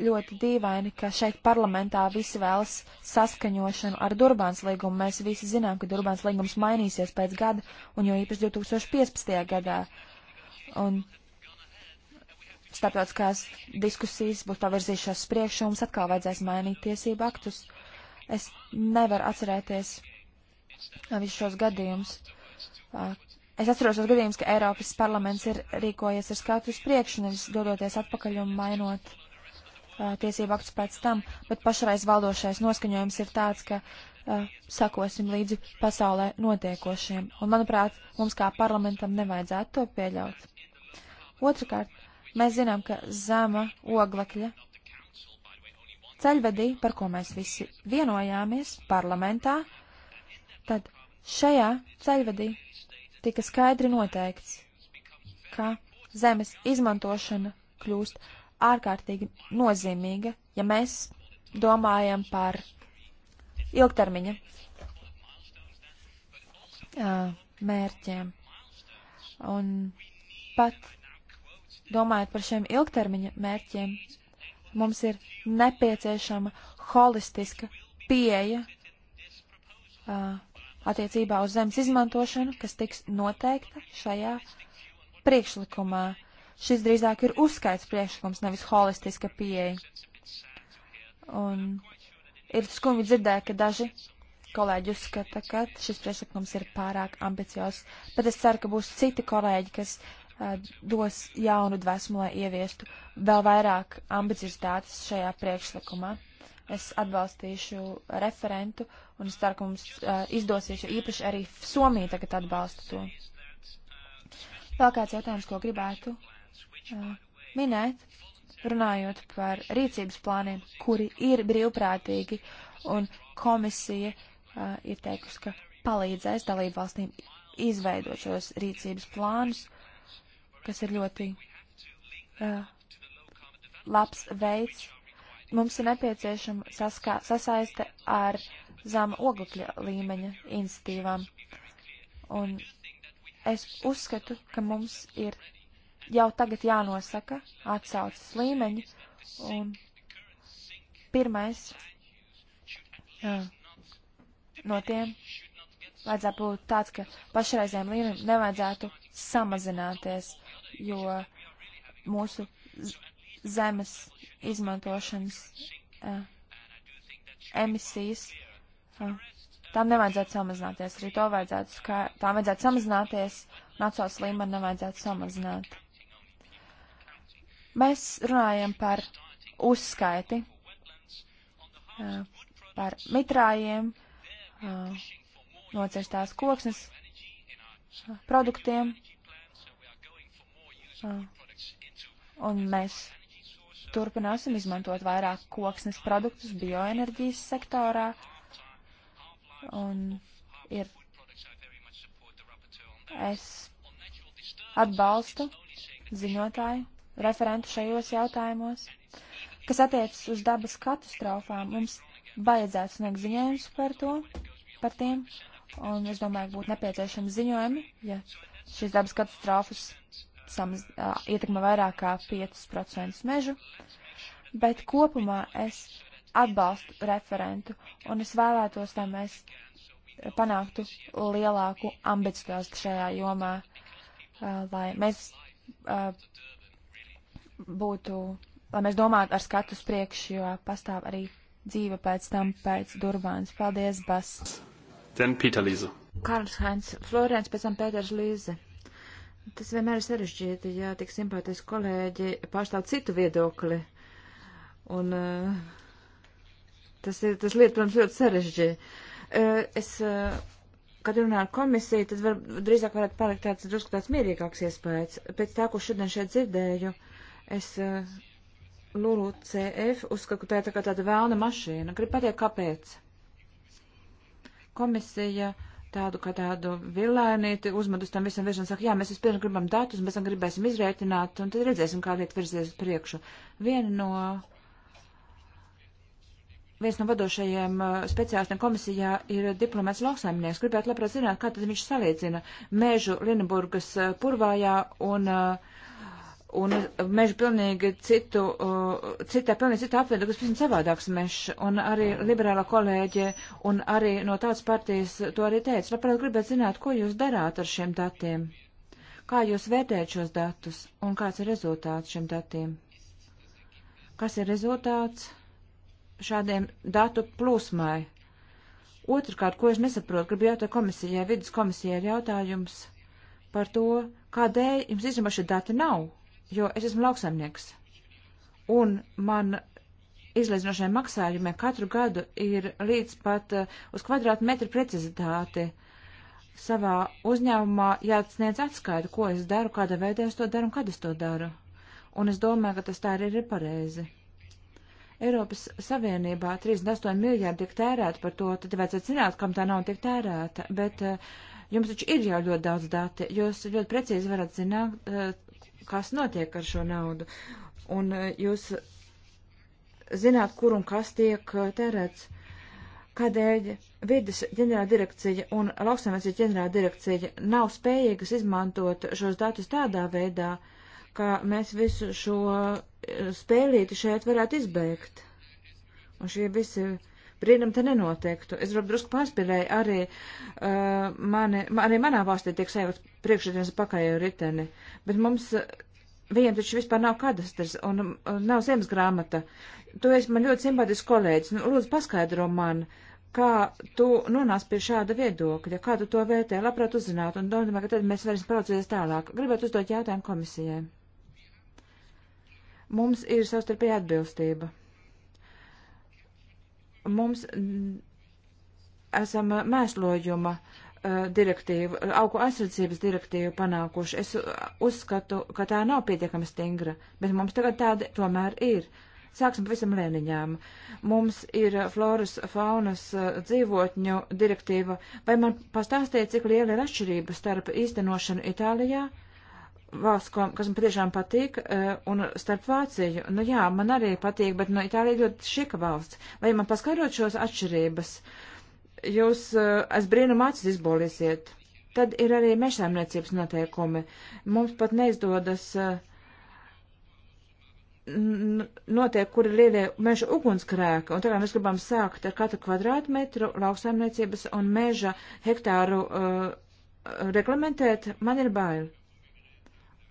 ļoti dīvaini, ka šeit parlamentā visi vēlas saskaņošanu ar Durbāns līgumu. Mēs visi zinām, ka Durbāns līgums mainīsies pēc gada, un jo īpaši 2015. gadā. Un starptautiskās diskusijas būs pavirzījušās priekšu, mums atkal vajadzēs mainīt tiesību aktus. Es nevaru atcerēties visus šos gadījumus. Es atceros tos gadījumus, ka Eiropas parlaments ir rīkojies ar skatu uz priekšu, nevis dodoties atpakaļ un mainot tiesību aktus pēc tam, bet pašreiz valdošais noskaņojums ir tāds, ka uh, sakosim līdzi pasaulē notiekošiem. Un, manuprāt, mums kā parlamentam nevajadzētu to pieļaut. Otrakārt, mēs zinām, ka zema oglekļa ceļvedī, par ko mēs visi vienojāmies parlamentā, Tad šajā ceļvedī tika skaidri noteikts, ka zemes izmantošana kļūst ārkārtīgi nozīmīga, ja mēs domājam par ilgtermiņa uh, mērķiem. Un pat domājot par šiem ilgtermiņa mērķiem, mums ir nepieciešama holistiska pieeja uh, attiecībā uz zemes izmantošanu, kas tiks noteikta šajā priekšlikumā. Šis drīzāk ir uzskaits priekšlikums, nevis holistiska pieeja. Un ir skumji dzirdēt, ka daži kolēģi uzskata, ka šis priekšlikums ir pārāk ambiciozs, bet es ceru, ka būs citi kolēģi, kas uh, dos jaunu dvēsmu, lai ieviestu vēl vairāk ambiciozitātes šajā priekšlikumā. Es atbalstīšu referentu un es ceru, ka mums uh, izdosies, jo īpaši arī Somija tagad atbalsta to. Vēl kāds jautājums, ko gribētu uh, minēt, runājot par rīcības plāniem, kuri ir brīvprātīgi, un komisija uh, ir teikusi, ka palīdzēs dalību valstīm izveidot šos rīcības plānus, kas ir ļoti uh, labs veids mums ir nepieciešama saskā, sasaiste ar zema oglekļa līmeņa institīvām. Un es uzskatu, ka mums ir jau tagad jānosaka atsaucas līmeņi, un pirmais jā, no tiem vajadzētu būt tāds, ka pašreizējiem līmenim nevajadzētu samazināties, jo mūsu zemes izmantošanas uh, emisijas. Uh, eh, tām nevajadzētu samazināties, arī to vajadzētu, skā, tām vajadzētu samazināties, nacionāls līmeni nevajadzētu samazināt. Mēs runājam par uzskaiti, uh, par mitrājiem, uh, nocirstās koksnes uh, produktiem. Un mēs turpināsim izmantot vairāk koksnes produktus bioenerģijas sektorā. Un ir. Es atbalstu ziņotāju, referentu šajos jautājumos. Kas attiecas uz dabas katastrofām, mums vajadzētu sniegt ziņojumus par to, par tiem, un es domāju, ka būtu nepieciešami ziņojumi, ja šīs dabas katastrofas samaz, uh, ietekmē vairāk kā 5% mežu, bet kopumā es atbalstu referentu un es vēlētos, lai mēs panāktu lielāku ambiciozitāti šajā jomā, uh, lai mēs uh, būtu, lai mēs domātu ar skatus priekš, jo pastāv arī dzīve pēc tam, pēc Durvānas. Paldies, Bas! Then Peter Līze. Karls Heinz, Florence, pēc tam Pēters Līze. Tas vienmēr ir sarežģīti, ja tik simpātiski kolēģi pārstāv citu viedokli. Un uh, tas ir, tas lieta, protams, ļoti sarežģīti. Uh, eh, es, uh, kad runāju ar komisiju, tad var, drīzāk varētu palikt tāds drusku tāds mierīgāks iespējas. Pēc tā, ko šodien šeit dzirdēju, es uh, Lulu CF uzskatu, ka tā ir tā kā tāda vēlna mašīna. Gribu pateikt, kāpēc. Komisija. Uh, tādu kā tādu vilainīti, uzmed uz tam visam vēršanu, saka, jā, mēs vispirms gribam datus, mēs tam gribēsim izrēķināt, un tad redzēsim, kā lieta virzies uz priekšu. Viena no, viens no vadošajiem uh, speciālistiem komisijā ir diplomēts lauksaimnieks. Gribētu labprāt zināt, kā tad viņš salīdzina mežu Linburgas uh, purvājā un uh, un meža pilnīgi citu, uh, citā, pilnīgi cita apvienība, kas pavisam savādāks mežs, un arī liberālā kolēģe, un arī no tādas partijas to arī teica. Labprāt, gribētu zināt, ko jūs darāt ar šiem datiem, kā jūs vērtējat šos datus, un kāds ir rezultāts šiem datiem. Kas ir rezultāts šādiem datu plūsmai? Otrkārt, ko es nesaprotu, gribu jautāt komisijai, vidus komisijai ir jautājums par to, kādēļ jums īstenībā šie dati nav jo es esmu lauksaimnieks. Un man izlīdzinošiem maksājumiem katru gadu ir līdz pat eh, uz kvadrātmetru precizitāti savā uzņēmumā jāatsniedz atskaitu, ko es daru, kāda veidā es to daru un kad es to daru. Un es domāju, ka tas tā arī ir pareizi. Eiropas Savienībā 38 miljārdi tiek tērēti par to, tad vajadzētu zināt, kam tā nav tiek tērēta, bet eh, jums taču ir jau ļoti daudz dati, jūs ļoti precīzi varat zināt, eh, kas notiek ar šo naudu. Un e, jūs zināt, kur un kas tiek e, tērēts. Kādēļ vidas ģenerāldirekcija un lauksaimniecības ģenerāldirekcija nav spējīgas izmantot šos datus tādā veidā, ka mēs visu šo e, spēlīti šeit varētu izbeigt? Un šie visi brīnum te nenotiektu. Es varbūt drusku pārspīlēju arī, uh, mani, arī manā valstī tiek sajūta priekšredienas pakaļējo riteni, bet mums uh, Viņiem taču vispār nav kadastras un, un nav ziemas grāmata. Tu esi man ļoti simpātisks kolēģis. Nu, lūdzu, paskaidro man, kā tu nonāc pie šāda viedokļa, kā tu to vērtē, labprāt uzzināt, un domāju, ka tad mēs varēsim braucēties tālāk. Gribētu uzdot jautājumu komisijai. Mums ir savstarpēja atbilstība mums esam mēslojuma eh, direktīvu, eh, augu aizsardzības direktīvu panākuši. Es uzskatu, ka tā nav pietiekami stingra, bet mums tagad tāda tomēr ir. Sāksim pavisam lēniņām. Mums ir floras, faunas, eh, dzīvotņu direktīva. Vai man pastāstīja, cik liela ir atšķirība starp īstenošanu Itālijā? Uh, valsts, ko, kas man patiešām patīk, eh, un starp Vāciju. Nu jā, man arī patīk, bet no nu, Itālija ļoti šika valsts. Vai man paskaidrot šos atšķirības? Jūs aiz eh, brīnum acis izbolīsiet. Tad ir arī mežsēmniecības noteikumi. Mums pat neizdodas eh, notiek, kuri lielie meža ugunskrēka, un tagad mēs gribam sākt ar katru kvadrātmetru lauksaimniecības un meža hektāru uh, reglamentēt, man ir bail.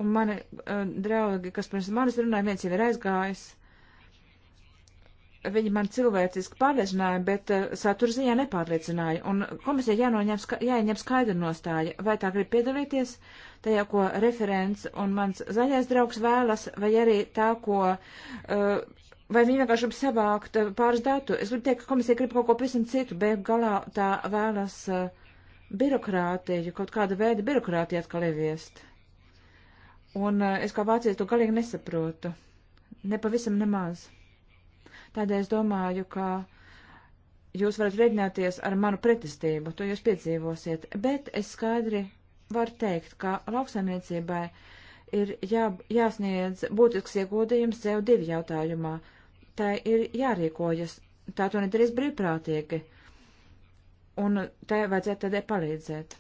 Un mani uh, draugi, kas pirms manis runāja, viens jau ir aizgājis. Viņi man cilvēciski pārliecināja, bet uh, satura ziņā nepārliecināja. Un komisija jānoņem, ska jāieņem skaidra nostāja, vai tā grib piedalīties tajā, ko referents un mans zaļais draugs vēlas, vai arī tā, ko. Uh, Vai viņi vienkārši grib savākt pāris datu? Es gribu teikt, ka komisija grib kaut ko pavisam citu, bet galā tā vēlas uh, birokrātiju, kaut kāda veida birokrātiju atkal ieviest. Uh, Un eh, es kā vācijas to galīgi nesaprotu. Nepavisam nemaz. Tādēļ es domāju, ka jūs varat rēģināties ar manu pretestību, to jūs piedzīvosiet. Bet es skaidri varu teikt, ka lauksaimniecībai ir jā, jāsniedz būtisks ieguldījums CO2 jautājumā. Tā ir jārīkojas. Tā to nedarīs brīvprātīgi. Un tai vajadzētu tādēļ palīdzēt.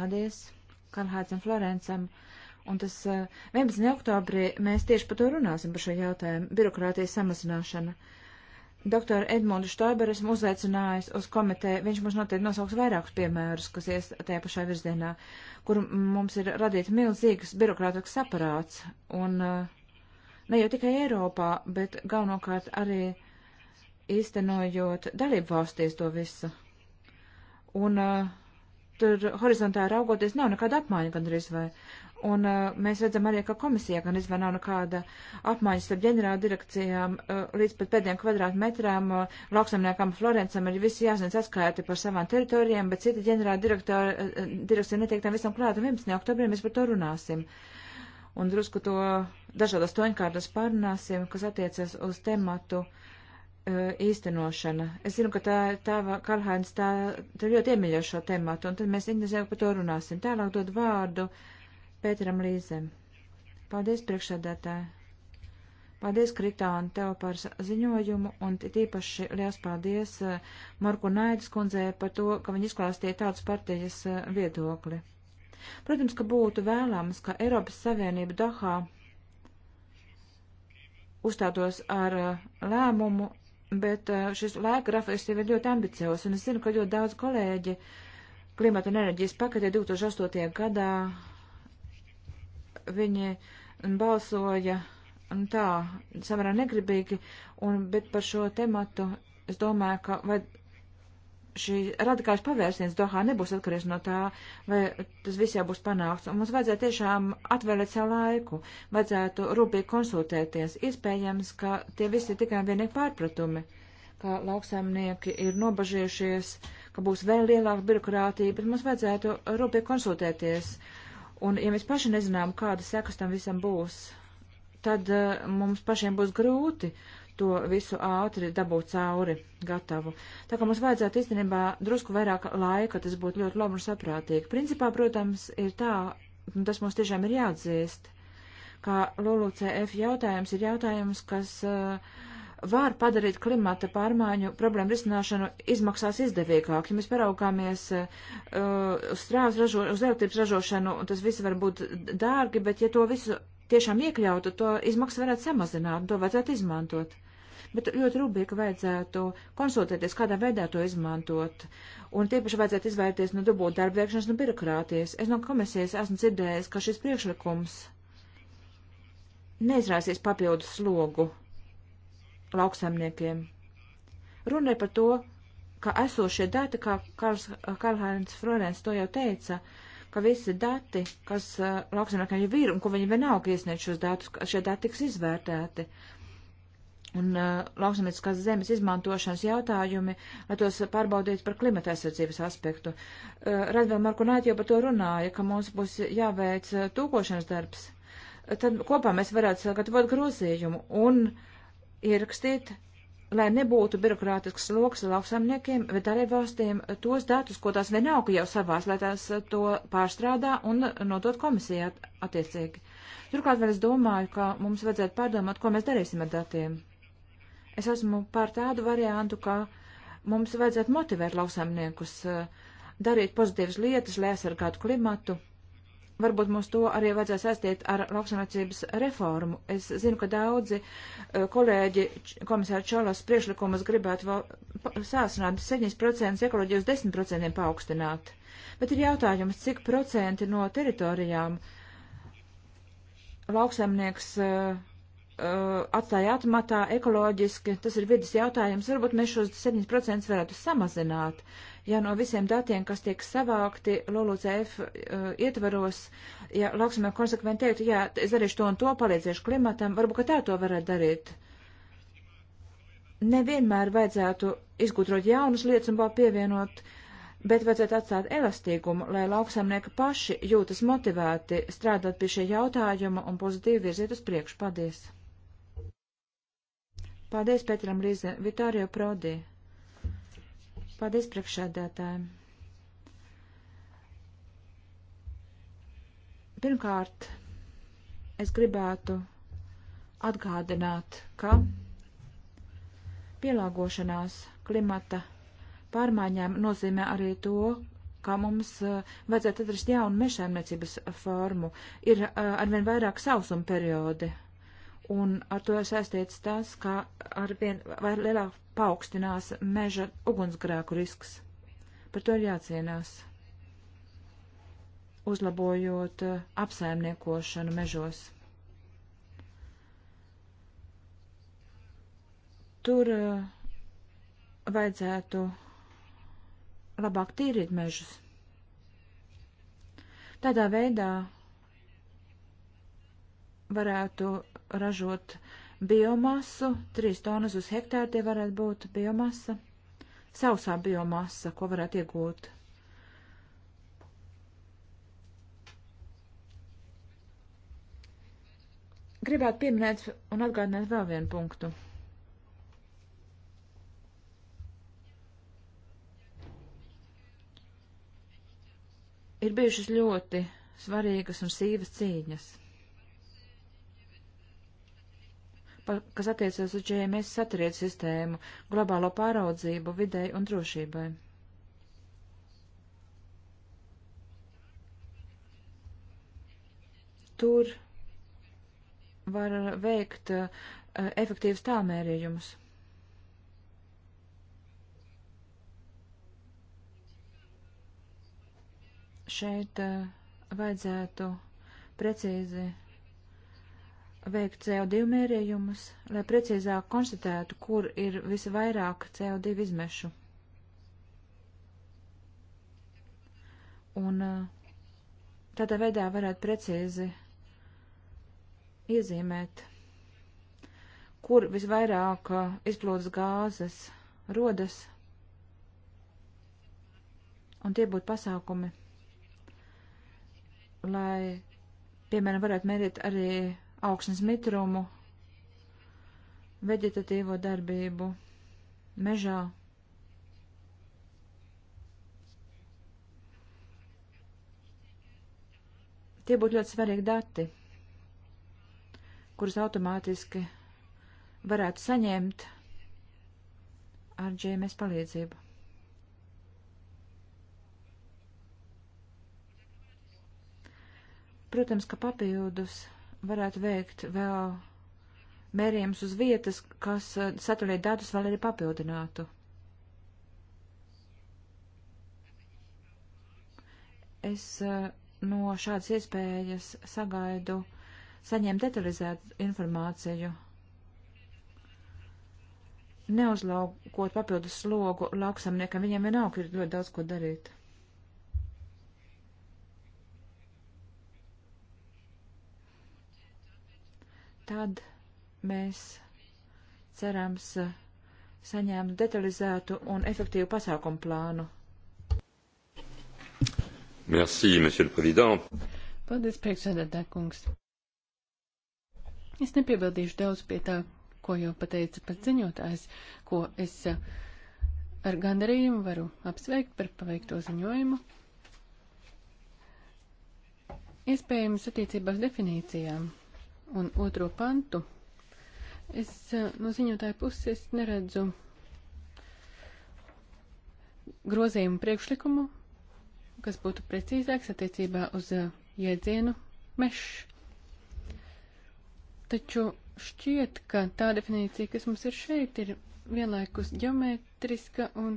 Paldies! Karlhaidzam Florencam. Un tas 11. Eh, oktobrī mēs tieši par to runāsim, par šo jautājumu - birokrātijas samazināšana. Doktoru Edmundu Štāberu esmu uzaicinājis uz komiteju. Viņš mums noteikti nosauks vairākus piemērus, kas ies tajā pašā virzienā, kur mums ir radīts milzīgs birokrātisks aparāts. Un eh, ne jau tikai Eiropā, bet galvenokārt arī īstenojot dalību valstīs to visu. Un uh, tur horizontāli raugoties nav nekāda apmaiņa gandrīz vai. Un uh, mēs redzam arī, ka komisijā gan izvēl nav nekāda apmaiņas ar ģenerāla direkcijām. Uh, līdz pat pēdējiem kvadrātmetrām uh, lauksamniekam Florencam ir visi jāzina saskaiti par savām teritorijām, bet cita ģenerāla direktora, uh, uh direkcija netiek tam visam klāta. 11. oktobrī mēs par to runāsim. Un drusku to dažādas toņkārtas pārunāsim, kas attiecas uz tematu. Uh, E, īstenošana. Es zinu, ka tā, tā Karlhains, tā, tā ļoti iemīļo šo tematu, un tad mēs intensīvāk par to runāsim. Tālāk dod vārdu Pēteram Līzem. Paldies, priekšsēdētāji. Paldies, Kritāna, tev par ziņojumu, un tīpaši liels paldies e, Marku Naidas kundzē par to, ka viņi izklāstīja tādus partijas e, viedokli. Protams, ka būtu vēlams, ka Eiropas Savienība Dahā uzstātos ar lēmumu bet eh, šis laika grafiks jau ir ļoti ambiciozs, un es zinu, ka ļoti daudz kolēģi klimata un enerģijas paketē 2008. gadā viņi balsoja un tā samērā negribīgi, un, bet par šo tematu es domāju, ka vajag šī radikāls pavērsiens Dohā nebūs atkarīgs no tā, vai tas viss jau būs panākts. Un mums vajadzētu tiešām atvēlēt savu laiku, vajadzētu rūpīgi konsultēties. Iespējams, ka tie visi ir tikai un vienīgi pārpratumi, ka lauksaimnieki ir nobažījušies, ka būs vēl lielāka birokrātija, bet mums vajadzētu rūpīgi konsultēties. Un ja mēs paši nezinām, kādas sekas tam visam būs, tad uh, mums pašiem būs grūti to visu ātri dabūt cauri gatavu. Tā kā mums vajadzētu īstenībā drusku vairāk laika, tas būtu ļoti labi un saprātīgi. Principā, protams, ir tā, tas mums tiešām ir jāatzīst, ka LULUCF jautājums ir jautājums, kas uh, var padarīt klimata pārmaiņu problēmu risināšanu izmaksās izdevīgāk. Ja mēs paraugāmies uh, uz strāvas ražo, uz elektrības ražošanu, tas viss var būt dārgi, bet ja to visu tiešām iekļautu, to izmaksas varētu samazināt, to vajadzētu izmantot. Bet ļoti rūpīgi vajadzētu konsultēties, kādā veidā to izmantot. Un tiepaši vajadzētu izvairīties no dubult darba veikšanas un no birokrātijas. Es no komisijas esmu dzirdējis, ka šis priekšlikums neizrāsīs papildu slogu lauksaimniekiem. Runa ir par to, ka esošie dati, kā Karls Florence to jau teica, uh, ka visi dati, kas uh, lauksaimniekiem jau ir un ko viņi vienalga iesniedz šos datus, ka šie dati tiks izvērtēti. Un uh, lauksamnieciskās zemes izmantošanas jautājumi, lai tos pārbaudītu par klimata aizsardzības aspektu. Uh, Radvēl Markunāti jau par to runāja, ka mums būs jāveic uh, tūkošanas darbs. Uh, tad kopā mēs varētu sagatavot grozījumu un ierakstīt lai nebūtu birokrātisks sloks lauksaimniekiem, bet arī valstīm tos datus, ko tās vienalga jau savās, lai tās to pārstrādā un nodot komisijā attiecīgi. Turklāt vēl es domāju, ka mums vajadzētu pārdomāt, ko mēs darīsim ar datiem. Es esmu par tādu variantu, ka mums vajadzētu motivēt lauksaimniekus eh, darīt pozitīvas lietas, lai aizsargātu klimatu Varbūt mums to arī vajadzēs aiztiet ar lauksanācības reformu. Es zinu, ka daudzi eh, kolēģi komisāra Čalas priešlikumus gribētu vēl sāsināt 7% ekoloģiju uz 10% paaugstināt. Bet ir jautājums, cik procenti no teritorijām lauksaimnieks uh, Uh, atstāja atmatā ekoloģiski, tas ir vidas jautājums. Varbūt mēs šos 7% varētu samazināt, ja no visiem datiem, kas tiek savākti LOLUCF uh, ietvaros, ja lauksimē konsekventi teiktu, jā, es darīšu to un to, palīdzēšu klimatam, varbūt, ka tā to varētu darīt. Nevienmēr vajadzētu izgudrot jaunas lietas un vēl pievienot, bet vajadzētu atstāt elastīgumu, lai lauksamnieki paši jūtas motivēti strādāt pie šie jautājuma un pozitīvi virziet uz priekšu. Paldies! Paldies Petram Rize, Vitārio Prodi. Paldies priekšādātājiem. Pirmkārt, es gribētu atgādināt, ka pielāgošanās klimata pārmaiņām nozīmē arī to, ka mums uh, vajadzētu atrast jaunu mešāniecības formu. Ir uh, arvien vairāk sausuma periodi. Uh, un ar to saistīts tas, ka arvien vai lielāk paaugstinās meža ugunsgrēku risks. Par to ir jācienās, uzlabojot eh, apsaimniekošanu mežos. tur eh, vajadzētu labāk tīrīt mežus. Tādā veidā varētu ražot biomasu, 3 tonas uz hektāru tie varētu būt biomasa, sausā biomasa, ko varētu iegūt. Gribētu pieminēt un atgādināt vēl vienu punktu. Ir bijušas ļoti svarīgas un sīvas cīņas. pa, kas attiecas uz GMS saturiet sistēmu, globālo pāraudzību, videi un drošībai. Tur var veikt uh, eh, efektīvas tāmērījumus. Šeit uh, vajadzētu precīzi veikt CO2 mērījumus, lai precīzāk konstatētu, kur ir visvairāk CO2 izmešu. Un eh, tādā veidā varētu precīzi iezīmēt, kur visvairāk eh, izplūdes gāzes rodas, un tie būtu pasākumi, lai, piemēram, varētu mērīt arī augsnes mitrumu, veģetatīvo darbību mežā. Tie būtu ļoti svarīgi dati, kurus automātiski varētu saņemt ar GMS palīdzību. Protams, ka papildus varētu veikt vēl mērījums uz vietas, kas uh, saturēt datus vēl arī papildinātu. Es uh, no šādas iespējas sagaidu saņemt detalizētu informāciju, neuzlaukot papildus slogu lauksamniekam, viņam vienalga ir ļoti daudz ko darīt. tad mēs cerams eh, saņēmu detalizētu un efektīvu pasākumu plānu. Merci, monsieur le président. Paldies, priekšsēdētāj kungs. Es nepiebildīšu daudz pie tā, ko jau pateica pats ziņotājs, ko es eh, ar gandarījumu varu apsveikt par paveikto ziņojumu. Iespējams, attiecībās definīcijām un otro pantu, es eh, no ziņotāju puses neredzu grozījumu priekšlikumu, kas būtu precīzāks attiecībā uz eh, jēdzienu mešs. Taču šķiet, ka tā definīcija, kas mums ir šeit, ir vienlaikus ģeometriska un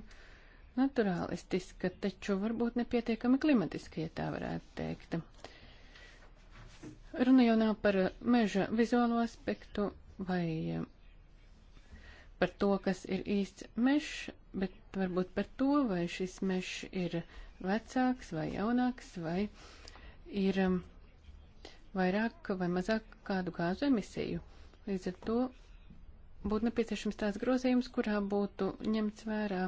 naturālistiska, taču varbūt nepietiekami klimatiska, ja tā varētu teikt. Uh, Runa jau nav par eh, meža vizuālo aspektu vai eh, par to, kas ir īsts mežs, bet varbūt par to, vai šis mežs ir vecāks vai jaunāks, vai ir eh, vairāk vai mazāk kādu gāzu emisiju. Līdz ar to būtu nepieciešams tāds grozījums, kurā būtu ņemts vērā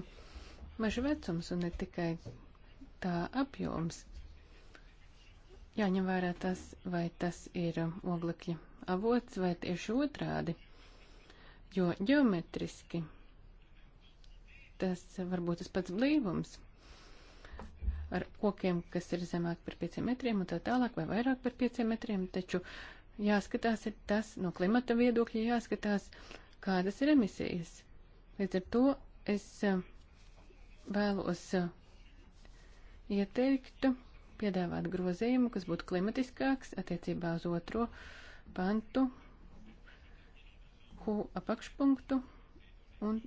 meža vecums un ne tikai tā apjoms jāņem vērā tas, vai tas ir oglekļa avots vai tieši otrādi, jo ģeometriski tas var būt tas pats blīvums ar kokiem, kas ir zemāk par 5 metriem un tā tālāk, vai vairāk par 5 metriem, taču jāskatās ir tas, no klimata viedokļa jāskatās, kādas ir emisijas. Līdz ar to es eh, vēlos eh, ieteiktu piedāvāt grozījumu, kas būtu klimatiskāks attiecībā uz otro pantu, hu apakšpunktu un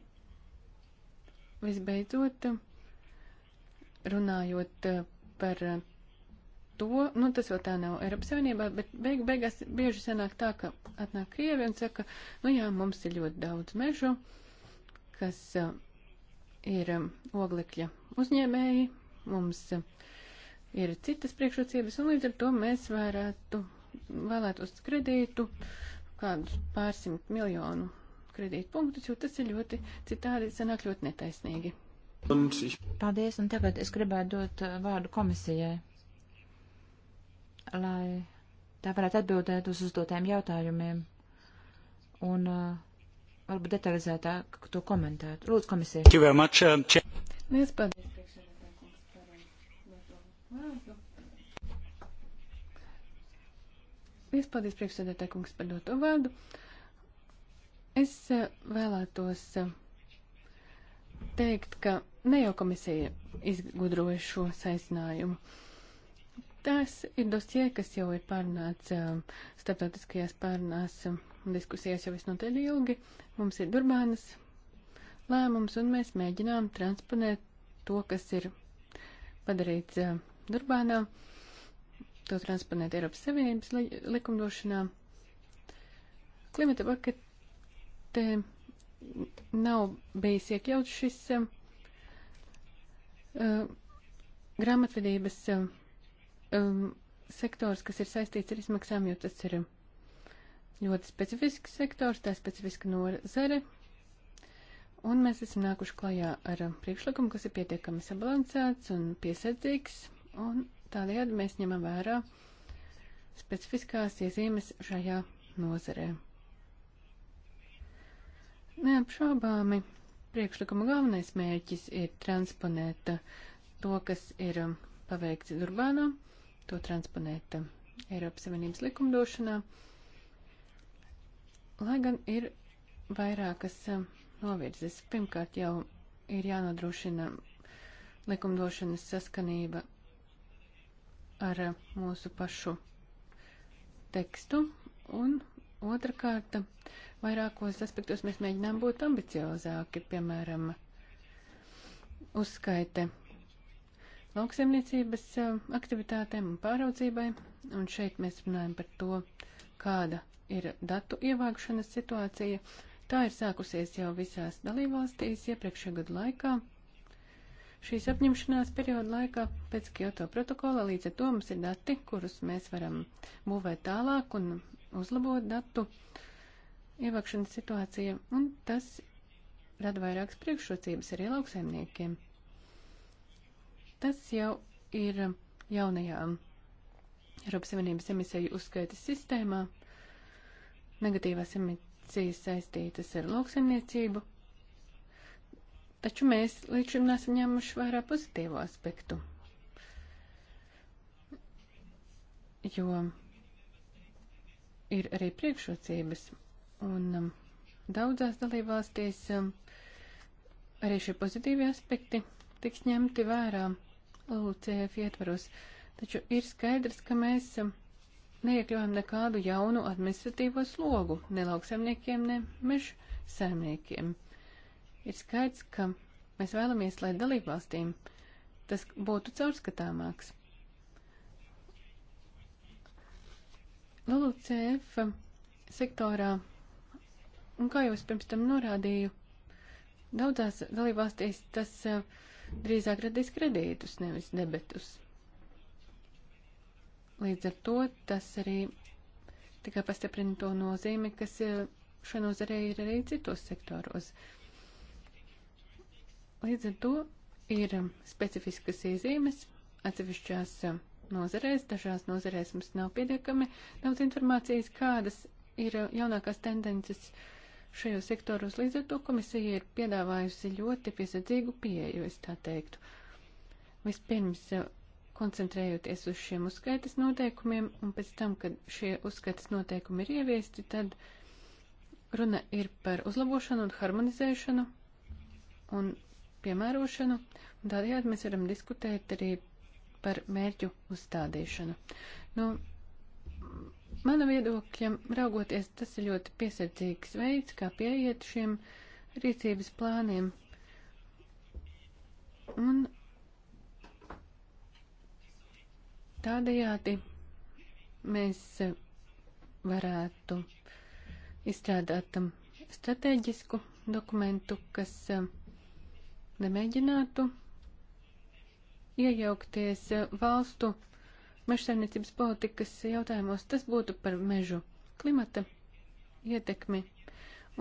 visbeidzot runājot eh, par to, nu tas vēl tā nav Eiropas Savienībā, bet beig, beigās bieži sanāk tā, ka atnāk Krievi un saka, nu jā, mums ir ļoti daudz mežu, kas eh, ir eh, oglekļa uzņēmēji, mums uh, ir citas priekšrocības, un līdz ar to mēs varētu, vēlētos kredītu, kādus pārsimt miljonu kredītu punktus, jo tas ir ļoti citādi, sanāk ļoti netaisnīgi. Paldies, un tagad es gribētu dot uh, vārdu komisijai, lai tā varētu atbildēt uz uzdotiem jautājumiem. Un uh, varbūt detalizētāk to komentēt. Lūdzu, komisija. Uh, Liels paldies. Liels paldies, priekšsēdētāj kungs, par doto vārdu. Es eh, vēlētos eh, teikt, ka ne jau komisija izgudroja šo saicinājumu. Tas ir dosie, kas jau ir pārnāts eh, starptautiskajās pārnās diskusijās jau visnotaļ ilgi. Mums ir Durbānas lēmums, un mēs mēģinām transponēt to, kas ir padarīts Durbānā, to transponēt Eiropas Savienības li likumdošanā. Klimata paketē nav bijis iekļauts šis um, uh, grāmatvedības uh, um, sektors, kas ir saistīts ar izmaksām, jo tas ir um, ļoti specifisks sektors, tā specifiska nozare. Un mēs esam nākuši klajā ar priekšlikumu, kas ir pietiekami sabalansēts un piesardzīgs un tādējādi mēs ņemam vērā specifiskās iezīmes šajā nozarē. Neapšaubāmi priekšlikuma galvenais mērķis ir transponēt to, kas ir um, paveikts Durbānā, to transponēt um, Eiropas Savienības likumdošanā, lai gan ir vairākas um, novirzes. Pirmkārt jau ir jānodrošina likumdošanas saskanība ar mūsu pašu tekstu, un otra kārta vairākos aspektos mēs mēģinām būt ambiciozāki, piemēram, uzskaite lauksemniecības aktivitātēm un pāraudzībai, un šeit mēs runājam par to, kāda ir datu ievākšanas situācija. Tā ir sākusies jau visās dalībvalstīs iepriekšējā gadu laikā šīs apņemšanās perioda laikā pēc Kyoto protokola. Līdz ar to mums ir dati, kurus mēs varam būvēt tālāk un uzlabot datu ievākšanas situācija, un tas rada vairākas priekšrocības arī lauksaimniekiem. Tas jau ir jaunajā Eiropas Savienības emisiju uzskaitas sistēmā. Negatīvās emisijas saistītas ar lauksaimniecību, Taču mēs līdz šim nesam ņēmuši vērā pozitīvo aspektu. Jo ir arī priekšrocības, un um, daudzās dalībvalstīs um, arī šie pozitīvi aspekti tiks ņemti vērā LUCF ietvaros. Taču ir skaidrs, ka mēs um, neiekļaujam nekādu jaunu administratīvo slogu ne lauksaimniekiem, ne meža saimniekiem. Uh, Ir skaidrs, ka mēs vēlamies, lai dalībvalstīm tas būtu caurskatāmāks. LULUCF sektorā, un kā jau es pirms tam norādīju, daudzās dalībvalstīs tas eh, drīzāk radīs kredītus, nevis debetus. Līdz ar to tas arī tikai pastiprina to nozīmi, kas eh, šai nozarei ir arī citos sektoros. Uh, Līdz ar to ir specifiskas iezīmes atsevišķās nozarēs. Dažās nozarēs mums nav pietiekami daudz informācijas, kādas ir jaunākās tendences šajos sektoros. Līdz ar to komisija ir piedāvājusi ļoti piesardzīgu pieeju, es tā teiktu. Vispirms eh, koncentrējoties uz šiem uzskaitas noteikumiem, un pēc tam, kad šie uzskaitas noteikumi ir ieviesti, tad runa ir par uzlabošanu un harmonizēšanu, un piemērošanu, un tādējādi mēs varam diskutēt arī par mērķu uzstādīšanu. Nu, mana viedokļa, raugoties, tas ir ļoti piesardzīgs veids, kā pieiet šiem rīcības plāniem. Un tādējādi mēs varētu izstrādāt um, stratēģisku dokumentu, kas uh, nemēģinātu iejaukties valstu mežsaimniecības politikas jautājumos. Tas būtu par mežu klimata ietekmi.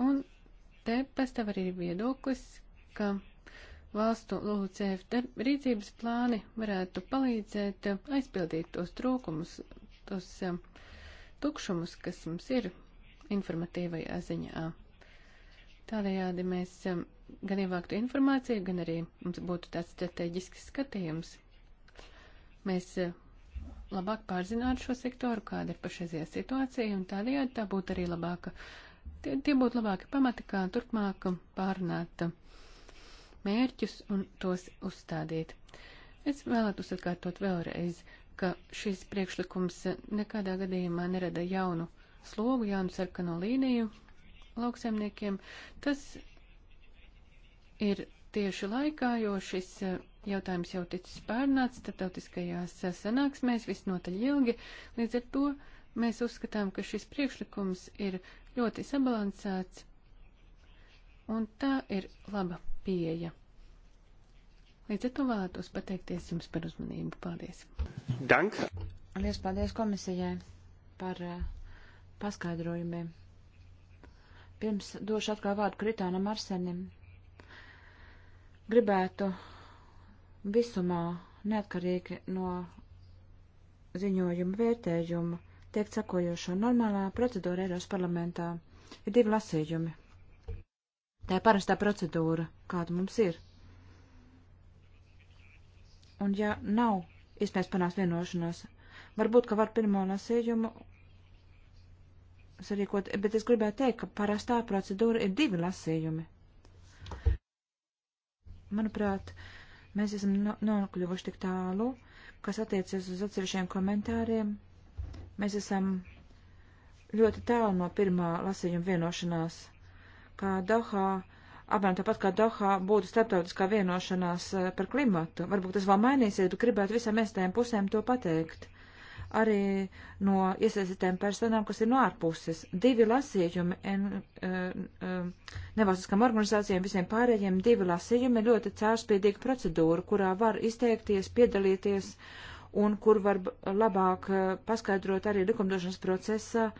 Un te pastāv arī viedoklis, ka valstu LULUCF rīcības plāni varētu palīdzēt aizpildīt tos trūkumus, tos um, tukšumus, kas mums ir informatīvajā ziņā. Tādējādi mēs um, gan ievāktu informāciju, gan arī mums būtu tāds strateģisks skatījums. Mēs eh, labāk pārzinātu šo sektoru, kāda ir pašreizajā situācija, un tādējādi tā būtu arī labāka. Tie, tie būtu labāki pamati, kā turpmāk pārunāt mērķus un tos uzstādīt. Es vēlētos atkārtot vēlreiz, ka šis priekšlikums nekādā gadījumā nerada jaunu slogu, jaunu sarkano līniju lauksaimniekiem. Tas ir tieši laikā, jo šis e, jautājums jau ticis pārnāts starptautiskajās e, sanāksmēs visnotaļ ilgi. Līdz ar to mēs uzskatām, ka šis priekšlikums ir ļoti sabalansēts, un tā ir laba pieeja. Līdz ar to vēlētos pateikties jums par uzmanību. Paldies! Dank! Lies paldies komisijai par uh, paskaidrojumiem. Pirms došu atkal vārdu Kritānam Arsenim gribētu visumā, neatkarīgi no ziņojuma vērtējumu, tiek sakojošo normālā procedūra Eiropas parlamentā. Ir divi lasījumi. Tā ir parastā procedūra, kāda mums ir. Un ja nav iespējas panākt vienošanos, varbūt, ka var pirmo lasījumu sarīkot, bet es gribēju teikt, ka parastā procedūra ir divi lasījumi. Manuprāt, mēs esam nokļuvuši tik tālu, kas attiecas uz atsevišķiem komentāriem. Mēs esam ļoti tālu no pirmā lasījuma vienošanās, kā Dohā, apmēram tāpat kā Dohā būtu starptautiskā vienošanās eh, par klimatu. Varbūt tas vēl mainīsies, bet gribētu visām iestājām pusēm to pateikt arī no iesaistītēm personām, kas ir no ārpuses. Divi lasījumi en, eh, eh, nevalstiskām organizācijām, visiem pārējiem divi lasījumi ir ļoti cārspīdīga procedūra, kurā var izteikties, piedalīties un kur var labāk eh, paskaidrot arī likumdošanas procesa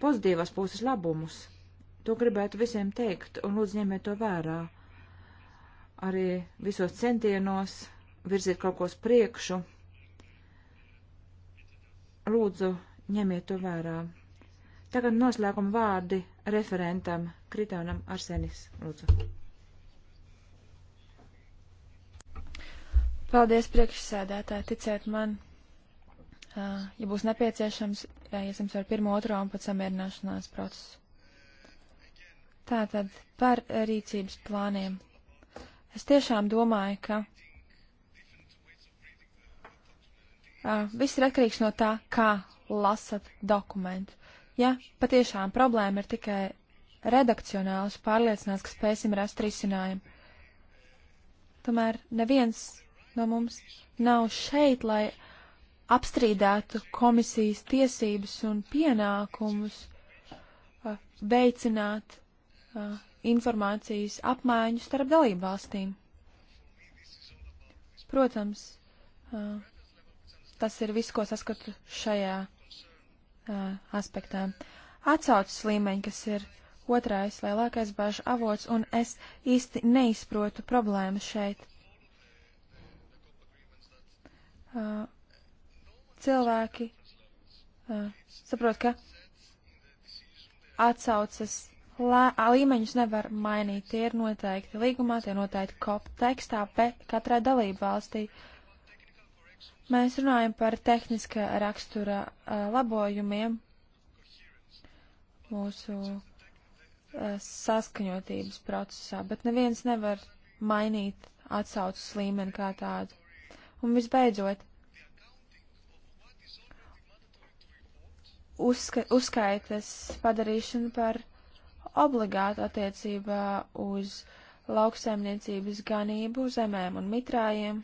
pozitīvās puses labumus. To gribētu visiem teikt un lūdzu ņemiet to vērā. Arī visos centienos virzīt kaut ko uz priekšu Lūdzu, ņemiet to vērā. Tagad noslēguma vārdi referentam Kritānam Arsenis. Lūdzu. Paldies, priekšsēdētāji, ticēt man. Uh, ja būs nepieciešams, jāiesim ar pirmo, otro un pēc samierināšanās procesu. Tātad par rīcības plāniem. Es tiešām domāju, ka Uh, viss ir atkarīgs no tā, kā lasat dokumentu. Ja patiešām problēma ir tikai redakcionāls, pārliecinās, ka spēsim rast risinājumu. Tomēr neviens no mums nav šeit, lai apstrīdētu komisijas tiesības un pienākumus uh, veicināt uh, informācijas apmaiņu starp dalību valstīm. Protams, uh, Tas ir viss, ko saskatu šajā uh, aspektā. Atsaucas līmeņi, kas ir otrais lielākais bažu avots, un es īsti neizprotu problēmu šeit. Uh, cilvēki uh, saprot, ka atsaucas lē, līmeņus nevar mainīt. Tie ir noteikti līgumā, tie ir noteikti kop tekstā, bet katrai dalību valstī uh, Mēs runājam par tehniska rakstura labojumiem mūsu saskaņotības procesā, bet neviens nevar mainīt atsaucas līmeni kā tādu. Un visbeidzot, uzska uzskaites padarīšanu par obligātu attiecībā uz lauksaimniecības ganību zemēm un mitrājiem.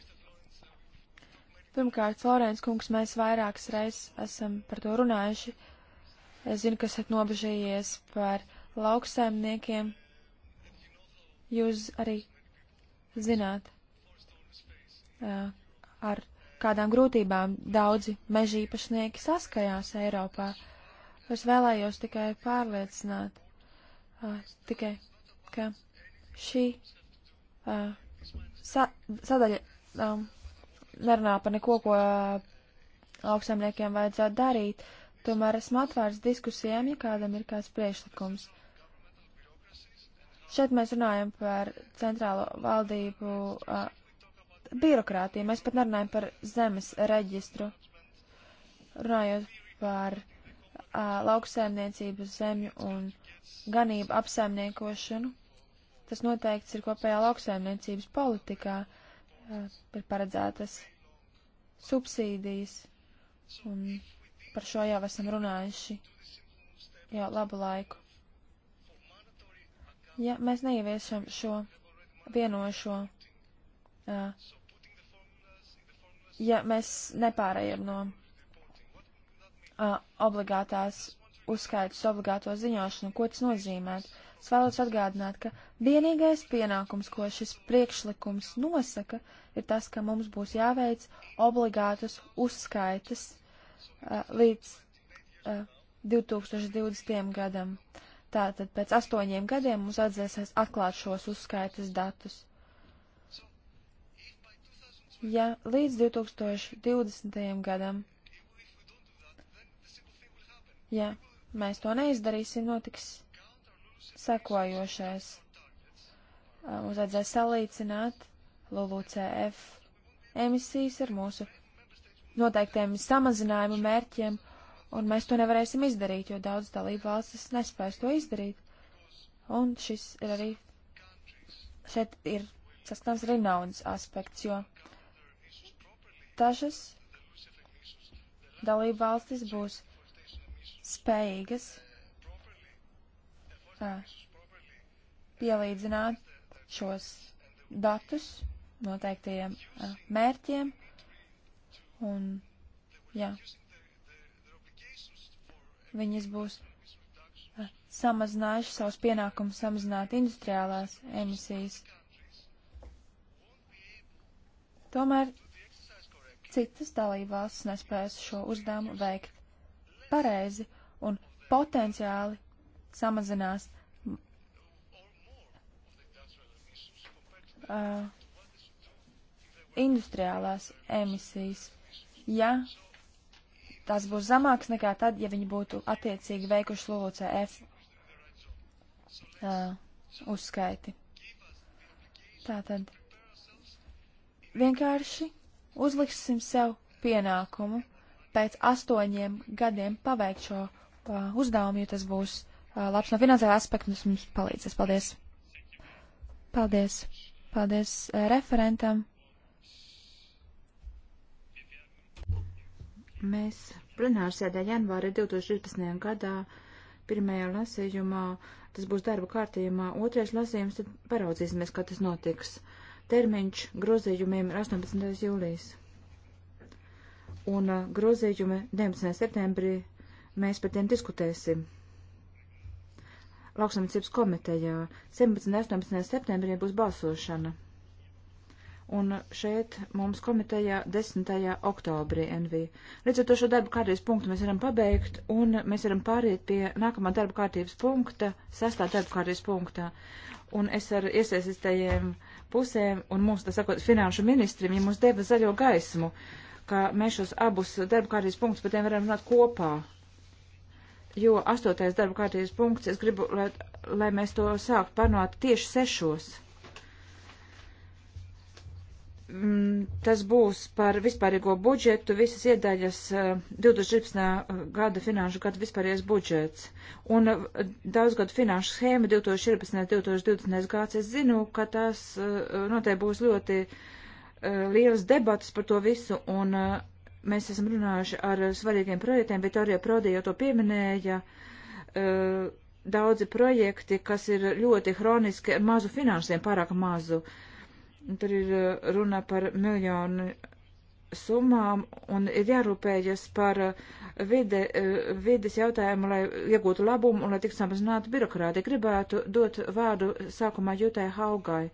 Pirmkārt, Florence kungs, mēs vairākas reizes esam par to runājuši. Es zinu, ka esat nobežījies par lauksaimniekiem. Jūs arī zināt, ar kādām grūtībām daudzi meža īpašnieki saskajās Eiropā. Es vēlējos tikai pārliecināt, tikai, ka šī sadaļa. Um, nerunā par neko, ko uh, lauksaimniekiem vajadzētu darīt, tomēr esmu atvērts diskusijām, ja kādam ir kāds priekšlikums. Šeit mēs runājam par centrālo valdību uh, birokrātiju, mēs pat nerunājam par zemes reģistru. Runājot par uh, lauksaimniecību, zemju un ganību apsaimniekošanu, tas noteikts ir kopējā lauksaimniecības politikā. Uh, ir paredzētas subsīdijas, un par šo jau esam runājuši jau labu laiku. Ja mēs neieviešam šo vienošo, ja mēs nepārējam no obligātās uzskaitas obligāto ziņošanu, ko tas nozīmētu? Es vēlos atgādināt, ka vienīgais pienākums, ko šis priekšlikums nosaka, ir tas, ka mums būs jāveic obligātas uzskaitas uh, līdz uh, eh, 2020. gadam. Tātad pēc astoņiem gadiem mums atzēsies atklāt šos uzskaitas datus. Ja līdz 2020. gadam, ja mēs to neizdarīsim, notiks sekojošais. Mums vajadzēja salīdzināt LULUCF emisijas ar mūsu noteiktiem samazinājumu mērķiem, un mēs to nevarēsim izdarīt, jo daudz dalību valstis nespēs to izdarīt. Un šis ir arī, šeit ir saskans arī naudas aspekts, jo dažas dalību valstis būs spējīgas pielīdzināt šos datus noteiktajiem mērķiem. Un, jā, viņas būs samazinājuši savus pienākumus samazināt industriālās emisijas. Tomēr citas dalībvalstis nespēs šo uzdevumu veikt pareizi un potenciāli samazinās. Uh, industriālās emisijas, ja tās būs zemākas nekā tad, ja viņi būtu attiecīgi veikuši LULUCF uh, uzskaiti. Tātad vienkārši uzliksim sev pienākumu pēc astoņiem gadiem paveikt šo uh, uzdevumu, jo tas būs labs no finansiāla aspekta, un tas mums palīdzēs. Paldies! Paldies! Paldies referentam! Mēs plenārsēdē janvāra 2013. gadā pirmajā lasījumā, tas būs darba kārtījumā, otrais lasījums, tad paraudzīsimies, kā tas notiks. Termiņš grozījumiem ir 18. jūlijas. Un grozījumi 19. septembrī mēs par tiem diskutēsim lauksamniecības komitejā. 17. un 18. septembrī būs balsošana. Un šeit mums komitejā 10. oktobrī NV. Līdz ar to šo darba kārtības punktu mēs varam pabeigt, un mēs varam pāriet pie nākamā darba kārtības punkta, sastā darba kārtības punktā. Un es ar iesaistītajiem pusēm un mums, tā sakot, finanšu ministriem, ja mums deva zaļo gaismu, ka mēs šos abus darba kārtības punktus par tiem varam runāt kopā jo astotais darba kārtības punkts, es gribu, lai, lai mēs to sāktu panot tieši sešos. Mm, tas būs par vispārīgo budžetu, visas iedaļas 2014. Eh, eh, gada finanšu gada vispārējais budžets un eh, daudzgadu finanšu schēma 2014. 2020. gads. Es zinu, ka tas noteikti nu, būs ļoti liels debats par to visu un Mēs esam runājuši ar svarīgiem projektiem, bet arī Prodī jau to pieminēja. Eh, daudzi projekti, kas ir ļoti hroniski, ar mazu finansēm, pārāk mazu. Tur ir eh, runa par miljonu summām un ir jārūpējas par eh, vide, vides jautājumu, lai iegūtu labumu un lai tik samazinātu birokrāti. Gribētu dot vārdu sākumā Jūtai Haugai,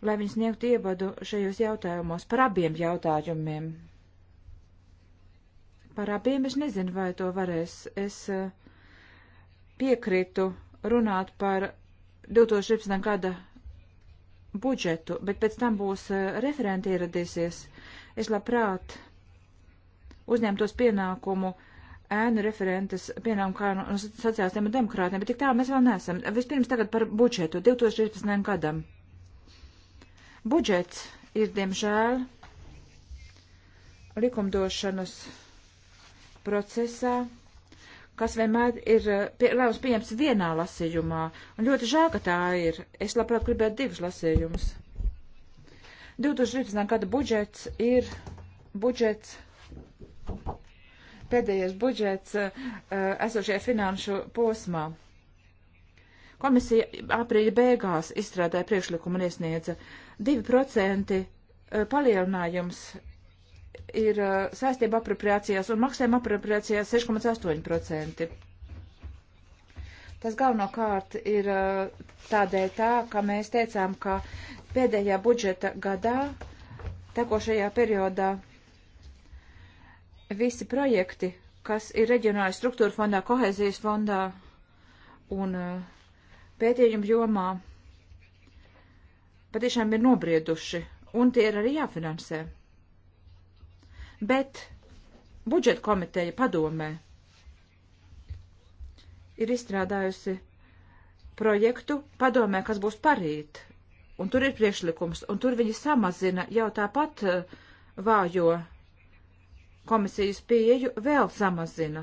lai viņas sniegtu ievadu šajos jautājumos par abiem jautājumiem. Par abiem es nezinu, vai to varēs. Es eh, piekritu runāt par 2017. gada budžetu, bet pēc tam būs eh, referenti ieradīsies. Es labprāt uzņemtos pienākumu ēnu referentes, piemēram, kā no sociālistiem un demokrātiem, bet tik tā mēs vēl neesam. Vispirms tagad par budžetu 2014. gadam. Budžets ir, diemžēl, likumdošanas procesā, kas vienmēr ir eh, pie, lēmums pieņemts vienā lasījumā. Un ļoti žēl, ka tā ir. Es labprāt gribētu divus lasījumus. 2013. gada budžets ir budžets, pēdējais budžets uh, esošajā finanšu posmā. Komisija aprīļa beigās izstrādāja priekšlikumu un iesniedza 2% palielinājums ir uh, saistība apropriācijās un maksājuma apropriācijās 6,8%. Tas galvenokārt ir uh, tādēļ tā, ka mēs teicām, ka pēdējā budžeta gadā, tekošajā periodā, visi projekti, kas ir reģionāla struktūra fondā, kohēzijas fondā un uh, pētījumu jomā, patiešām ir nobrieduši, un tie ir arī jāfinansē bet budžeta komiteja padomē ir izstrādājusi projektu padomē, kas būs parīt, un tur ir priekšlikums, un tur viņi samazina jau tāpat eh, vājo komisijas pieeju vēl samazina.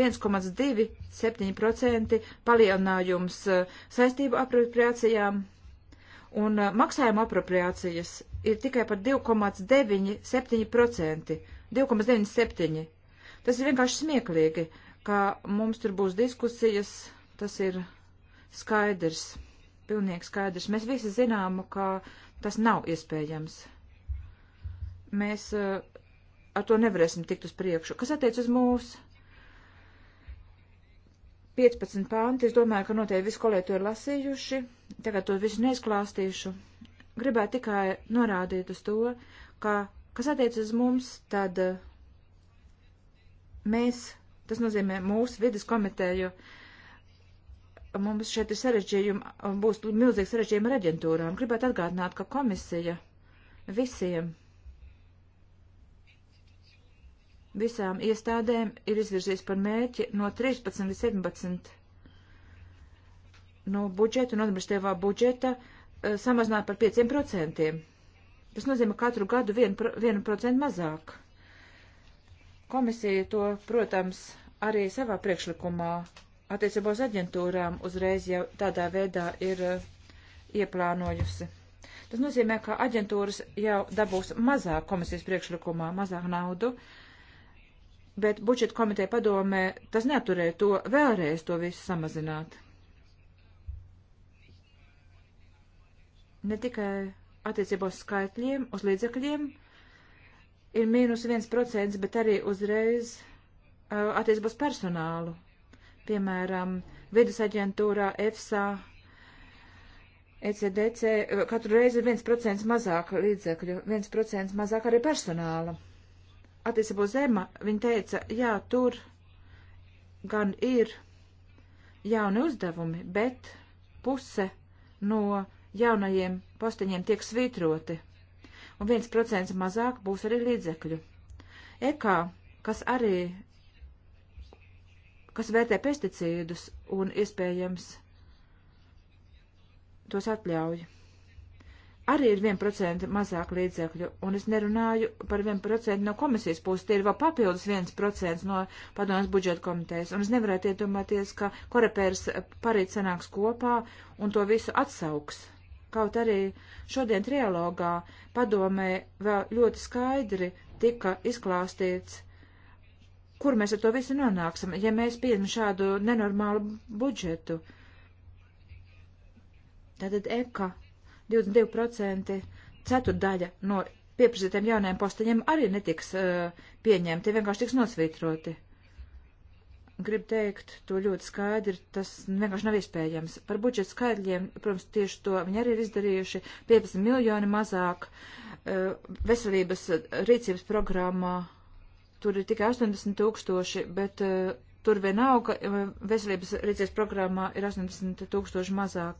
1,27% palielinājums eh, saistību apropriācijām un eh, maksājuma apropriācijas ir tikai par 2,97%. 2,97. Tas ir vienkārši smieklīgi, ka mums tur būs diskusijas, tas ir skaidrs, pilnīgi skaidrs. Mēs visi zinām, ka tas nav iespējams. Mēs eh, ar to nevarēsim tikt uz priekšu. Kas attiec uz mūsu 15 pānti, es domāju, ka noteikti visi kolēģi to ir lasījuši. Tagad to visu neizklāstīšu gribētu tikai norādīt uz to, ka, kas attiec uz mums, tad eh, mēs, tas nozīmē mūsu vidas komiteju, mums šeit ir sarežģījumi, būs milzīgi sarežģījumi ar aģentūrām. Gribētu atgādināt, ka komisija visiem, visām iestādēm ir izvirzījis par mērķi no 13 līdz 17 no budžeta, no administratīvā budžeta uh, Eh, samazināt par 5%. Tas nozīmē katru gadu 1% mazāk. Komisija to, protams, arī savā priekšlikumā attiecībā uz aģentūrām uzreiz jau tādā veidā ir uh, ieplānojusi. Tas nozīmē, ka aģentūras jau dabūs mazāk komisijas priekšlikumā, mazāk naudu, bet budžeta komiteja padomē tas neturēja to vēlreiz to visu samazināt. ne tikai attiecībos skaitļiem, uz līdzekļiem ir mīnus 1%, bet arī uzreiz uh, attiecībos personālu. Piemēram, vidus aģentūrā, EFSA, ECDC, katru reizi ir 1% mazāk līdzekļu, 1% mazāk arī personāla. Attiecībos zema, viņa teica, jā, tur gan ir jauni uzdevumi, bet puse no jaunajiem posteņiem tiek svītroti, un 1% mazāk būs arī līdzekļu. EKA, kas arī, kas vērtē pesticīdus un iespējams tos atļauj, arī ir 1% mazāk līdzekļu, un es nerunāju par 1% no komisijas puses, tie ir vēl papildus 1% no padomas budžeta komitejas, un es nevarētu iedomāties, ka korepērs parīt sanāks kopā un to visu atsauks Kaut arī šodien trialogā padomē vēl ļoti skaidri tika izklāstīts, kur mēs ar to visu nonāksim, ja mēs pieņemam šādu nenormālu budžetu. Tātad EKA 22% ceturdaļa no pieprasītiem jaunajiem posteņiem arī netiks uh, pieņemti, vienkārši tiks nosvītroti. Uh, Gribu teikt to ļoti skaidri, tas vienkārši nav iespējams. Par budžeta skaidriem, protams, tieši to viņi arī ir izdarījuši, 15 miljoni mazāk e, veselības rīcības programmā, tur ir tikai 80 tūkstoši, bet e, tur vienalga e, veselības rīcības programmā ir 80 tūkstoši mazāk.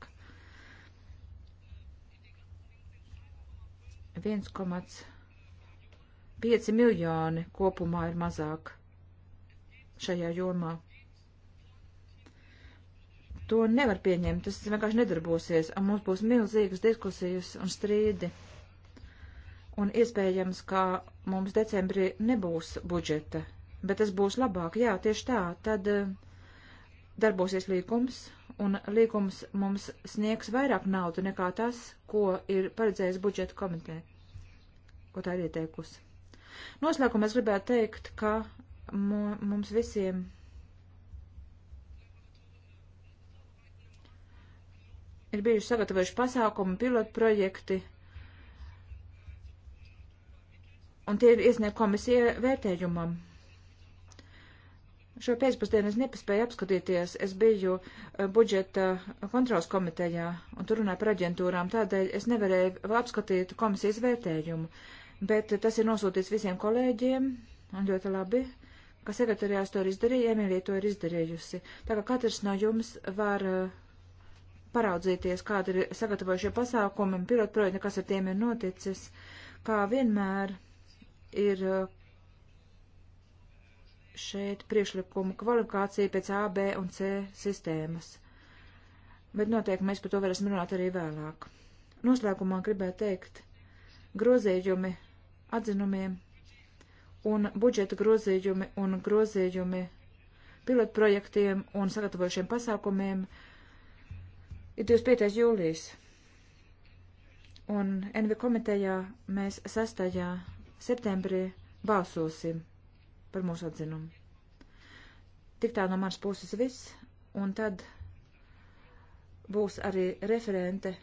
1,5 miljoni kopumā ir mazāk šajā jomā. To nevar pieņemt, tas vienkārši nedarbosies, un mums būs milzīgas diskusijas un strīdi. Un iespējams, ka mums decembrī nebūs budžeta, bet tas būs labāk, jā, tieši tā, tad eh, darbosies līgums, un līgums mums sniegs vairāk naudu nekā tas, ko ir paredzējis budžeta komiteja, ko tā ir ieteikusi. Noslēgumā es gribētu teikt, ka mums visiem ir bijuši sagatavojuši pasākumi, pilotprojekti, un tie ir iesniegt komisija vērtējumam. Šo pēcpusdienu es nepaspēju apskatīties, es biju eh, budžeta kontrols komitejā, un tur runāju par aģentūrām, tādēļ es nevarēju apskatīt komisijas vērtējumu, bet tas ir nosūtīts visiem kolēģiem, un ļoti labi, ka sekretariās to ir izdarīja, Emīlija to ir izdarījusi. Tā kā katrs no jums var uh, paraudzīties, kāda ir sagatavojušie pasākumi un pilotprojekti, kas ar tiem ir noticis, kā vienmēr ir uh, šeit priekšlikumu kvalifikācija pēc A, B un C sistēmas. Bet noteikti mēs par to varēsim runāt arī vēlāk. Noslēgumā gribētu teikt grozījumi atzinumiem un budžeta grozījumi un grozījumi pilotprojektiem un sagatavojušiem pasākumiem ir 25. jūlijas. Un NV komitejā mēs 6. septembrī balsosim par mūsu atzinumu. Tik tā no manas puses viss, un tad būs arī referente,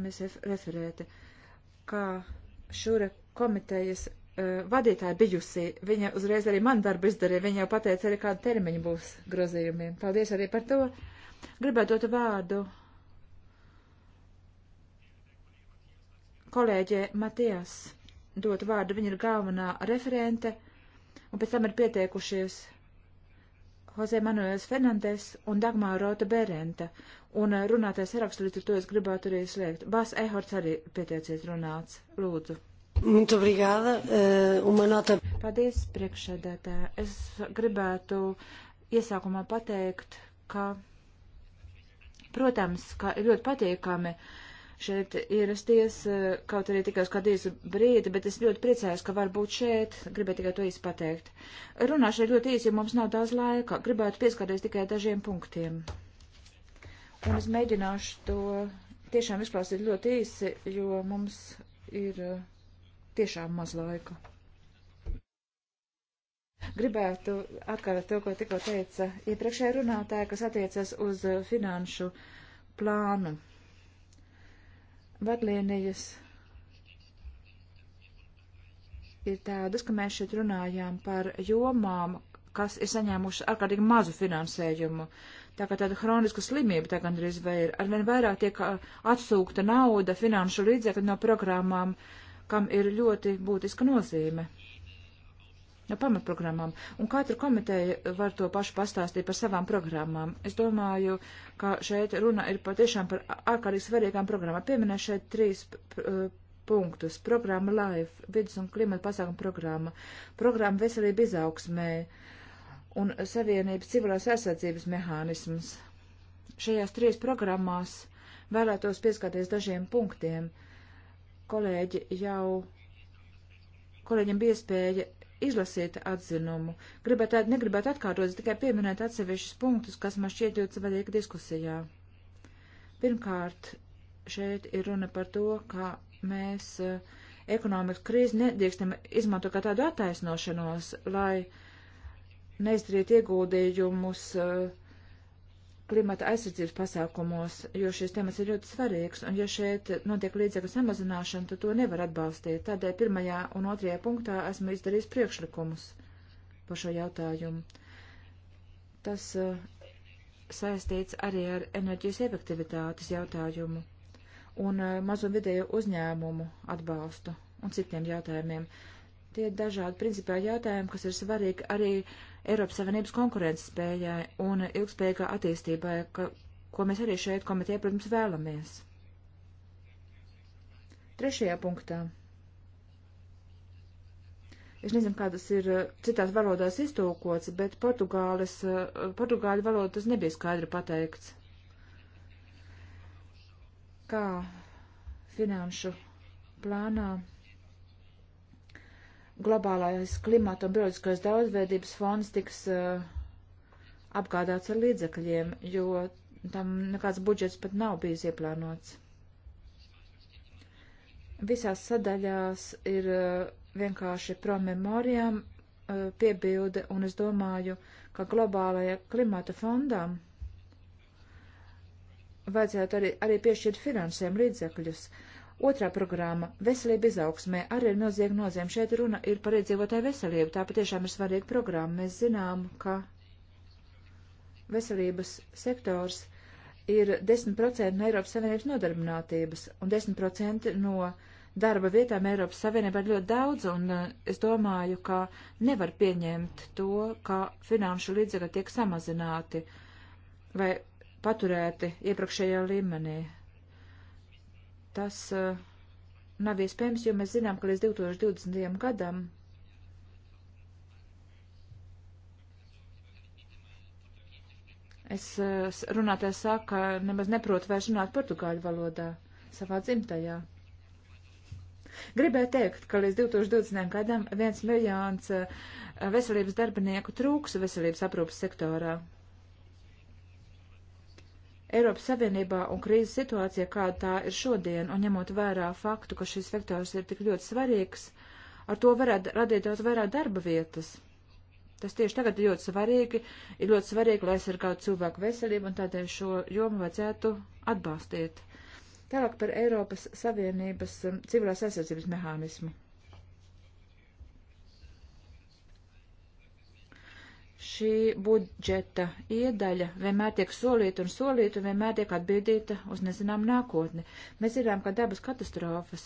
MSF referente, kā šure komitejas Eh, vadītāja bijusi, viņa uzreiz arī man darbu izdarīja, viņa jau pateica arī, kāda termiņa būs grozījumiem. Paldies arī par to. Gribētu dot vārdu kolēģē Matijas. Dot vārdu, viņa ir galvenā referente, un pēc tam ir pieteikušies Jose Manuels Fernandes un Dagmā Rota Berenta, un eh, runātais sarakstu līdz ar to es gribētu arī slēgt. Bas Ehorts arī pieteicies runāts. Lūdzu. Muito obrigada. Uh, uma nota. Paldies, priekšsēdētā. Es gribētu iesākumā pateikt, ka, protams, ka ir ļoti patīkami šeit ierasties, eh, kaut arī tikai uz kādu īsu brīdi, bet es ļoti priecājos, ka var būt šeit. Gribētu tikai to īsi pateikt. Runāšu ļoti īsi, jo mums nav daudz laika. Gribētu pieskarties tikai dažiem punktiem. Un es mēģināšu to tiešām izklāstīt ļoti īsi, jo mums ir. Uh, tiešām maz laika. Gribētu atkārtot to, ko tikko teica iepriekšējā runātāja, kas attiecas uz finanšu plānu. Vadlīnijas ir tādas, ka mēs šeit runājām par jomām, kas ir saņēmuši ārkārtīgi mazu finansējumu. Tā kā tāda hroniska slimība tagad gandrīz vai ir. Arvien vairāk tiek atsūkta nauda, finanšu līdzekļi no programmām, uh, kam ir ļoti būtiska nozīme. No pamatprogrammām. Un katra komiteja var to pašu pastāstīt par savām programmām. Es domāju, ka šeit runa ir patiešām par ārkārtīgi svarīgām programmām. Pieminēju šeit trīs punktus. Programma LIFE, vidus un klimata pasākuma programma, programma veselība izaugsmē un savienības civilās aizsardzības mehānisms. Šajās trīs programmās vēlētos pieskarties dažiem punktiem. Uh, kolēģi jau, kolēģiem bija iespēja izlasīt atzinumu. Gribētu, negribētu atkārtot, tikai pieminēt atsevišķus punktus, kas man šķiet ļoti svarīgi diskusijā. Pirmkārt, šeit ir runa par to, ka mēs eh, ekonomikas krīzi nedrīkstam izmantot kā tādu attaisnošanos, lai neizdarītu ieguldījumus uh, klimata aizsardzības pasākumos, jo šis temats ir ļoti svarīgs, un ja šeit notiek līdzekļu samazināšana, tad to nevar atbalstīt. Tādēļ pirmajā un otrajā punktā esmu izdarījis priekšlikumus par šo jautājumu. Tas uh, saistīts arī ar enerģijas efektivitātes jautājumu un uh, mazo vidējo uzņēmumu atbalstu un citiem jautājumiem. Uh, Tie ir dažādi principā jautājumi, kas ir svarīgi arī Eiropas Savienības konkurences spējai un ilgspējīgā attīstībai, ka, ko mēs arī šeit komitē, protams, vēlamies. Trešajā punktā. Es nezinu, kā tas ir citās valodās iztūkots, bet portugāles, portugāļu valoda tas nebija skaidri pateikts. Kā finanšu plānā globālais klimata un bioloģiskās daudzveidības fonds tiks uh, apgādāts ar līdzekļiem, jo tam nekāds budžets pat nav bijis ieplānots. Visās sadaļās ir uh, vienkārši promemorijām uh, piebilde, un es domāju, ka globālajā klimata fondām vajadzētu arī, arī piešķirt finansēm līdzekļus. Uh, Otrā programma - veselība izaugsmē arī ir milzīga nozīme. Šeit runa ir par iedzīvotāju veselību. Tā patiešām ir svarīga programma. Mēs zinām, ka veselības sektors ir 10% no Eiropas Savienības nodarbinātības un 10% no darba vietām Eiropas Savienībā ir ļoti daudz, un uh, es domāju, ka nevar pieņemt to, ka finanšu līdzekļi tiek samazināti vai paturēti iepriekšējā līmenī tas uh, nav iespējams, jo mēs zinām, ka līdz 2020. gadam es uh, eh, runātāju sāku, ka nemaz neprotu vairs runāt portugāļu valodā savā dzimtajā. Gribēju teikt, ka līdz 2020. gadam viens miljons eh, veselības darbinieku trūks veselības aprūpas sektorā. Eiropas Savienībā un krīzes situācija, kāda tā ir šodien, un ņemot vērā faktu, ka šis vektors ir tik ļoti svarīgs, ar to varētu radīt daudz vairāk darba vietas. Tas tieši tagad ir ļoti svarīgi, ir ļoti svarīgi, lai aizsargātu cilvēku veselību, un tādēļ šo jomu vajadzētu atbalstīt. Tālāk par Eiropas Savienības um, civilās aizsardzības mehānismu. šī budžeta iedaļa vienmēr tiek solīta un solīta un vienmēr tiek atbildīta uz nezinām nākotni. Mēs zinām, ka dabas katastrofas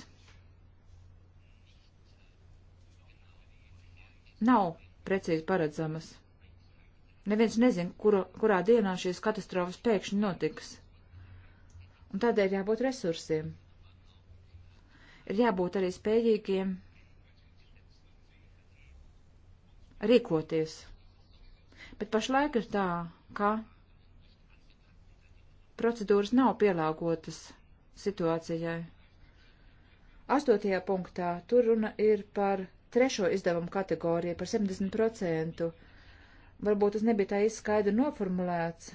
nav precīzi paredzamas. Neviens nezin, kura, kurā dienā šīs katastrofas pēkšņi notiks. Un tādēļ jābūt resursiem. Ir jābūt arī spējīgiem rīkoties. Bet pašlaik ir tā, ka procedūras nav pielāgotas situācijai. Astotajā punktā tur runa ir par trešo izdevumu kategoriju, par 70%. Varbūt tas nebija tā izskaidri noformulēts.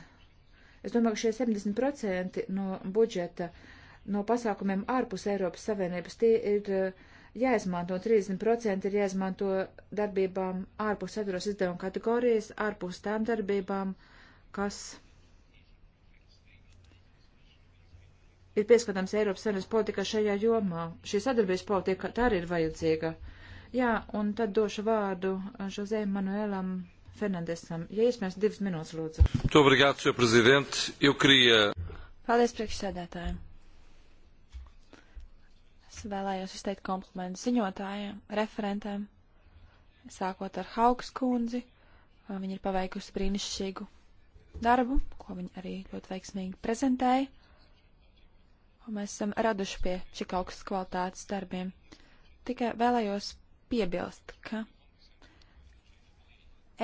Es domāju, ka šie 70% no budžeta, no pasākumiem ārpus Eiropas Savienības, tie ir uh, jāizmanto, 30% ir jāizmanto darbībām ārpus atviros izdevuma kategorijas, ārpus tām darbībām, kas ir pieskatāms Eiropas Savienības politikā šajā jomā. Šī sadarbības politika tā arī ir vajadzīga. Jā, un tad došu vārdu Josē Manuēlam Fernandesam. Ja iespējams, divas minūtes lūdzu. To obrigāt, šo prezidentu. Jau krija. Paldies, priekšsēdētāji. Es vēlējos izteikt komplimentu ziņotājiem, referentēm, sākot ar Hauks kundzi. Viņa ir paveikusi brīnišķīgu darbu, ko viņa arī ļoti veiksmīgi prezentēja. Un mēs esam raduši pie šik augstas kvalitātes darbiem. Tikai vēlējos piebilst, ka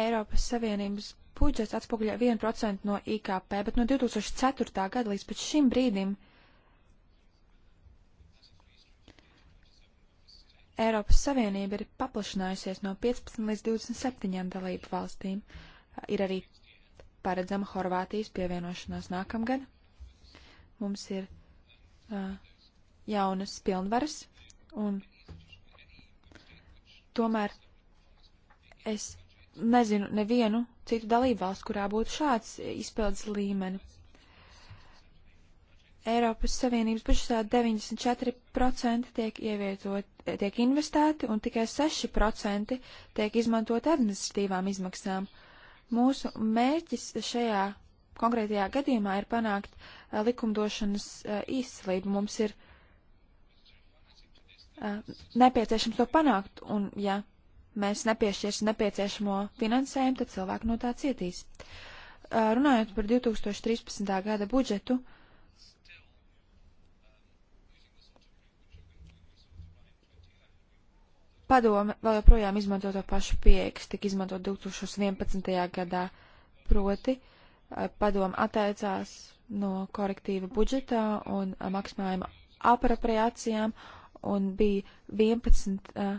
Eiropas Savienības budžets atspoguļo 1% no IKP, bet no 2004. gada līdz pat šim brīdim uh, Eiropas Savienība ir paplašinājusies no 15 līdz 27 dalību valstīm. Ir arī paredzama Horvātijas pievienošanās nākamgad. Mums ir uh, jaunas pilnvaras, un tomēr es nezinu nevienu citu dalību valstu, kurā būtu šāds izpildes līmeni. Eiropas Savienības budžetā 94% tiek ievietot, tiek investēti un tikai 6% tiek izmantot administratīvām izmaksām. Mūsu mērķis šajā konkrētajā gadījumā ir panākt a, likumdošanas īslību. Mums ir a, nepieciešams to panākt, un ja mēs nepiešķirsim nepieciešamo finansējumu, tad cilvēki no tā cietīs. A, runājot par 2013. gada budžetu, uh, Padome vēl joprojām izmanto to pašu pieeju, kas tika izmantot 2011. gadā, proti eh, padome atteicās no korektīva budžetā un eh, maksājuma apropriācijām un bija 11 uh, eh,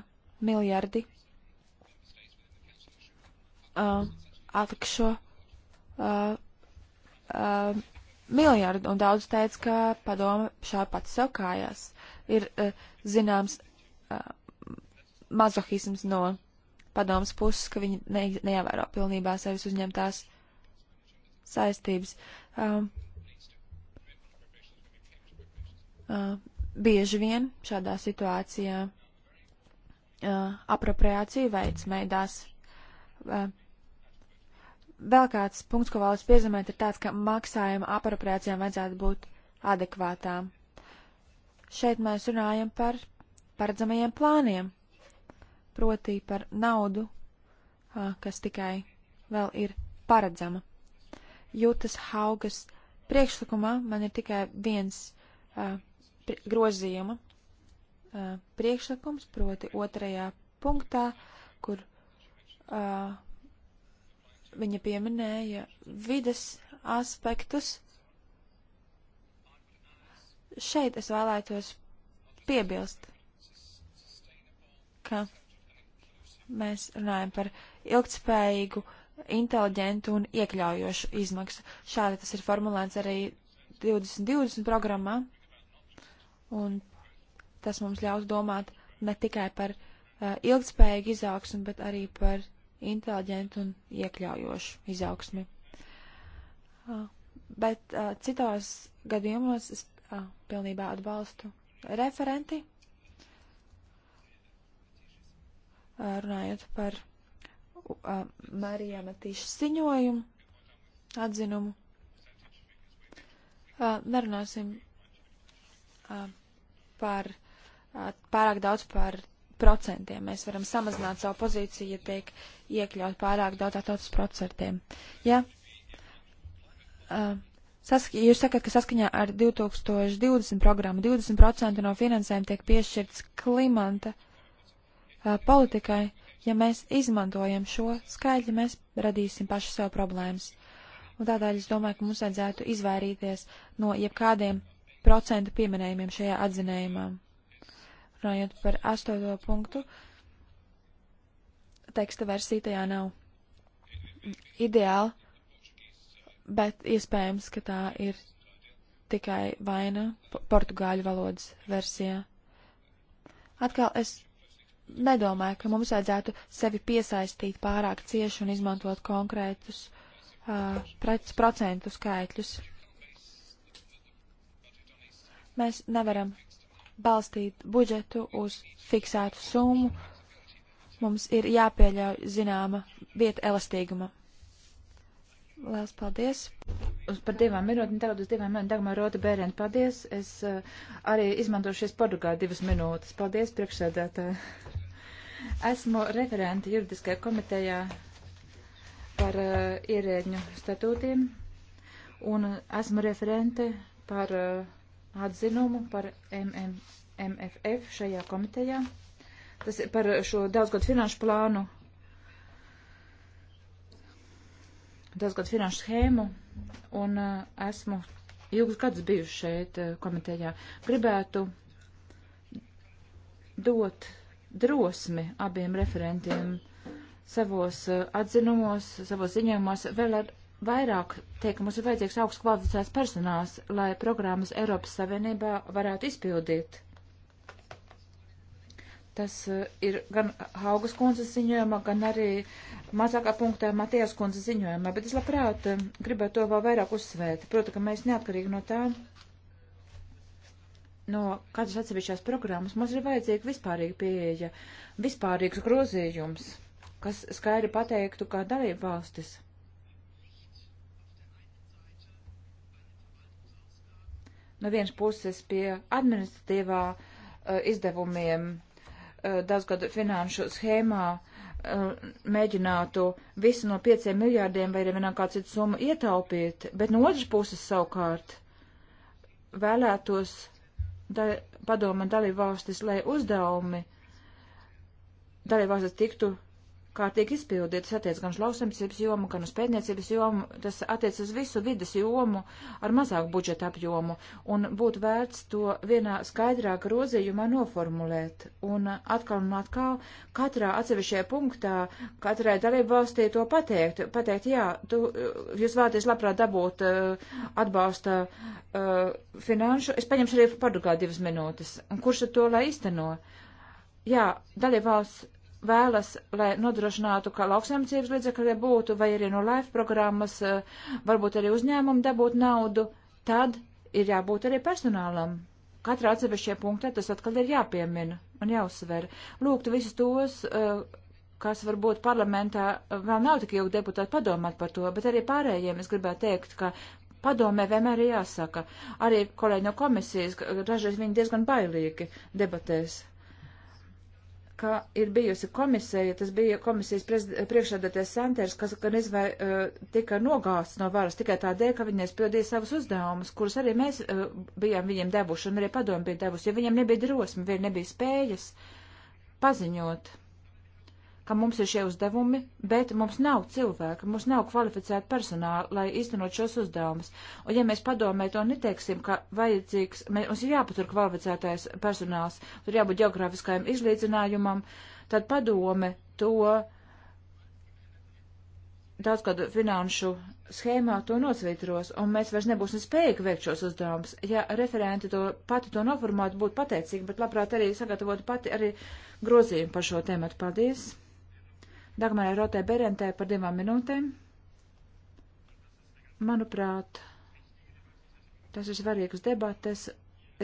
miljardi uh, atlikšo uh, uh, miljardu, un daudz teica, ka padome šā pati sev kājās. Ir uh, zināms uh, mazohisms no padomas puses, ka viņi ne, neievēro pilnībā sevis uzņemtās saistības. Um, uh, bieži vien šādā situācijā uh, apropriāciju veids meidās. Uh, vēl kāds punkts, ko vēlas piezemēt, ir tāds, ka maksājuma apropriācijām vajadzētu būt adekvātām. Šeit mēs runājam par paredzamajiem plāniem proti par naudu, kas tikai vēl ir paredzama. Jūtas Haugas priekšlikumā man ir tikai viens grozījuma priekšlikums, proti otrajā punktā, kur viņa pieminēja vides aspektus. Šeit es vēlētos piebilst, ka Mēs runājam par ilgtspējīgu, inteliģentu un iekļaujošu izmaksu. Šādi tas ir formulēts arī 2020 programmā, un tas mums ļaus domāt ne tikai par uh, ilgtspējīgu izaugsmu, bet arī par inteliģentu un iekļaujošu izaugsmi. Uh, bet uh, citos gadījumos es uh, pilnībā atbalstu referenti runājot par uh, Marijā Matīša ziņojumu, atzinumu. Uh, nerunāsim uh, par pārāk daudz par procentiem. Mēs varam samazināt savu pozīciju, ja tiek iekļaut pārāk daudz atautas procentiem. Ja? Sask jūs sakat, ka saskaņā ar 2020 programmu 20% no finansējuma tiek piešķirts klimata uh, politikai, ja mēs izmantojam šo skaidri, mēs radīsim paši sev problēmas. Un tādēļ es domāju, ka mums vajadzētu izvairīties no jebkādiem procentu pieminējumiem šajā atzinējumā. Runājot par astoto punktu, teksta versija tajā nav ideāla, bet iespējams, ka tā ir tikai vaina portugāļu valodas versijā. Atkal es nedomāju, ka mums vajadzētu sevi piesaistīt pārāk cieši un izmantot konkrētus uh, procentu skaitļus. Mēs nevaram balstīt budžetu uz fiksētu summu. Mums ir jāpieļauj zināma vieta elastīguma. Lielas paldies! Uz par divām minūtēm, tagad uz divām minūtēm, Dagmar Rota Bērēna, paldies! Es uh, arī izmantošu šīs Portugāļu divas minūtes. Paldies, priekšsēdētāji! Esmu referenti juridiskajā komitejā par uh, ierēģņu statūtiem un esmu referente par uh, atzinumu par MM, MFF šajā komitejā. Tas ir par šo daudzgadu finanšu plānu daudz gadu finanšu schēmu un uh, esmu ilgus gadus bijuši šeit uh, komitejā. Gribētu dot drosmi abiem referentiem savos uh, atzinumos, savos ziņojumos vēl ar vairāk teikt, mums ir vajadzīgs augsts kvalificēts personāls, lai programmas Eiropas Savienībā varētu izpildīt Tas eh, ir gan Haugas kundzes ziņojumā, gan arī mazākā punktā Matijas kundzes ziņojumā, bet es labprāt eh, gribētu to vēl vairāk uzsvērt. Protams, ka mēs neatkarīgi no tā, no katras atsevišķās programmas, mums ir vajadzīga vispārīga pieeja, vispārīgs grozījums, kas skaidri pateiktu, kā dalība valstis. No vienas puses pie administratīvā uh, izdevumiem Eh, daudzgadu finanšu schēmā eh, mēģinātu visu no pieciem miljārdiem vai arī vienā kādu citu summu ietaupīt, bet no otras puses savukārt vēlētos da padomu dalību valstis, lai uzdevumi dalību valstis tiktu kārtīgi izpildīt. Tas attiec gan uz lauksaimniecības jomu, gan uz pētniecības jomu. Tas attiec uz visu vidas jomu ar mazāku budžeta apjomu. Un būtu vērts to vienā skaidrā grozījumā noformulēt. Un atkal un atkal katrā atsevišķajā punktā katrai dalību valstī to pateikt. Pateikt, jā, tu, jūs vēlaties labprāt dabūt uh, atbalsta uh, finanšu. Es paņemšu arī Portugāli divas minūtes. Un kurš tad to lai izteno? Jā, dalībvalsts vēlas, lai nodrošinātu, ka lauksaimniecības līdzekļi būtu, vai arī no LIFE programmas, eh, varbūt arī uzņēmumi dabūt naudu, tad ir jābūt arī personālam. Katrā atsevišķajā punktā tas atkal ir jāpiemina un jāuzsver. Lūgtu visus tos, eh, kas varbūt parlamentā vēl nav tik ilgi deputāti padomāt par to, bet arī pārējiem es gribētu teikt, ka padomē vienmēr ir jāsaka. Arī kolēģi no komisijas, dažreiz viņi diezgan bailīgi debatēs ka ir bijusi komisija, tas bija komisijas priekšādāties Santers, kas gan izvai uh, eh, tika nogāsts no varas tikai tādēļ, ka viņi nespildīja savus uzdevumus, kurus arī mēs uh, bijām viņiem devuši un arī padomu bija devusi, jo viņiem nebija drosmi, viņiem nebija spējas paziņot ka mums ir šie uzdevumi, bet mums nav cilvēka, mums nav kvalificēta personāla, lai īstenot šos uzdevumus. Un ja mēs padomē to neteiksim, ka vajadzīgs, mēs, mums ir jāpatur kvalificētais personāls, tur jābūt geogrāfiskajam izlīdzinājumam, tad padome to daudzgadu finanšu schēmā to nosvītros, un mēs vairs nebūsim spējīgi veikt šos uzdevumus. Ja referenti to pati to noformātu, būtu pateicīgi, bet labprāt arī sagatavotu pati arī grozījumu par šo tēmatu. Paldies! Dagmarai Rotē Berentē par divām minūtēm. Manuprāt, tas ir svarīgs debates.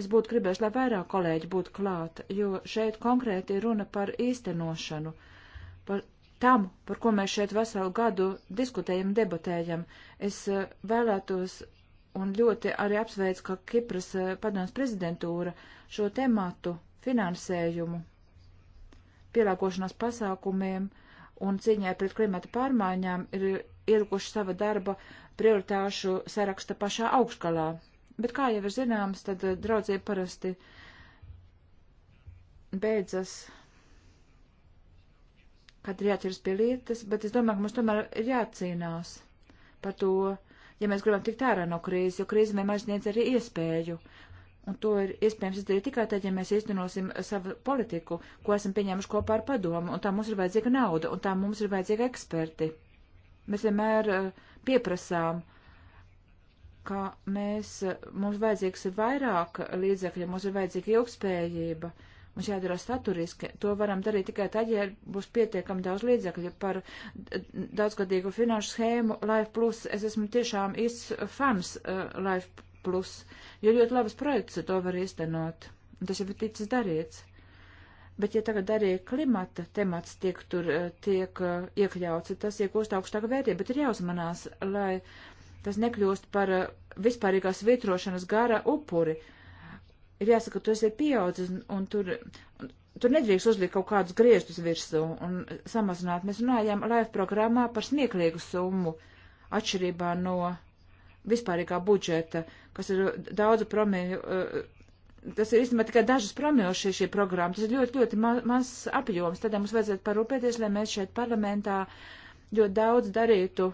Es būtu gribējuši, lai vairāk kolēģi būtu klāt, jo šeit konkrēti ir runa par īstenošanu, par tam, par ko mēs šeit veselu gadu diskutējam, debatējam. Es eh, vēlētos un ļoti arī apsveicu, ka Kipras eh, padomas prezidentūra šo tematu finansējumu pielāgošanās pasākumiem uh, un cīņai pret klimata pārmaiņām ir ielikuši sava darba prioritāšu saraksta pašā augškalā. Bet, kā jau ir zināms, tad eh, draudzība parasti beidzas, kad ir jāķers pie lietas, bet es domāju, ka mums tomēr ir jācīnās par to, ja mēs gribam tikt ārā no krīzes, jo krīze vienmēr sniedz arī iespēju. Un to ir iespējams izdarīt tikai tad, ja mēs īstenosim savu politiku, ko esam pieņēmuši kopā ar padomu. Un tā mums ir vajadzīga nauda, un tā mums ir vajadzīga eksperti. Mēs vienmēr eh, pieprasām, ka mēs, eh, mums vajadzīgs ir vairāk līdzekļu, mums ir vajadzīga ilgspējība. Mums jādara saturiski. To varam darīt tikai tad, ja būs pietiekami daudz līdzekļu par daudzgadīgu finanšu schēmu Life Plus. Es esmu tiešām īsts fans uh, Life plus, jo ļoti labas projekts to var iztenot. Tas jau ir ticis darīts. Bet, ja tagad arī klimata temats tiek tur eh, tiek eh, iekļauts, tas iegūst augstāku vērtību, bet ir jāuzmanās, lai tas nekļūst par eh, vispārīgās vitrošanas gara upuri. Ir jāsaka, tu esi pieaudzis un tur, tur nedrīkst uzlikt kaut kādus griestus virsū un samazināt. Mēs runājām live programmā par smieklīgu summu atšķirībā no vispārīgā budžeta, kas ir daudzu promēju. Eh, tas ir īstenībā tikai dažas promēļu šī, šī programma. Tas ir ļoti, ļoti ma mazs apjoms. Tad mums vajadzētu parūpēties, lai mēs šeit parlamentā ļoti daudz darītu,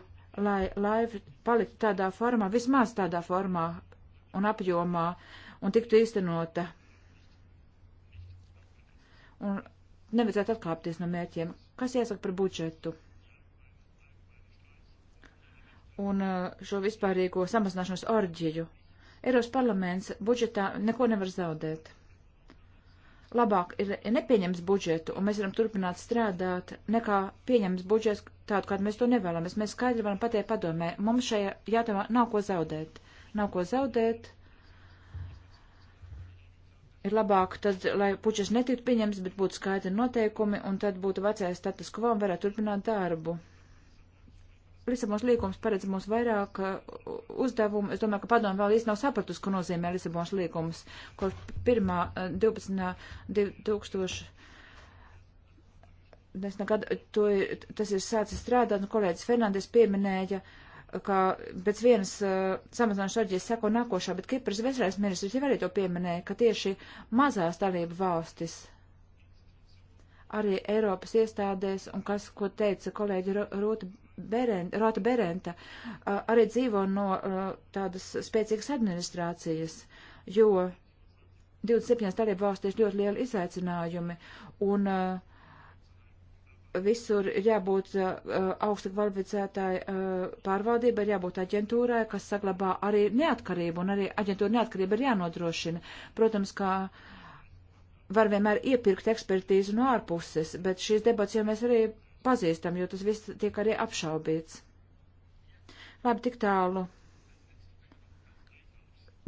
lai laiva paliktu tādā formā, vismaz tādā formā un apjomā un tiktu īstenota. Un nevajadzētu atkāpties no mērķiem. Kas iesaka par budžetu? un uh, šo vispārīgo samazināšanos orģiju. Eiropas parlaments budžetā neko nevar zaudēt. Labāk ir nepieņems budžetu, un mēs varam turpināt strādāt, nekā pieņems budžets tādu, kādu mēs to nevēlamies. Mēs skaidri varam pateikt padomē, mums šajā jādomā nav ko zaudēt. Nav ko zaudēt. Ir labāk tad, lai pučas netiktu pieņems, bet būtu skaidri noteikumi, un tad būtu vecais status quo un varētu turpināt darbu. Lisabons līgums paredz mums vairāk uh, uzdevumu. Es domāju, ka padomu vēl īsti nav sapratusi, ko nozīmē Lisabons līgums, ko 1. 12. 2000. Nekad, to, tas ir sācis strādāt, un kolēģis Fernandes pieminēja, ka pēc vienas uh, samazināšanas orģijas seko nākošā, bet Kipras veselības ministrs jau arī to pieminēja, ka tieši mazās dalību valstis arī Eiropas iestādēs, un kas, ko teica kolēģi Rūta Berenta, Rota Berenta arī dzīvo no tādas spēcīgas administrācijas, jo 27 dalību valstīs ļoti lieli izaicinājumi un visur ir jābūt augstu kvalificētāji pārvaldībai, ir jābūt aģentūrai, kas saglabā arī neatkarību un arī aģentūra neatkarība ir jānodrošina. Protams, kā var vienmēr iepirkt ekspertīzu no ārpuses, bet šīs debats jau mēs arī pazīstam, jo tas viss tiek arī apšaubīts. Labi, tik tālu.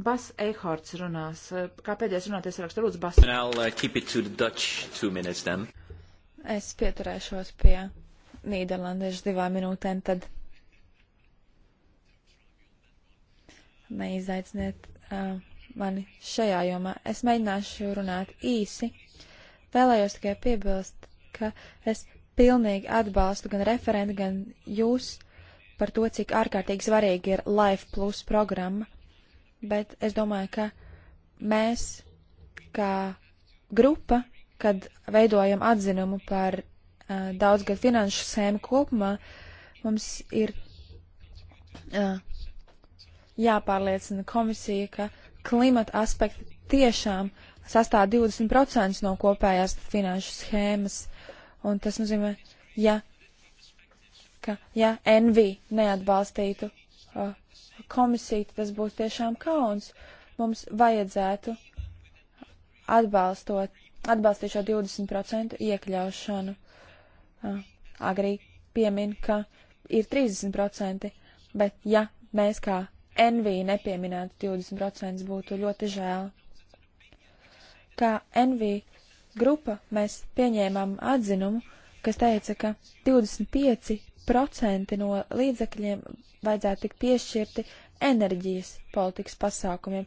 Bas Eichhorts runās. Kā pēdējais runāties raksta, lūdzu, Bas. Uh, minutes, es pieturēšos pie Nīderlandiešu divām minūtēm, tad neizaicināt uh, mani šajā jomā. Es mēģināšu runāt īsi. Vēlējos tikai piebilst, ka es pilnīgi atbalstu gan referentu, gan jūs par to, cik ārkārtīgi svarīgi ir Life Plus programma, bet es domāju, ka mēs, kā grupa, kad veidojam atzinumu par uh, daudzgad finanšu sēmu kopumā, mums ir uh, jāpārliecina komisija, ka klimata aspekti tiešām sastāv 20% no kopējās finanšu schēmas uh, Un tas nozīmē, ja, ka, ja NV neatbalstītu uh, komisiju, tad tas būs tiešām kauns. Mums vajadzētu atbalstot, atbalstīt šo 20% iekļaušanu. Uh, agrī piemin, ka ir 30%, bet ja mēs kā NV nepieminētu 20%, būtu ļoti žēl. Kā NV grupa mēs pieņēmām atzinumu, kas teica, ka 25% no līdzekļiem vajadzētu tikt piešķirti enerģijas politikas pasākumiem,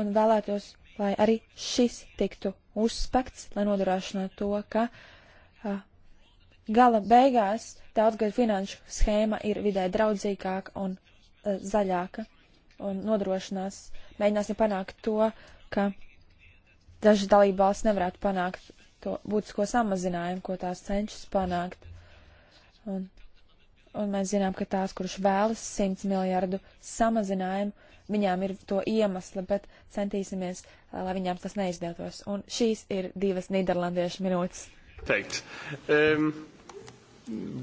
un vēlētos, lai arī šis tiktu uzspekts, lai nodrošinātu to, ka a, gala beigās daudzgad finanšu schēma ir vidē draudzīgāka un a, zaļāka, un nodrošinās, mēģināsim panākt to, ka daži dalībvalsts nevarētu panākt to būtisko samazinājumu, ko tās cenšas panākt. Un, un mēs zinām, ka tās, kurš vēlas 100 miljardu samazinājumu, viņām ir to iemesli, bet centīsimies, lai viņām tas neizdotos. Un šīs ir divas nīderlandiešu minūtes. Teikt. Um,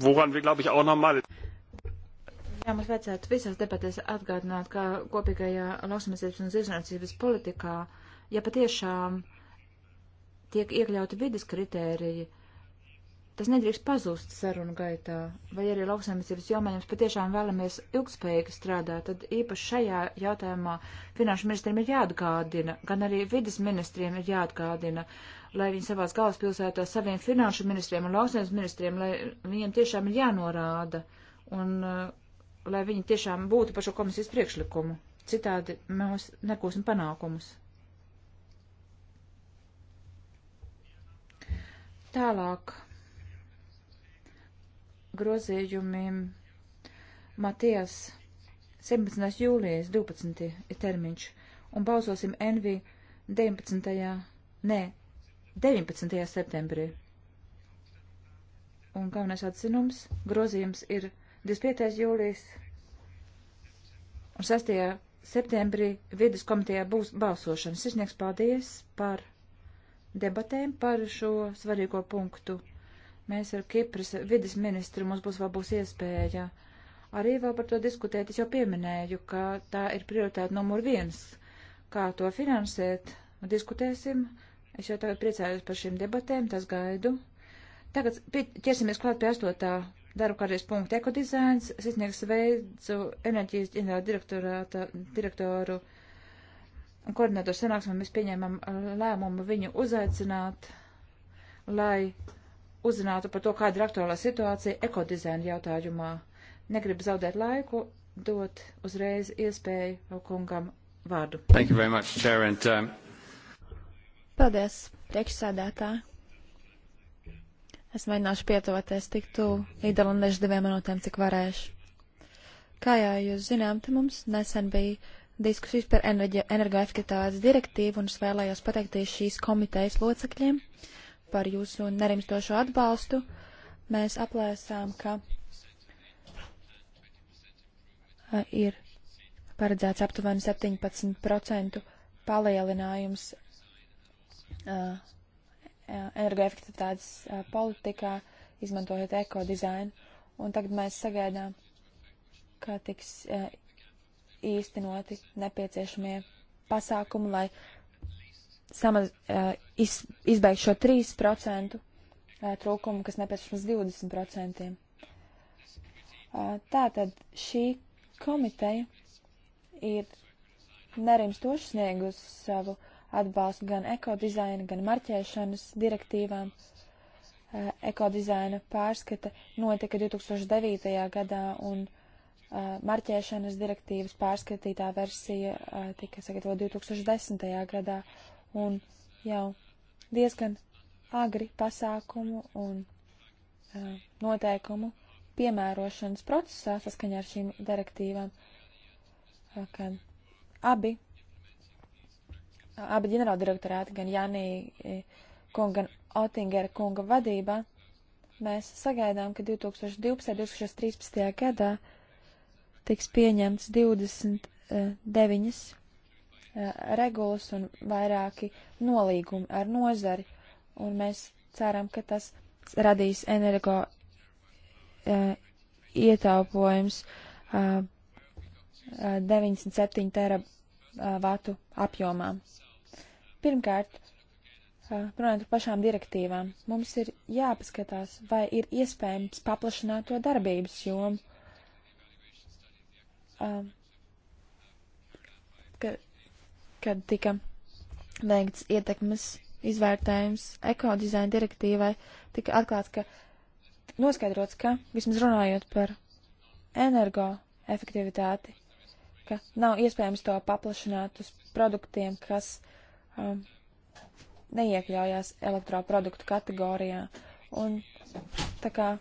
woran wir, glaube ich, auch nochmal. Jā, mums vajadzētu visās debatēs atgādināt, ka kopīgajā lauksamniecības un zivsnācības politikā uh, ja patiešām tiek iekļauti vidas kritēriji, tas nedrīkst pazust sarunu gaitā, vai arī lauksaimniecības jomā jums patiešām vēlamies ilgspējīgi strādāt, tad īpaši šajā jautājumā finanšu ministriem ir jāatgādina, gan arī vidas ministriem ir jāatgādina, lai viņi savās galvaspilsētās saviem finanšu ministriem un lauksaimniecības ministriem, lai viņiem tiešām ir jānorāda un eh, lai viņi tiešām būtu par šo komisijas priekšlikumu. Citādi mēs nekūsim panākumus. Tālāk grozījumiem Matijas 17. jūlijas 12. ir termiņš un balsosim NV 19. nē, 19. septembrī. Un galvenais atzinums grozījums ir 25. jūlijas un 6. septembrī vidas komitejā būs balsošana. Sirsnieks paldies par debatēm par šo svarīgo punktu. Mēs ar Kipras vidas ministru mums būs vēl būs iespēja arī vēl par to diskutēt. Es jau pieminēju, ka tā ir prioritāte numur viens. Kā to finansēt? Diskutēsim. Es jau tagad priecājos par šīm debatēm, tas gaidu. Tagad ķersimies klāt pie astotā darba kārtības punkta ekodizains. Es izniegs veidu enerģijas ģenerāla direktorāta direktoru. direktoru koordinatoru sanāksmē mēs pieņēmām uh, lēmumu viņu uzaicināt, lai uzzinātu par to, kāda ir aktuālā situācija ekodizaina jautājumā. Negribu zaudēt laiku, dot uzreiz iespēju kungam vārdu. Thank you very much, Chair, and, um... Paldies, priekšsēdētāji. Es mēģināšu pietuvoties tik tuvu Nīderlandiešu diviem minūtēm, cik varēšu. Kā jau jūs zinām, te mums nesen bija diskusijas par energoefektivitātes direktīvu, un es vēlējos pateikties šīs komitejas locekļiem par jūsu nerimstošo atbalstu. Mēs aplēsām, ka ir paredzēts aptuveni 17% palielinājums energoefektivitātes politikā, izmantojot ekodizainu. Un tagad mēs sagaidām, ka tiks īstenoti nepieciešamie pasākumi, lai samaz, eh, iz, izbeigtu šo 3% eh, trūkumu, kas nepieciešams 20%. Eh, tātad šī komiteja ir nerimstoši sniegusi savu atbalstu gan ekodizaina, gan marķēšanas direktīvām. Ekodizaina pārskata notika 2009. gadā un 2009 Eh, marķēšanas direktīvas pārskatītā versija eh, tika sagatavota 2010. gadā, un jau diezgan agri pasākumu un eh, noteikumu piemērošanas procesā saskaņā ar šīm direktīvām, kad abi, abi ģenerāldirektorāti, gan Janī kunga, gan Otingera kunga vadībā, mēs sagaidām, ka 2012. un 2013. gadā tiks pieņemts 29 eh, regulas un vairāki nolīgumi ar nozari, un mēs ceram, ka tas radīs energo eh, ietaupojums 97 eh, teravatu apjomā. Pirmkārt, runājot par pašām direktīvām, mums ir jāpaskatās, vai ir iespējams paplašināt to darbības jomu um, ka, kad tika veikts ietekmes izvērtējums ekodizaina direktīvai, tika atklāts, ka noskaidrots, ka vismaz runājot par energoefektivitāti, ka nav iespējams to paplašināt uz produktiem, kas um, neiekļaujās elektroproduktu kategorijā. Un tā kā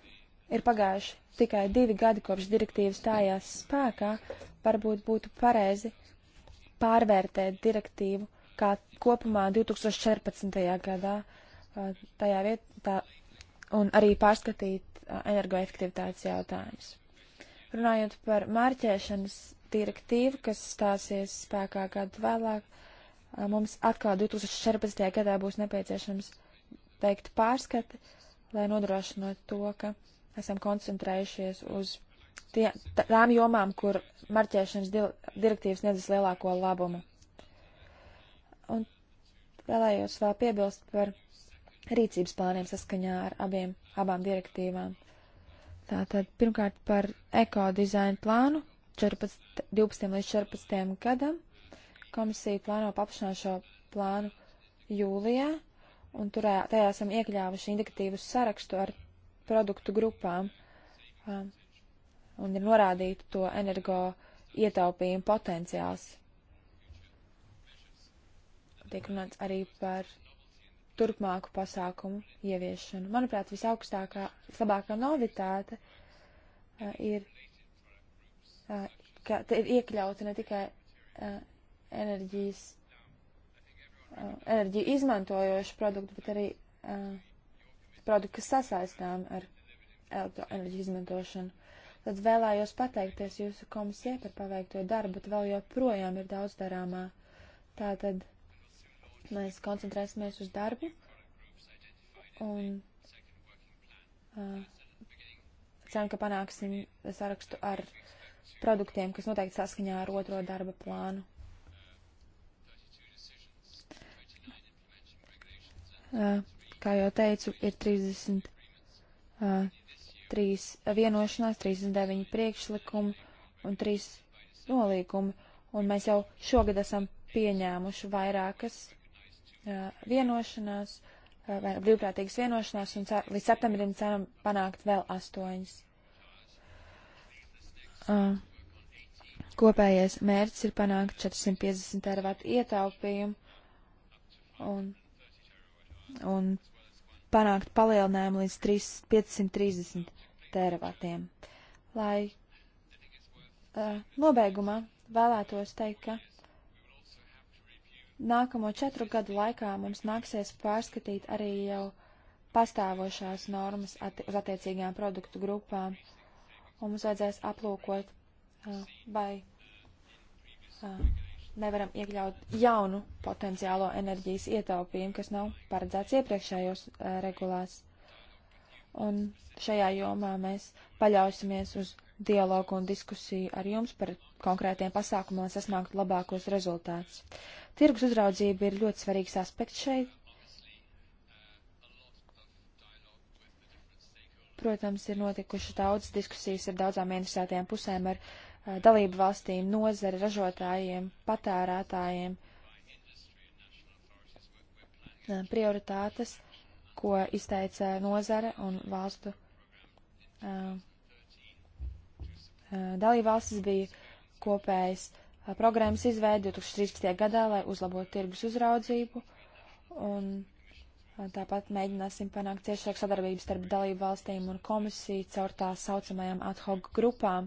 Ir pagājuši tikai divi gadi kopš direktīvas stājās spēkā, varbūt būtu pareizi pārvērtēt direktīvu kā kopumā 2014. gadā tajā vietā un arī pārskatīt energoefektivitātes jautājumus. Runājot par mārķēšanas direktīvu, kas stāsies spēkā gadu vēlāk, mums atkal 2014. gadā būs nepieciešams veikt pārskati, lai nodrošinot to, ka esam koncentrējušies uz tie, tām jomām, kur marķēšanas di direktīvas nedzis lielāko labumu. Un vēlējos vēl piebilst par rīcības plāniem saskaņā ar abiem, abām direktīvām. Tātad pirmkārt par ekodizainu plānu 14, 12 līdz 14 gadam. Komisija plāno paplašināt šo plānu jūlijā, un turē, tajā esam iekļāvuši indikatīvus sarakstu ar produktu grupām un ir norādīta to energo ietaupījuma potenciāls. Tiek runāts arī par turpmāku pasākumu ieviešanu. Manuprāt, visaugstākā, vislabākā novitāte uh, ir, uh, ka te ir iekļauta ne tikai uh, enerģijas, uh, enerģiju izmantojoši produkti, bet arī uh, produktu, kas sasaistām ar elektroenerģiju izmantošanu. Tad vēlējos pateikties jūsu komisijai par paveikto darbu, bet vēl joprojām ir daudz darāmā. Tātad mēs koncentrēsimies uz darbu un uh, ceram, ka panāksim sarakstu ar produktiem, kas noteikti saskaņā ar otro darba plānu. Uh, Kā jau teicu, ir 30, uh, 3 vienošanās, 39 priekšlikumi un 3 nolīgumi, un mēs jau šogad esam pieņēmuši vairākas uh, vienošanās, uh, vai brīvprātīgas vienošanās, un cer, līdz septembrim ceram panākt vēl astoņas. Uh, kopējais mērķis ir panākt 450 teravatu ietaupījumu un, un panākt palielinājumu līdz 3, 530 teravatiem. Lai uh, nobeigumā vēlētos teikt, ka nākamo četru gadu laikā mums nāksies pārskatīt arī jau pastāvošās normas atti uz attiecīgajām produktu grupām, un mums vajadzēs aplūkot, uh, vai uh, nevaram iekļaut jaunu potenciālo enerģijas ietaupījumu, kas nav paredzēts iepriekšējos uh, regulās. Un šajā jomā mēs paļausimies uz dialogu un diskusiju ar jums par konkrētiem pasākumiem, lai sasniegtu labākos rezultātus. Tirgus uzraudzība ir ļoti svarīgs aspekts šeit. Protams, ir notikuši daudz diskusijas ar daudzām interesētajām pusēm, ar uh, dalību valstīm, nozari, ražotājiem, patērētājiem prioritātes, ko izteica nozare un valstu dalību valstis bija kopējas programmas izveida 2013. gadā, lai uzlabotu tirgus uzraudzību un tāpat mēģināsim panākt ciešāku sadarbību starp dalību valstīm un komisiju caur tā saucamajām ad hoc grupām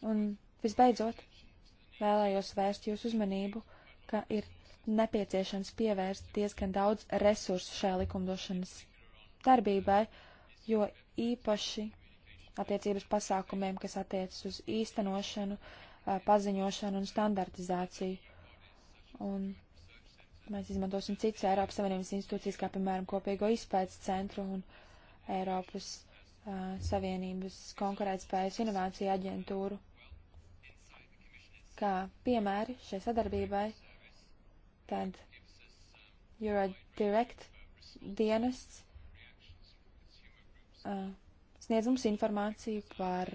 Un visbeidzot, vēlējos vērst jūsu uzmanību, ka ir nepieciešams pievērst diezgan daudz resursu šajā likumdošanas darbībai, jo īpaši attiecības pasākumiem, kas attiecas uz īstenošanu, paziņošanu un standartizāciju. Un mēs izmantosim citas Eiropas Savienības institūcijas, kā piemēram kopīgo izpētes centru un Eiropas uh, Savienības konkurētspējas inovāciju aģentūru kā piemēri šai sadarbībai, tad Eurodirect dienests uh, sniedz mums informāciju par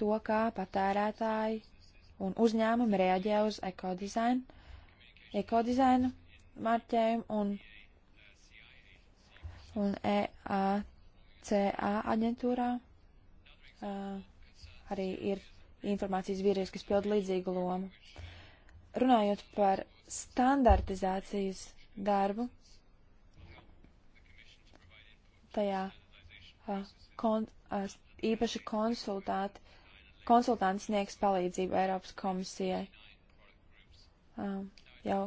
to, kā patērētāji un uzņēmumi reaģē uz ekodizainu, ekodizainu marķējumu un, un EACA aģentūrā. Uh, arī ir informācijas vīrieši, kas pild līdzīgu lomu. Runājot par standartizācijas darbu, tajā a, kon, a, īpaši konsultāti, konsultanti sniegs palīdzību Eiropas komisijai. A, jau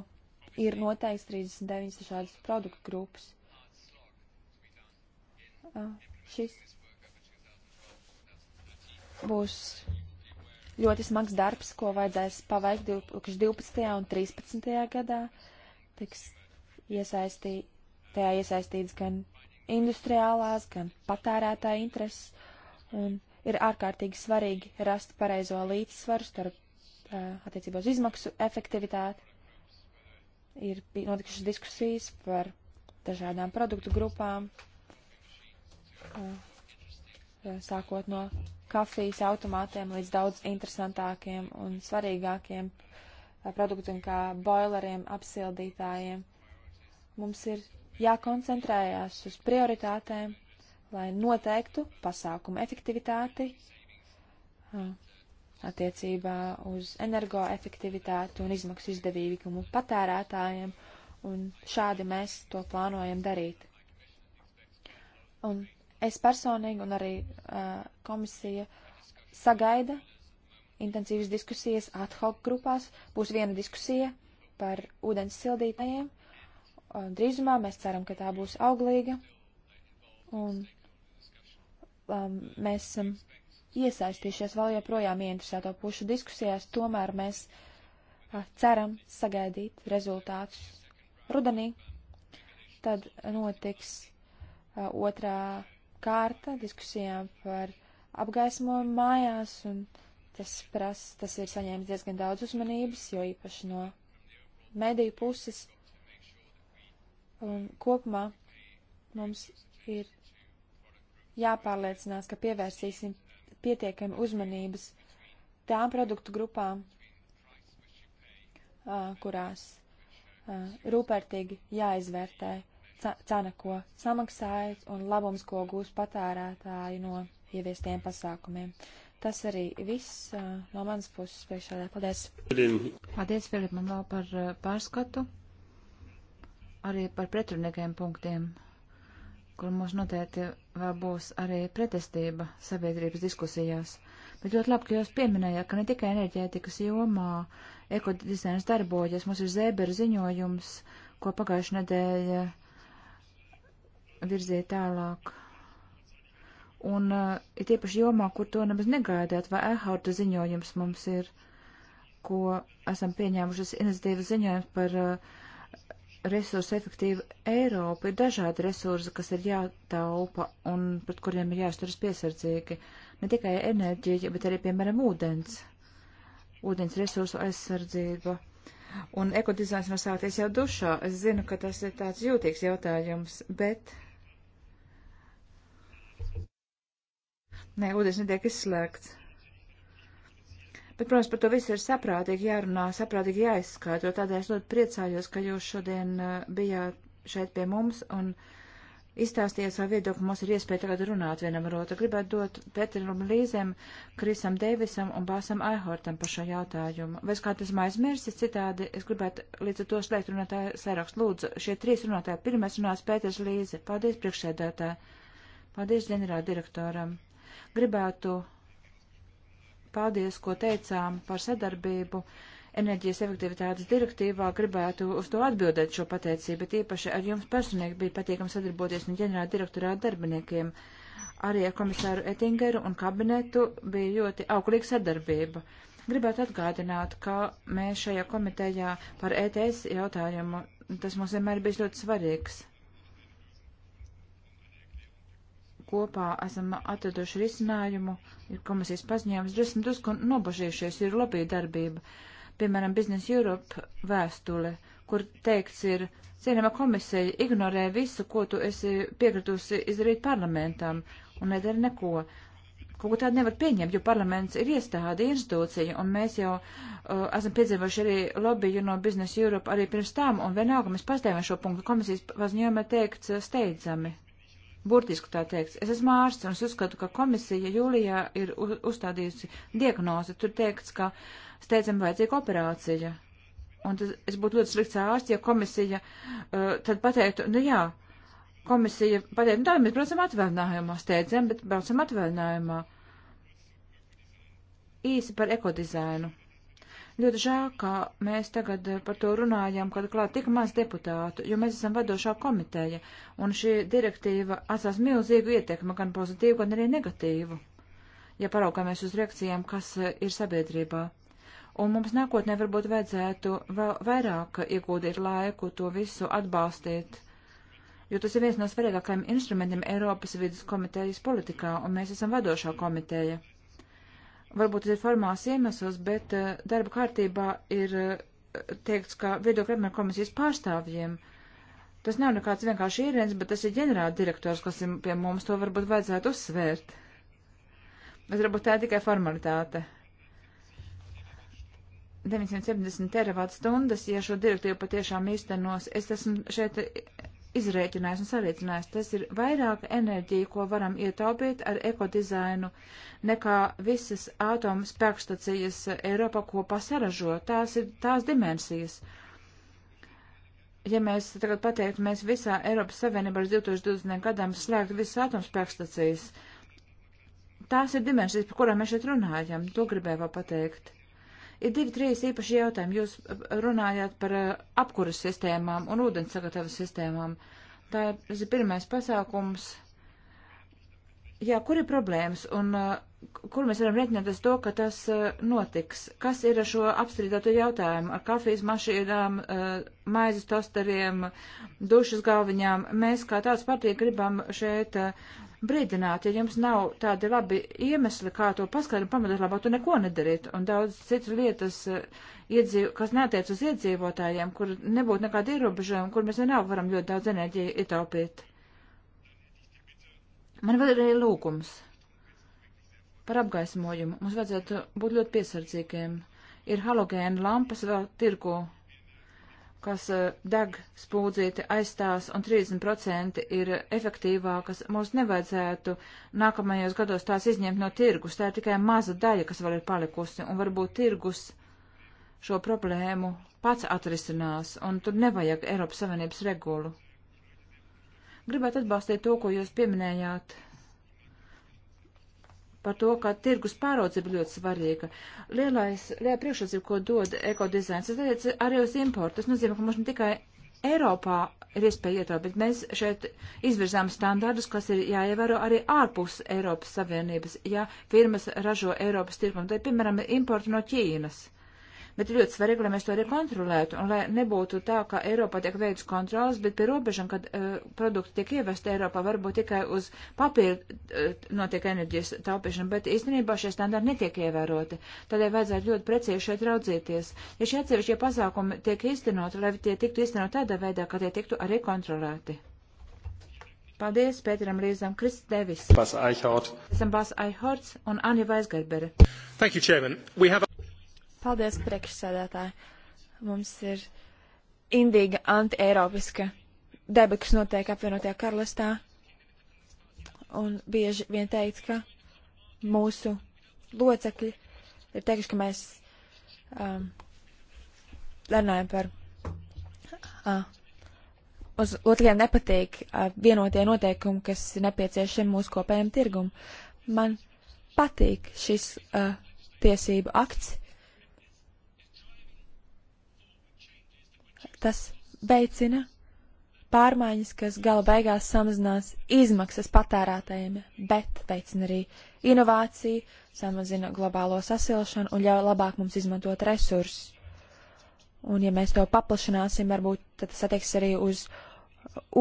ir noteikts 39 dažādas produktu grupas. Šis būs ļoti smags darbs, ko vajadzēs paveikt 2012. un 2013. gadā. Tiks iesaistī, tajā iesaistīts gan industriālās, gan patērētāja intereses, un ir ārkārtīgi svarīgi rast pareizo līdzsvaru starp uh, attiecībā uz izmaksu efektivitāti. Ir notikušas diskusijas par dažādām produktu grupām, uh, sākot no kafijas automātiem līdz daudz interesantākiem un svarīgākiem eh, produktiem, kā boileriem, apsildītājiem. Mums ir jākoncentrējās uz prioritātēm, lai noteiktu pasākumu efektivitāti eh, attiecībā uz energoefektivitāti un izmaksu izdevīgumu patērētājiem, un šādi mēs to plānojam darīt. Un Es personīgi un arī uh, komisija sagaida intensīvas diskusijas ad hoc grupās. Būs viena diskusija par ūdens sildītājiem. Uh, drīzumā mēs ceram, ka tā būs auglīga. Un um, mēs esam um, iesaistījušies vēl joprojām ieinteresēto pušu diskusijās, tomēr mēs uh, ceram sagaidīt rezultātus rudenī. Tad notiks uh, otrā kārta diskusijām par apgaismojumu mājās, un tas, pras, tas ir saņēmis diezgan daudz uzmanības, jo īpaši no mediju puses. Un kopumā mums ir jāpārliecinās, ka pievērsīsim pietiekami uzmanības tām produktu grupām, kurās rūpērtīgi jāizvērtē cena, ko samaksājat, un labums, ko gūs patērētāji no ieviestiem pasākumiem. Tas arī viss uh, no manas puses priekšādā. Paldies! Paldies, Filip, man vēl par uh, pārskatu, arī par pretrunīgiem punktiem, kur mums noteikti vēl būs arī pretestība sabiedrības diskusijās. Bet ļoti labi, ka jūs pieminējāt, ka ne tikai enerģētikas jomā ekodizains darbojas, mums ir zēbera ziņojums, ko pagājušajā nedēļā virzīt tālāk. Un uh, ir tiepaši jomā, kur to nemaz negaidāt, vai ehauta ziņojums mums ir, ko esam pieņēmušas iniciatīvas ziņojums par uh, resursu efektīvu Eiropu. Ir dažādi resursi, kas ir jātaupa un pret kuriem ir jāsturas piesardzīgi. Ne tikai enerģija, bet arī, piemēram, ūdens. Ūdens resursu aizsardzība. Un ekodizains var sākties jau dušā. Es zinu, ka tas ir tāds jūtīgs jautājums, bet Nē, ūdens netiek izslēgts. Bet, protams, par to visu ir saprātīgi jārunā, saprātīgi jāizskaidro. Tādēļ es ļoti priecājos, ka jūs šodien eh, bijāt šeit pie mums un izstāstījāt savu viedokli. Mums ir iespēja tagad runāt vienam ar otru. Gribētu dot Petrinam Līzēm, Krisam Deivisam un Bāsam Aihortam par šo jautājumu. Vai es kādu esmu aizmirsis citādi? Es gribētu līdz ar to slēgt runātāju sērakstu. Lūdzu, šie trīs runātāji. Pirmais runās Pēters Līze. Paldies, priekšsēdētāji. Paldies, ģenerāldirektoram. Gribētu paldies, ko teicām par sadarbību enerģijas efektivitātes direktīvā. Gribētu uz to atbildēt šo pateicību, bet īpaši ar jums personīgi bija patīkami sadarboties un ģenerāla direktorā darbiniekiem. Arī ar komisāru Ettingeru un kabinetu bija ļoti auglīga sadarbība. Gribētu atgādināt, ka mēs šajā komitejā par ETS jautājumu, tas mums vienmēr bijis ļoti svarīgs. kopā esam atraduši risinājumu, ir komisijas paziņojums, esam drusku nobažījušies, ir lobby darbība. Piemēram, Business Europe vēstule, kur teikts ir, cienījama komisija ignorē visu, ko tu esi piekritusi izdarīt parlamentam un nedara neko kaut ko tādu nevar pieņemt, jo parlaments ir iestāde, institūcija, un mēs jau uh, esam piedzīvojuši arī lobiju no Business Europe arī pirms tam, un vienalga mēs pastāvējam šo punktu. Komisijas paziņojumā teikts uh, steidzami burtiski tā teikts. Es esmu ārsts un es uzskatu, ka komisija jūlijā ir uzstādījusi diagnozi. Tur teikts, ka steidzam vajadzīga operācija. Un tas, es būtu ļoti slikts ārsts, ja komisija uh, tad pateiktu, nu jā, komisija pateiktu, nu tā, mēs braucam atvaļinājumā, steidzam, bet braucam atvaļinājumā. Īsi par ekodizainu. Ļoti žēl, ka mēs tagad eh, par to runājam, kad klāt tik maz deputātu, jo mēs esam vadošā komiteja, un šī direktīva atstās milzīgu ietekmi, gan pozitīvu, gan arī negatīvu, ja paraugāmies uz reakcijām, kas eh, ir sabiedrībā. Un mums nākotnē varbūt vajadzētu vēl vairāk iegūdīt laiku to visu atbalstīt jo tas ir viens no svarīgākajiem instrumentiem Eiropas vidas komitejas politikā, un mēs esam vadošā komiteja varbūt ir formāls iemesls, bet eh, darba kārtībā ir eh, teikts, ka viedokļu apmēram komisijas pārstāvjiem. Tas nav nekāds vienkārši īrens, bet tas ir ģenerāla direktors, kas ir pie mums, to varbūt vajadzētu uzsvērt. Bet varbūt tā ir tikai formalitāte. 970 teravāt stundas, ja šo direktīvu patiešām īstenos, es esmu šeit izrēķinājis un sarēķinājis. Tas ir vairāk enerģija, ko varam ietaupīt ar ekodizainu, nekā visas ātomu spēkstacijas Eiropā kopā saražo. Tās ir tās dimensijas. Ja mēs tagad pateiktu, mēs visā Eiropas Savienībā līdz 2020. gadam slēgtu visas ātomu spēkstacijas, tās ir dimensijas, par kurām mēs šeit runājam. To gribēju vēl pateikt. Ir divi, trīs īpaši jautājumi. Jūs uh, runājāt par uh, apkuras sistēmām un ūdens sagatavas sistēmām. Tā ir pirmais pasākums. Jā, kur ir problēmas un uh, kur mēs varam rēķināt uz to, ka tas notiks? Kas ir ar šo apstrīdēto jautājumu? Ar kafijas mašīnām, maizes tosteriem, dušas galviņām. Mēs kā tāds partija gribam šeit uh, brīdināt, ja jums nav tādi labi iemesli, kā to paskaidrot, pamatot labāk to neko nedarīt. Un daudz citas lietas, eh, iedzīv, kas neatiec uz iedzīvotājiem, kur nebūtu nekāda ierobežojuma, kur mēs vienalga varam ļoti daudz enerģiju ietaupīt. Man vēl ir lūkums par apgaismojumu. Mums vajadzētu būt ļoti piesardzīgiem. Ir halogēna lampas vēl tirgu kas e, deg spūdzīti aizstās, un 30% ir efektīvākas. Mums nevajadzētu nākamajos gados tās izņemt no tirgus. Tā ir tikai maza daļa, kas vēl ir palikusi, un varbūt tirgus šo problēmu pats atrisinās, un tur nevajag Eiropas Savienības regulu. Gribētu atbalstīt to, ko jūs pieminējāt par to, ka tirgus pāraudzība ļoti svarīga. Lielais, lielā priekšrocība, ko dod ekodizains, tas attiec arī uz importu. Tas nozīmē, ka mums ne tikai Eiropā ir iespēja ietaupīt, bet mēs šeit izvirzām standārdus, kas ir jāievēro arī ārpus Eiropas Savienības, ja firmas ražo Eiropas tirkumu. Tā ir, piemēram, importu no Ķīnas bet ļoti svarīgi, lai mēs to arī kontrolētu, un lai nebūtu tā, ka Eiropā tiek veids kontrolas, bet pie robežām, kad uh, produkti tiek ievesti Eiropā, varbūt tikai uz papīra uh, notiek enerģijas taupīšana, bet īstenībā šie standarti netiek ievēroti. Tādēļ vajadzētu ļoti precīzi šeit raudzīties. Ja šie atsevišķie pasākumi tiek īstenot, lai tie tiktu īstenot tādā veidā, ka tie tiktu arī kontrolēti. Paldies Pēteram Rīzam, Kris Devis. Bas Aihorts. Esam Bas Aihorts un Anja Vaisgerbere. Thank you, Chairman. We have a... Paldies, priekšsēdētāji. Mums ir indīga antieiropiska deba, kas notiek apvienotajā karalistā. Un bieži vien teikt, ka mūsu locekļi ir teikuši, ka mēs um, runājam par. Uh, uz otriem nepatīk uh, vienotie noteikumi, kas ir nepieciešami mūsu kopējiem tirgumam. Man patīk šis uh, tiesību akts, Tas veicina pārmaiņas, kas gala beigās samazinās izmaksas patērētājiem, bet veicina arī inovāciju, samazina globālo sasilšanu un ļauj labāk mums izmantot resursus. Un ja mēs to paplašināsim, varbūt tad tas attieks arī uz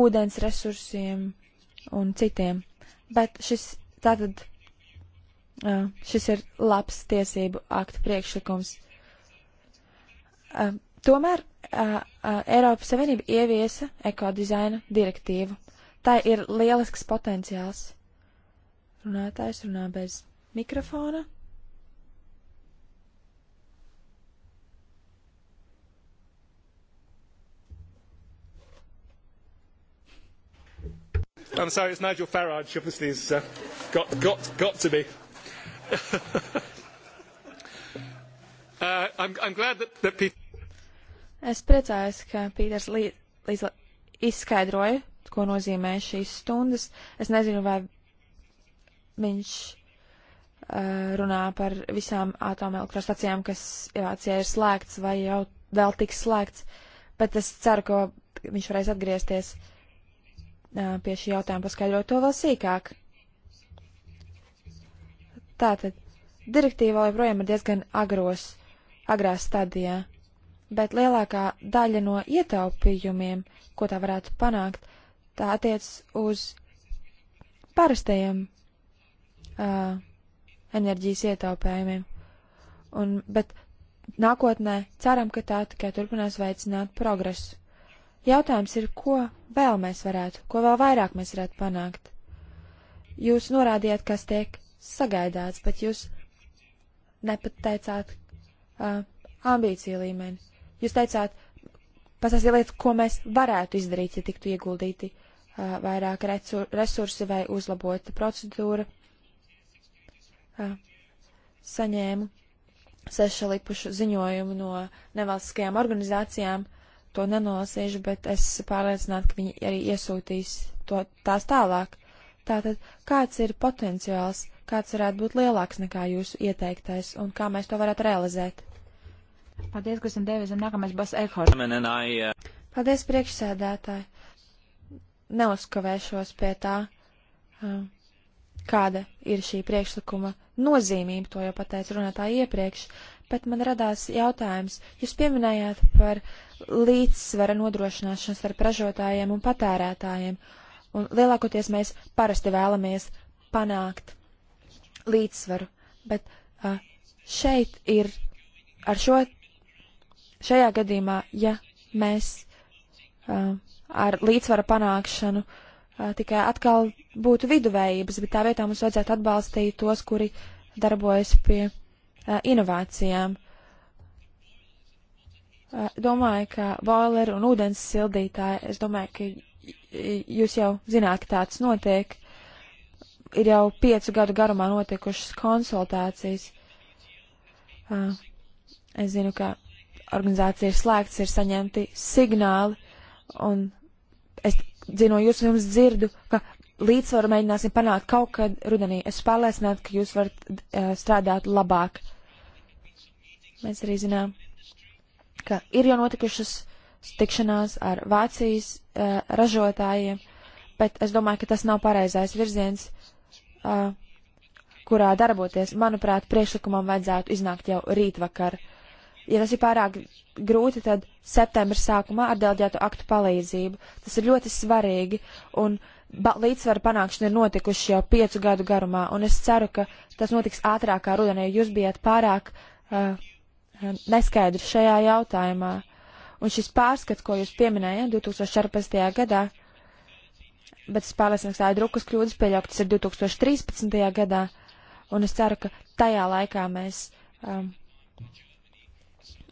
ūdens resursiem un citiem. Bet šis tātad, šis ir labs tiesību aktu priekšlikums. Tomēr uh, uh, Eiropas Savienība ieviesa ekodizaina direktīvu. Tā ir lielisks potenciāls. Runātājs runā bez mikrofona. I'm sorry, it's Nigel Farage. Obviously, he's uh, got, got, got to me. uh, I'm, I'm glad that, that Peter. Es priecājos, ka Pīters lī, līdz, izskaidroja, ko nozīmē šīs stundas. Es nezinu, vai viņš uh, runā par visām atomelektrostacijām, kas Vācijā ir slēgts vai jau vēl tiks slēgts, bet es ceru, ka viņš varēs atgriezties uh, pie šī jautājuma, paskaidrot to vēl sīkāk. Tātad, direktīva joprojām ir diezgan agros, agrā stadijā bet lielākā daļa no ietaupījumiem, ko tā varētu panākt, tā attiec uz parastajiem uh, enerģijas ietaupējumiem. Un, bet nākotnē ceram, ka tā tikai turpinās veicināt progresu. Jautājums ir, ko vēl mēs varētu, ko vēl vairāk mēs varētu panākt. Jūs norādījāt, kas tiek sagaidāts, bet jūs nepat teicāt uh, ambīciju līmeni. Jūs teicāt, pasāstīja lietas, ko mēs varētu izdarīt, ja tiktu ieguldīti uh, vairāk resursi vai uzlabota procedūra. Uh, saņēmu sešu lipušu ziņojumu no nevalstiskajām organizācijām. To nenolasīšu, bet es pārliecinātu, ka viņi arī iesūtīs to tās tālāk. Tātad, kāds ir potenciāls, kāds varētu būt lielāks nekā jūsu ieteiktais un kā mēs to varētu realizēt? Paldies, Kristina Dēvis, un nākamais Bas Ekhorts. Uh, Paldies, priekšsēdētāji. Neuzkavēšos pie tā, uh, kāda ir šī priekšlikuma nozīmība, to jau pateica runātāji iepriekš, bet man radās jautājums. Jūs pieminējāt par līdzsvera nodrošināšanu starp ražotājiem un patērētājiem, un lielākoties mēs parasti vēlamies panākt līdzsvaru, bet a, uh, šeit ir ar šo Šajā gadījumā, ja mēs uh, ar līdzsvara panākšanu uh, tikai atkal būtu viduvējības, bet tā vietā mums vajadzētu atbalstīt tos, kuri darbojas pie uh, inovācijām. Uh, domāju, ka boileri un ūdens sildītāji, es domāju, ka jūs jau zināt, ka tāds notiek. Ir jau piecu gadu garumā notikušas konsultācijas. Uh, es zinu, ka organizācija ir slēgts, ir saņemti signāli, un es dzinu, jūs un jums dzirdu, ka līdzsvaru mēģināsim panākt kaut kad rudenī. Es pārliecinātu, ka jūs varat uh, strādāt labāk. Mēs arī zinām, ka ir jau notikušas tikšanās ar Vācijas uh, ražotājiem, bet es domāju, ka tas nav pareizais virziens, uh, kurā darboties. Manuprāt, priekšlikumam vajadzētu iznākt jau rītvakar. Uh, ja tas ir pārāk grūti, tad septembra sākumā ar delģētu aktu palīdzību. Tas ir ļoti svarīgi, un līdzsvaru panākšana ir notikuši jau piecu gadu garumā, un es ceru, ka tas notiks ātrākā rudenī, jo jūs bijat pārāk uh, neskaidri šajā jautājumā. Un šis pārskats, ko jūs pieminējāt 2014. gadā, bet es pārliecināts, ka tā ir drukas kļūdas pieļauktas ir 2013. gadā, un es ceru, ka tajā laikā mēs. Um,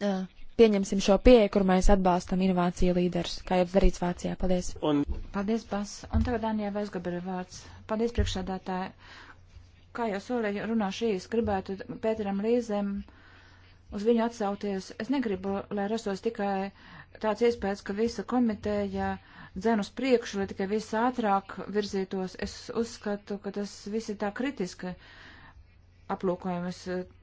Eh, pieņemsim šo pieeju, kur mēs atbalstam inovāciju līderus, kā jau darīts Vācijā. Paldies. Un... Paldies, Bas. Un tagad Dānijā Vēsgabera vārds. Paldies, priekšsēdētāji. Kā jau solēju, runāšu īsi, gribētu Pēteram Līzēm uz viņu atsaukties. Es negribu, lai rastos tikai tāds iespējas, ka visa komiteja dzen uz priekšu, lai tikai viss ātrāk virzītos. Es uzskatu, ka tas viss ir tā kritiski. Uh, aplūkojumus,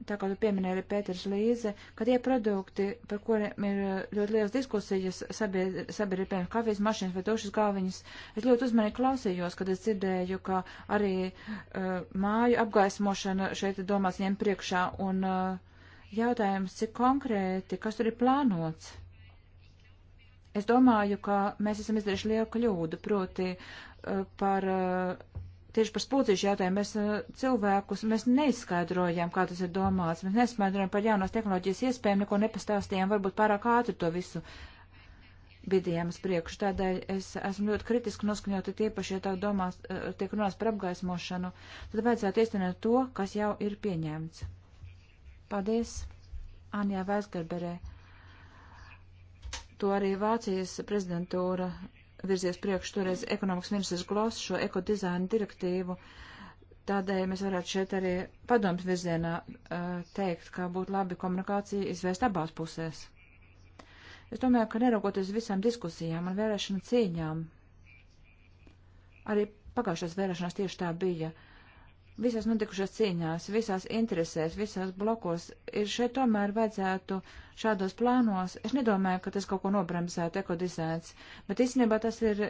tā kā tu pieminēji Pēters Līze, ka tie produkti, par kuriem ir ļoti liels diskusijas sabiedrībiem, kafijas mašīnas vai dušas galviņas, es ļoti uzmanīgi klausījos, kad es dzirdēju, ka arī uh, māju apgaismošana šeit domās ņem priekšā un uh, jautājums, cik konkrēti, kas tur ir plānots. Es domāju, ka mēs esam izdarījuši lielu kļūdu, proti uh, par uh, tieši par spūcīšu jautājumu mēs uh, cilvēkus, mēs neizskaidrojām, kā tas ir domāts, mēs neizskaidrojām par jaunās tehnoloģijas iespējām, neko nepastāstījām, varbūt pārāk ātri to visu bidījām uz priekšu. Tādēļ es esmu ļoti kritiski noskaņota tie paši, ja tā domās, uh, tiek runās par apgaismošanu, tad vajadzētu īstenot to, kas jau ir pieņemts. Paldies, Anjā Vēsgarberē. To arī Vācijas prezidentūra virzies priekš toreiz ekonomikas ministrs Gloss šo ekodizainu direktīvu. Tādēļ mēs varētu šeit arī padomt virzienā teikt, ka būtu labi komunikācija izvērst abās pusēs. Es domāju, ka neraugoties visām diskusijām un vērēšanu cīņām, arī pagājušās vērēšanās tieši tā bija. Uh, visās notikušās cīņās, visās interesēs, visās blokos, ir šeit tomēr vajadzētu šādos plānos, es nedomāju, ka tas kaut ko nobremzētu ekodizains, bet īstenībā tas ir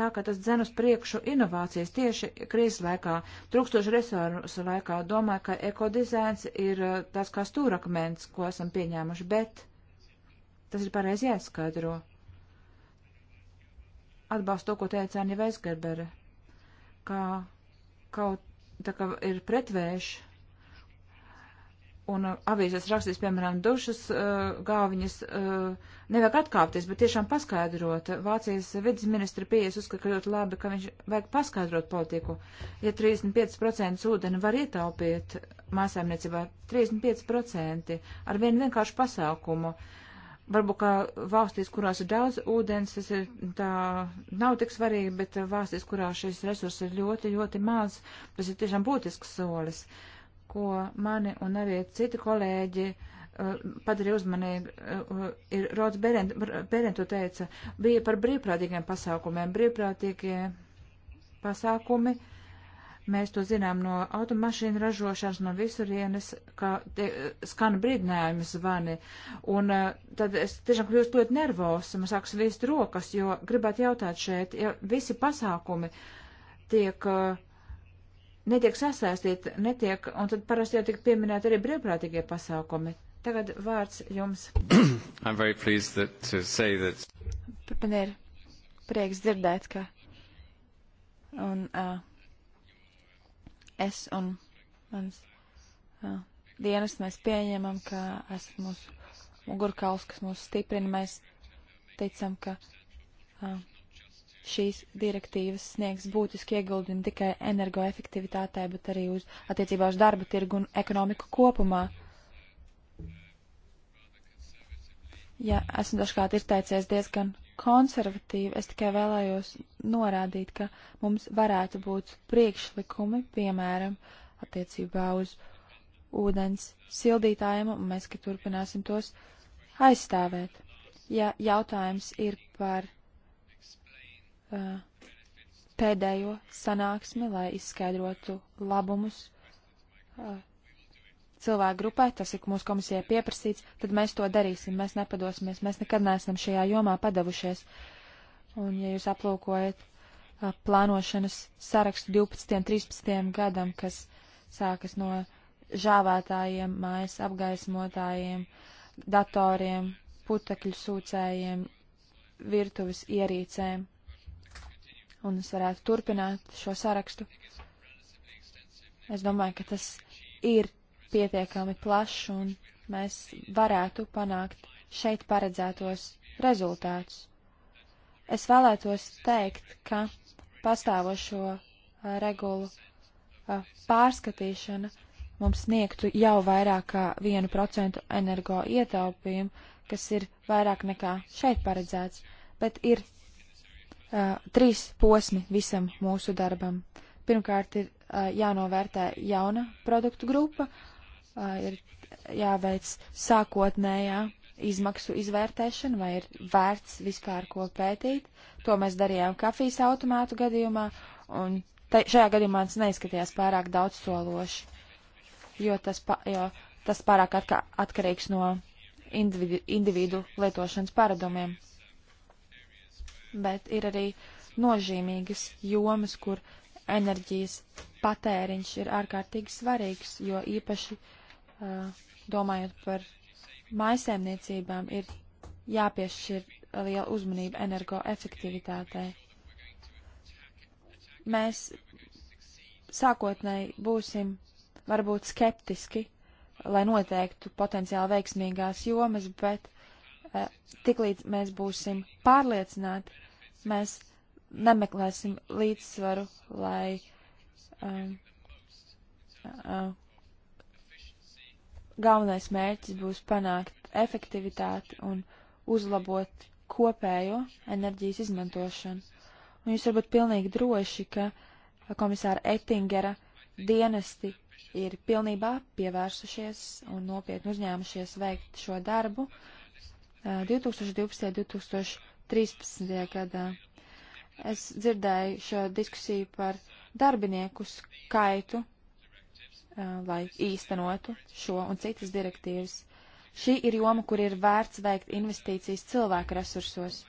tā, ka tas dzen uz priekšu inovācijas tieši krīzes laikā, trūkstoši resursu laikā. Domāju, ka ekodizains ir eh, tas kā stūrakmens, ko esam pieņēmuši, bet tas ir pareizi jāizskaidro. Atbalstu to, ko teica Anija Veisgerbere, ka kaut tā kā ir pretvējš, un avīzes rakstīs, piemēram, dušas uh, gāviņas, uh, nevajag atkāpties, bet tiešām paskaidrot. Vācijas vidas ministra pieejas uzskata, ka ļoti labi, ka viņš vajag paskaidrot politiku. Ja 35% ūdeni var ietaupīt mājasēmniecībā, 35% ar vienu vienkāršu pasākumu. Uh, Varbūt, ka valstīs, kurās ir daudz ūdens, tas ir tā, nav tik svarīgi, bet valstīs, kurās šis resurs ir ļoti, ļoti maz, tas ir tiešām būtisks solis, ko mani un arī citi kolēģi uh, eh, padarīja uzmanīgi. Uh, eh, ir Rods Berent, Berent to teica, bija par brīvprātīgiem pasākumiem, brīvprātīgie pasākumi. Uh, Mēs to zinām no automašīnu ražošanas, no visurienes, ka e, skan brīdinājumi zvani. Un uh, tad es tiešām kļūstu ļoti nervos, man sāks vīst rokas, jo gribētu jautāt šeit, ja visi pasākumi tiek. Uh, netiek sasaistīti, netiek, un tad parasti jau tik pieminēti arī brīvprātīgie pasākumi. Tagad vārds jums. I'm very pleased that, to say that. Man ir prieks dzirdēt, ka. Un, uh, es un mans uh, dienas mēs pieņemam, ka esat mūsu mugurkauls, kas mūs stiprina. Mēs teicam, ka uh, šīs direktīvas sniegs būtiski ieguldījumi ne tikai energoefektivitātē, bet arī uz attiecībā uz darba tirgu un ekonomiku kopumā. Ja esmu dažkārt izteicies diezgan konservatīvi. Es tikai vēlējos norādīt, ka mums varētu būt priekšlikumi, piemēram, attiecībā uz ūdens sildītājiem, un mēs, ka turpināsim tos aizstāvēt. Ja jautājums ir par uh, pēdējo sanāksmi, lai izskaidrotu labumus uh, cilvēku grupai, tas ir mūsu komisijai pieprasīts, tad mēs to darīsim, mēs nepadosimies, mēs nekad neesam šajā jomā padavušies. Un ja jūs aplūkojat a, plānošanas sarakstu 12. un 13. gadam, kas sākas no žāvētājiem, mājas apgaismotājiem, datoriem, putekļu sūcējiem, virtuves ierīcēm. Un es varētu turpināt šo sarakstu. Es domāju, ka tas ir pietiekami plašs un mēs varētu panākt šeit paredzētos rezultātus. Es vēlētos teikt, ka pastāvošo regulu pārskatīšana mums sniegtu jau vairāk kā 1% energo ietaupījumu, kas ir vairāk nekā šeit paredzēts, bet ir uh, trīs posmi visam mūsu darbam. Pirmkārt ir uh, jānovērtē jauna produktu grupa, uh, ir jāveic sākotnējā izmaksu izvērtēšana, vai ir vērts vispār ko pētīt. To mēs darījām kafijas automātu gadījumā, un te, šajā gadījumā tas neizskatījās pārāk daudz sološi, jo tas, pa, jo tas pārāk atka, atkarīgs no individu, individu lietošanas paradumiem. Bet ir arī nozīmīgas jomas, kur enerģijas patēriņš ir ārkārtīgi svarīgs, jo īpaši uh, Eh, domājot par maisaimniecībām, ir jāpiešķir liela uzmanība energoefektivitātei. Mēs sākotnēji būsim varbūt skeptiski, lai noteiktu potenciāli veiksmīgās jomas, bet eh, tiklīdz mēs būsim pārliecināti, mēs nemeklēsim līdzsvaru, lai eh, eh, galvenais mērķis būs panākt efektivitāti un uzlabot kopējo enerģijas izmantošanu. Un jūs varbūt pilnīgi droši, ka komisāra Ettingera dienesti ir pilnībā pievērsušies un nopietni uzņēmušies veikt šo darbu 2012. 2013. gadā. Es dzirdēju šo diskusiju par darbinieku skaitu Uh, lai īstenotu šo un citas direktīvas. Šī ir joma, kur ir vērts veikt investīcijas cilvēku resursos.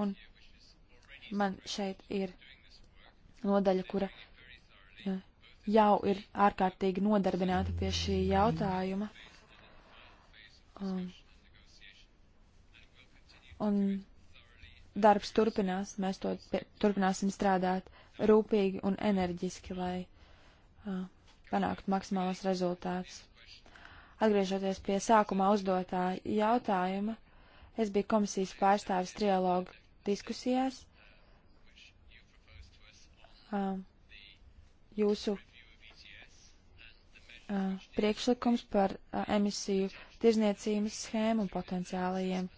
Un man šeit ir nodaļa, kura uh, jau ir ārkārtīgi nodarbināta pie šī jautājuma. Un, um, un darbs turpinās, mēs to pie, turpināsim strādāt rūpīgi un enerģiski, lai uh, panākt maksimālus rezultātus. Atgriežoties pie sākumā uzdotā jautājuma, es biju komisijas pārstāvis trialogu diskusijās. Uh, jūsu uh, priekšlikums par uh, emisiju tirzniecības schēmu un potenciālajiem uh,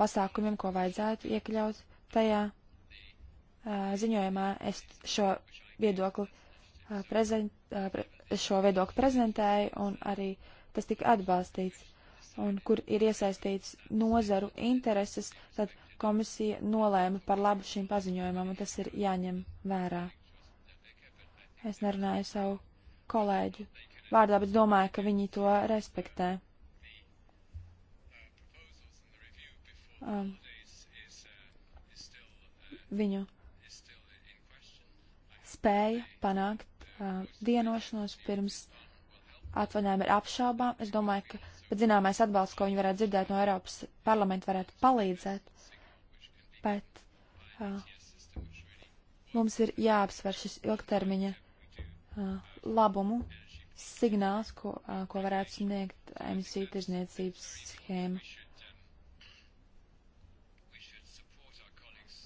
pasākumiem, ko vajadzētu iekļaut tajā ziņojumā. Es šo viedokli prezent, es šo viedokli prezentēju, un arī tas tika atbalstīts, un kur ir iesaistīts nozaru intereses, tad komisija nolēma par labu šim paziņojumam, un tas ir jāņem vērā. Es nerunāju savu kolēģu vārdā, bet domāju, ka viņi to respektē. Um, viņu spēja panākt uh, vienošanos pirms atvaļinājuma ir apšaubām. Es domāju, ka pat zināmais atbalsts, ko viņi varētu dzirdēt no Eiropas parlamenta, varētu palīdzēt. Bet uh, mums ir jāapsver šis ilgtermiņa uh, labumu signāls, ko, uh, ko varētu sniegt emisiju tirzniecības schēma.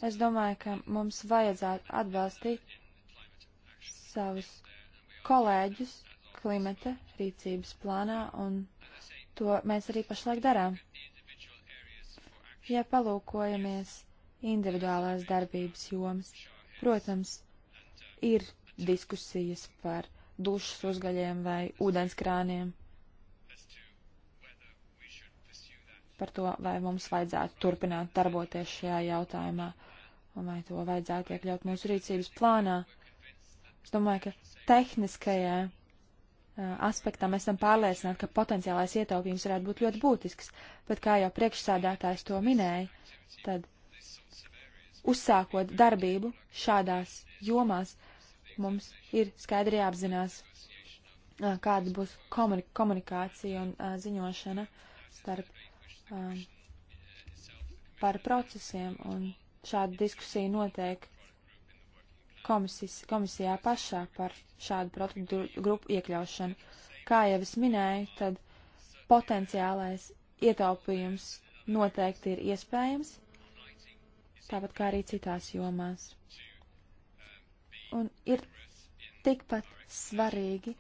Es domāju, ka mums vajadzētu atbalstīt savus kolēģus klimata rīcības plānā, un to mēs arī pašlaik darām. Ja palūkojamies individuālās darbības jomas, protams, ir diskusijas par dušas uzgaļiem vai ūdenskrāniem. Par to, vai mums vajadzētu turpināt darboties šajā jautājumā, un vai to vajadzētu iekļaut mūsu rīcības plānā. Uh, Es domāju, ka tehniskajā aspektā mēs esam pārliecināti, ka potenciālais ietaupījums varētu būt ļoti būtisks, bet kā jau priekšsādātājs to minēja, tad uzsākot darbību šādās jomās, mums ir skaidri jāapzinās, kāda būs komunik komunikācija un a, ziņošana starp a, par procesiem, un šāda diskusija notiek komisijas, komisijā pašā par šādu produktu grupu iekļaušanu. Kā jau es minēju, tad potenciālais ietaupījums noteikti ir iespējams, tāpat kā arī citās jomās. Un ir tikpat svarīgi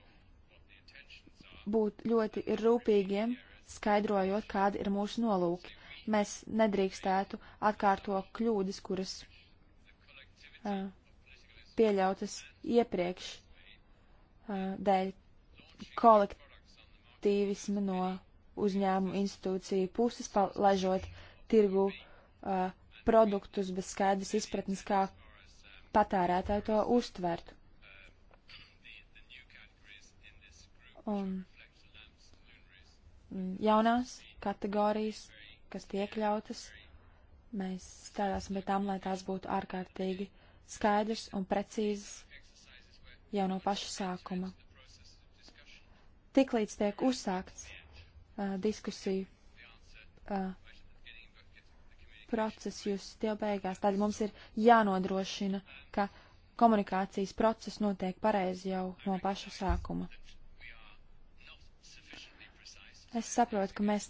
būt ļoti rūpīgiem, skaidrojot, kādi ir mūsu nolūki. Mēs nedrīkstētu atkārto kļūdas, kuras uh, pieļautas iepriekš uh, dēļ kolektīvisma no uzņēmumu institūciju puses, ležot tirgu uh, produktus bez skaidras izpratnes, kā patērētāji to uztvertu. Un jaunās kategorijas, kas tiek ļautas, mēs strādāsim pie tām, lai tās būtu ārkārtīgi uh, skaidrs un precīzs jau no paša sākuma. Tiklīdz tiek uzsākts uh, diskusiju uh, process, jūs jau beigās, tad mums ir jānodrošina, ka komunikācijas process notiek pareizi jau no paša sākuma. Es saprotu, ka mēs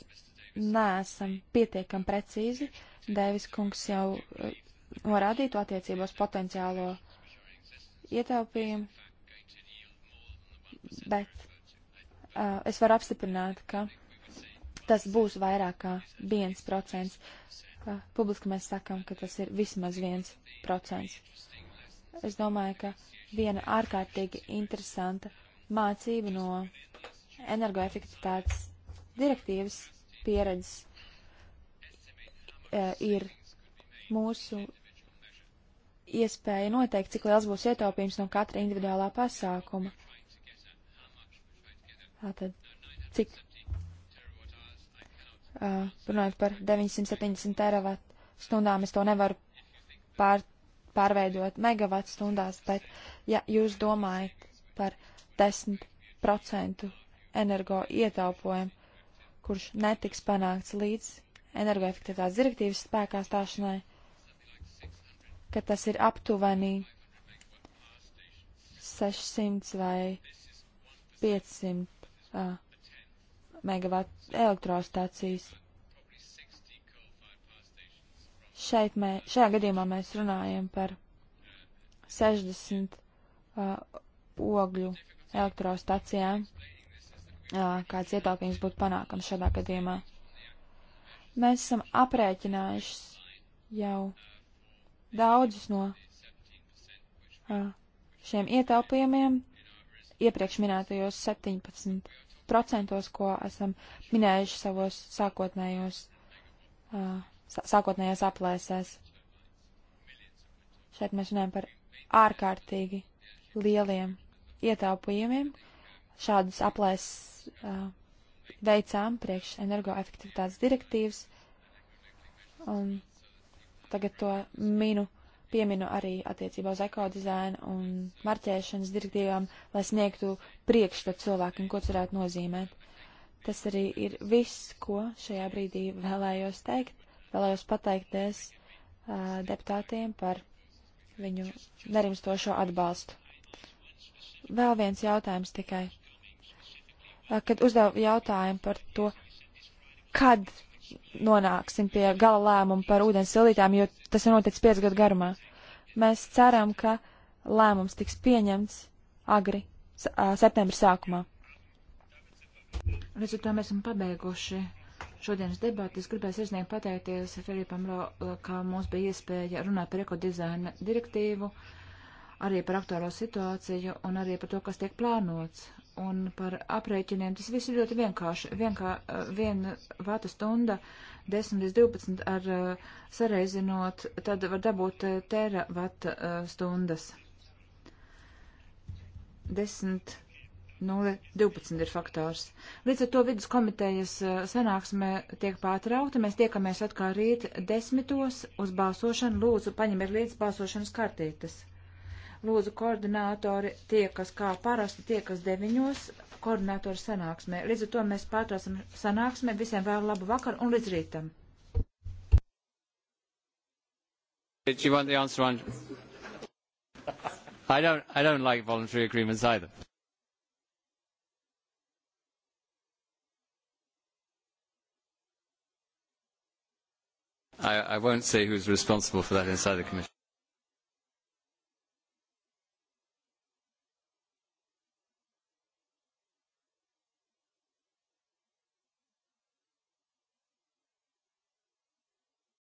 neesam pietiekam precīzi. Dēvis kungs jau uh, un radītu attiecībos potenciālo ietaupījumu, bet uh, es varu apstiprināt, ka tas būs vairāk kā 1%. Uh, publiski mēs sakam, ka tas ir vismaz 1%. Es domāju, ka viena ārkārtīgi interesanta mācība no energoefektivitātes direktīvas pieredzes uh, ir mūsu iespēja noteikt, cik liels būs ietaupījums no katra individuālā pasākuma. Tātad, cik, uh, runājot par 970 teravat stundām, es to nevaru pār, pārveidot megavat stundās, bet ja jūs domājat par 10% energo ietaupojumu, kurš netiks panākts līdz energoefektivitātes direktīvas spēkā stāšanai, ka tas ir aptuveni 600 vai 500 uh, megavatu elektrostācijas. Šeit mē, šajā gadījumā mēs runājam par 60 uh, ogļu elektrostacijām, uh, kāds ietaupījums būtu panākams šādā gadījumā. Mēs esam aprēķinājuši jau Daudzus no uh, šiem ietaupījumiem iepriekš minētajos 17%, ko esam minējuši savos sākotnējos, uh, sākotnējās aplēsēs. Šeit mēs runājam par ārkārtīgi lieliem ietaupījumiem. Šādas aplēses uh, veicām priekš energoefektivitātes direktīvas. Un Tagad to minu, pieminu arī attiecībā uz ekodizainu un marķēšanas direktīvām, lai sniegtu priekšstatu cilvēkiem, ko tas varētu nozīmēt. Tas arī ir viss, ko šajā brīdī vēlējos teikt. Vēlējos pateikties uh, deputātiem par viņu nerimstošo atbalstu. Vēl viens jautājums tikai. Kad uzdevu jautājumu par to, kad nonāksim pie gala lēmumu par ūdens silītām, jo tas ir noticis 5 gadu garumā. Mēs ceram, ka lēmums tiks pieņemts agri septembra sākumā. Līdz ar to mēs esam pabeiguši šodienas debati. Es gribēju sirsnīgi pateikties Filipam, kā mums bija iespēja runāt par ekodizaina direktīvu, arī par aktuālo situāciju un arī par to, kas tiek plānots un par aprēķiniem. Tas viss ir ļoti vienkārši. Vienkā, eh, viena vata stunda 10 līdz 12 ar uh, sareizinot, tad var dabūt uh, eh, tēra vata uh, stundas. 10, 0, 12 ir faktors. Līdz ar to vidus komitejas sanāksme tiek pārtrauta. Mēs tiekamies atkal rīt desmitos uz balsošanu. Lūdzu, paņemiet līdz balsošanas kartītes. Lūdzu, koordinātori tie, kas kā parasti tie, kas deviņos, koordinātori sanāksmē. Līdz ar to mēs pārtraucam sanāksmē. Visiem vēl labu vakaru un līdz rītam. Did you want the answer on? I don't, I don't like voluntary agreements either. I, I won't say who's responsible for that inside the Commission.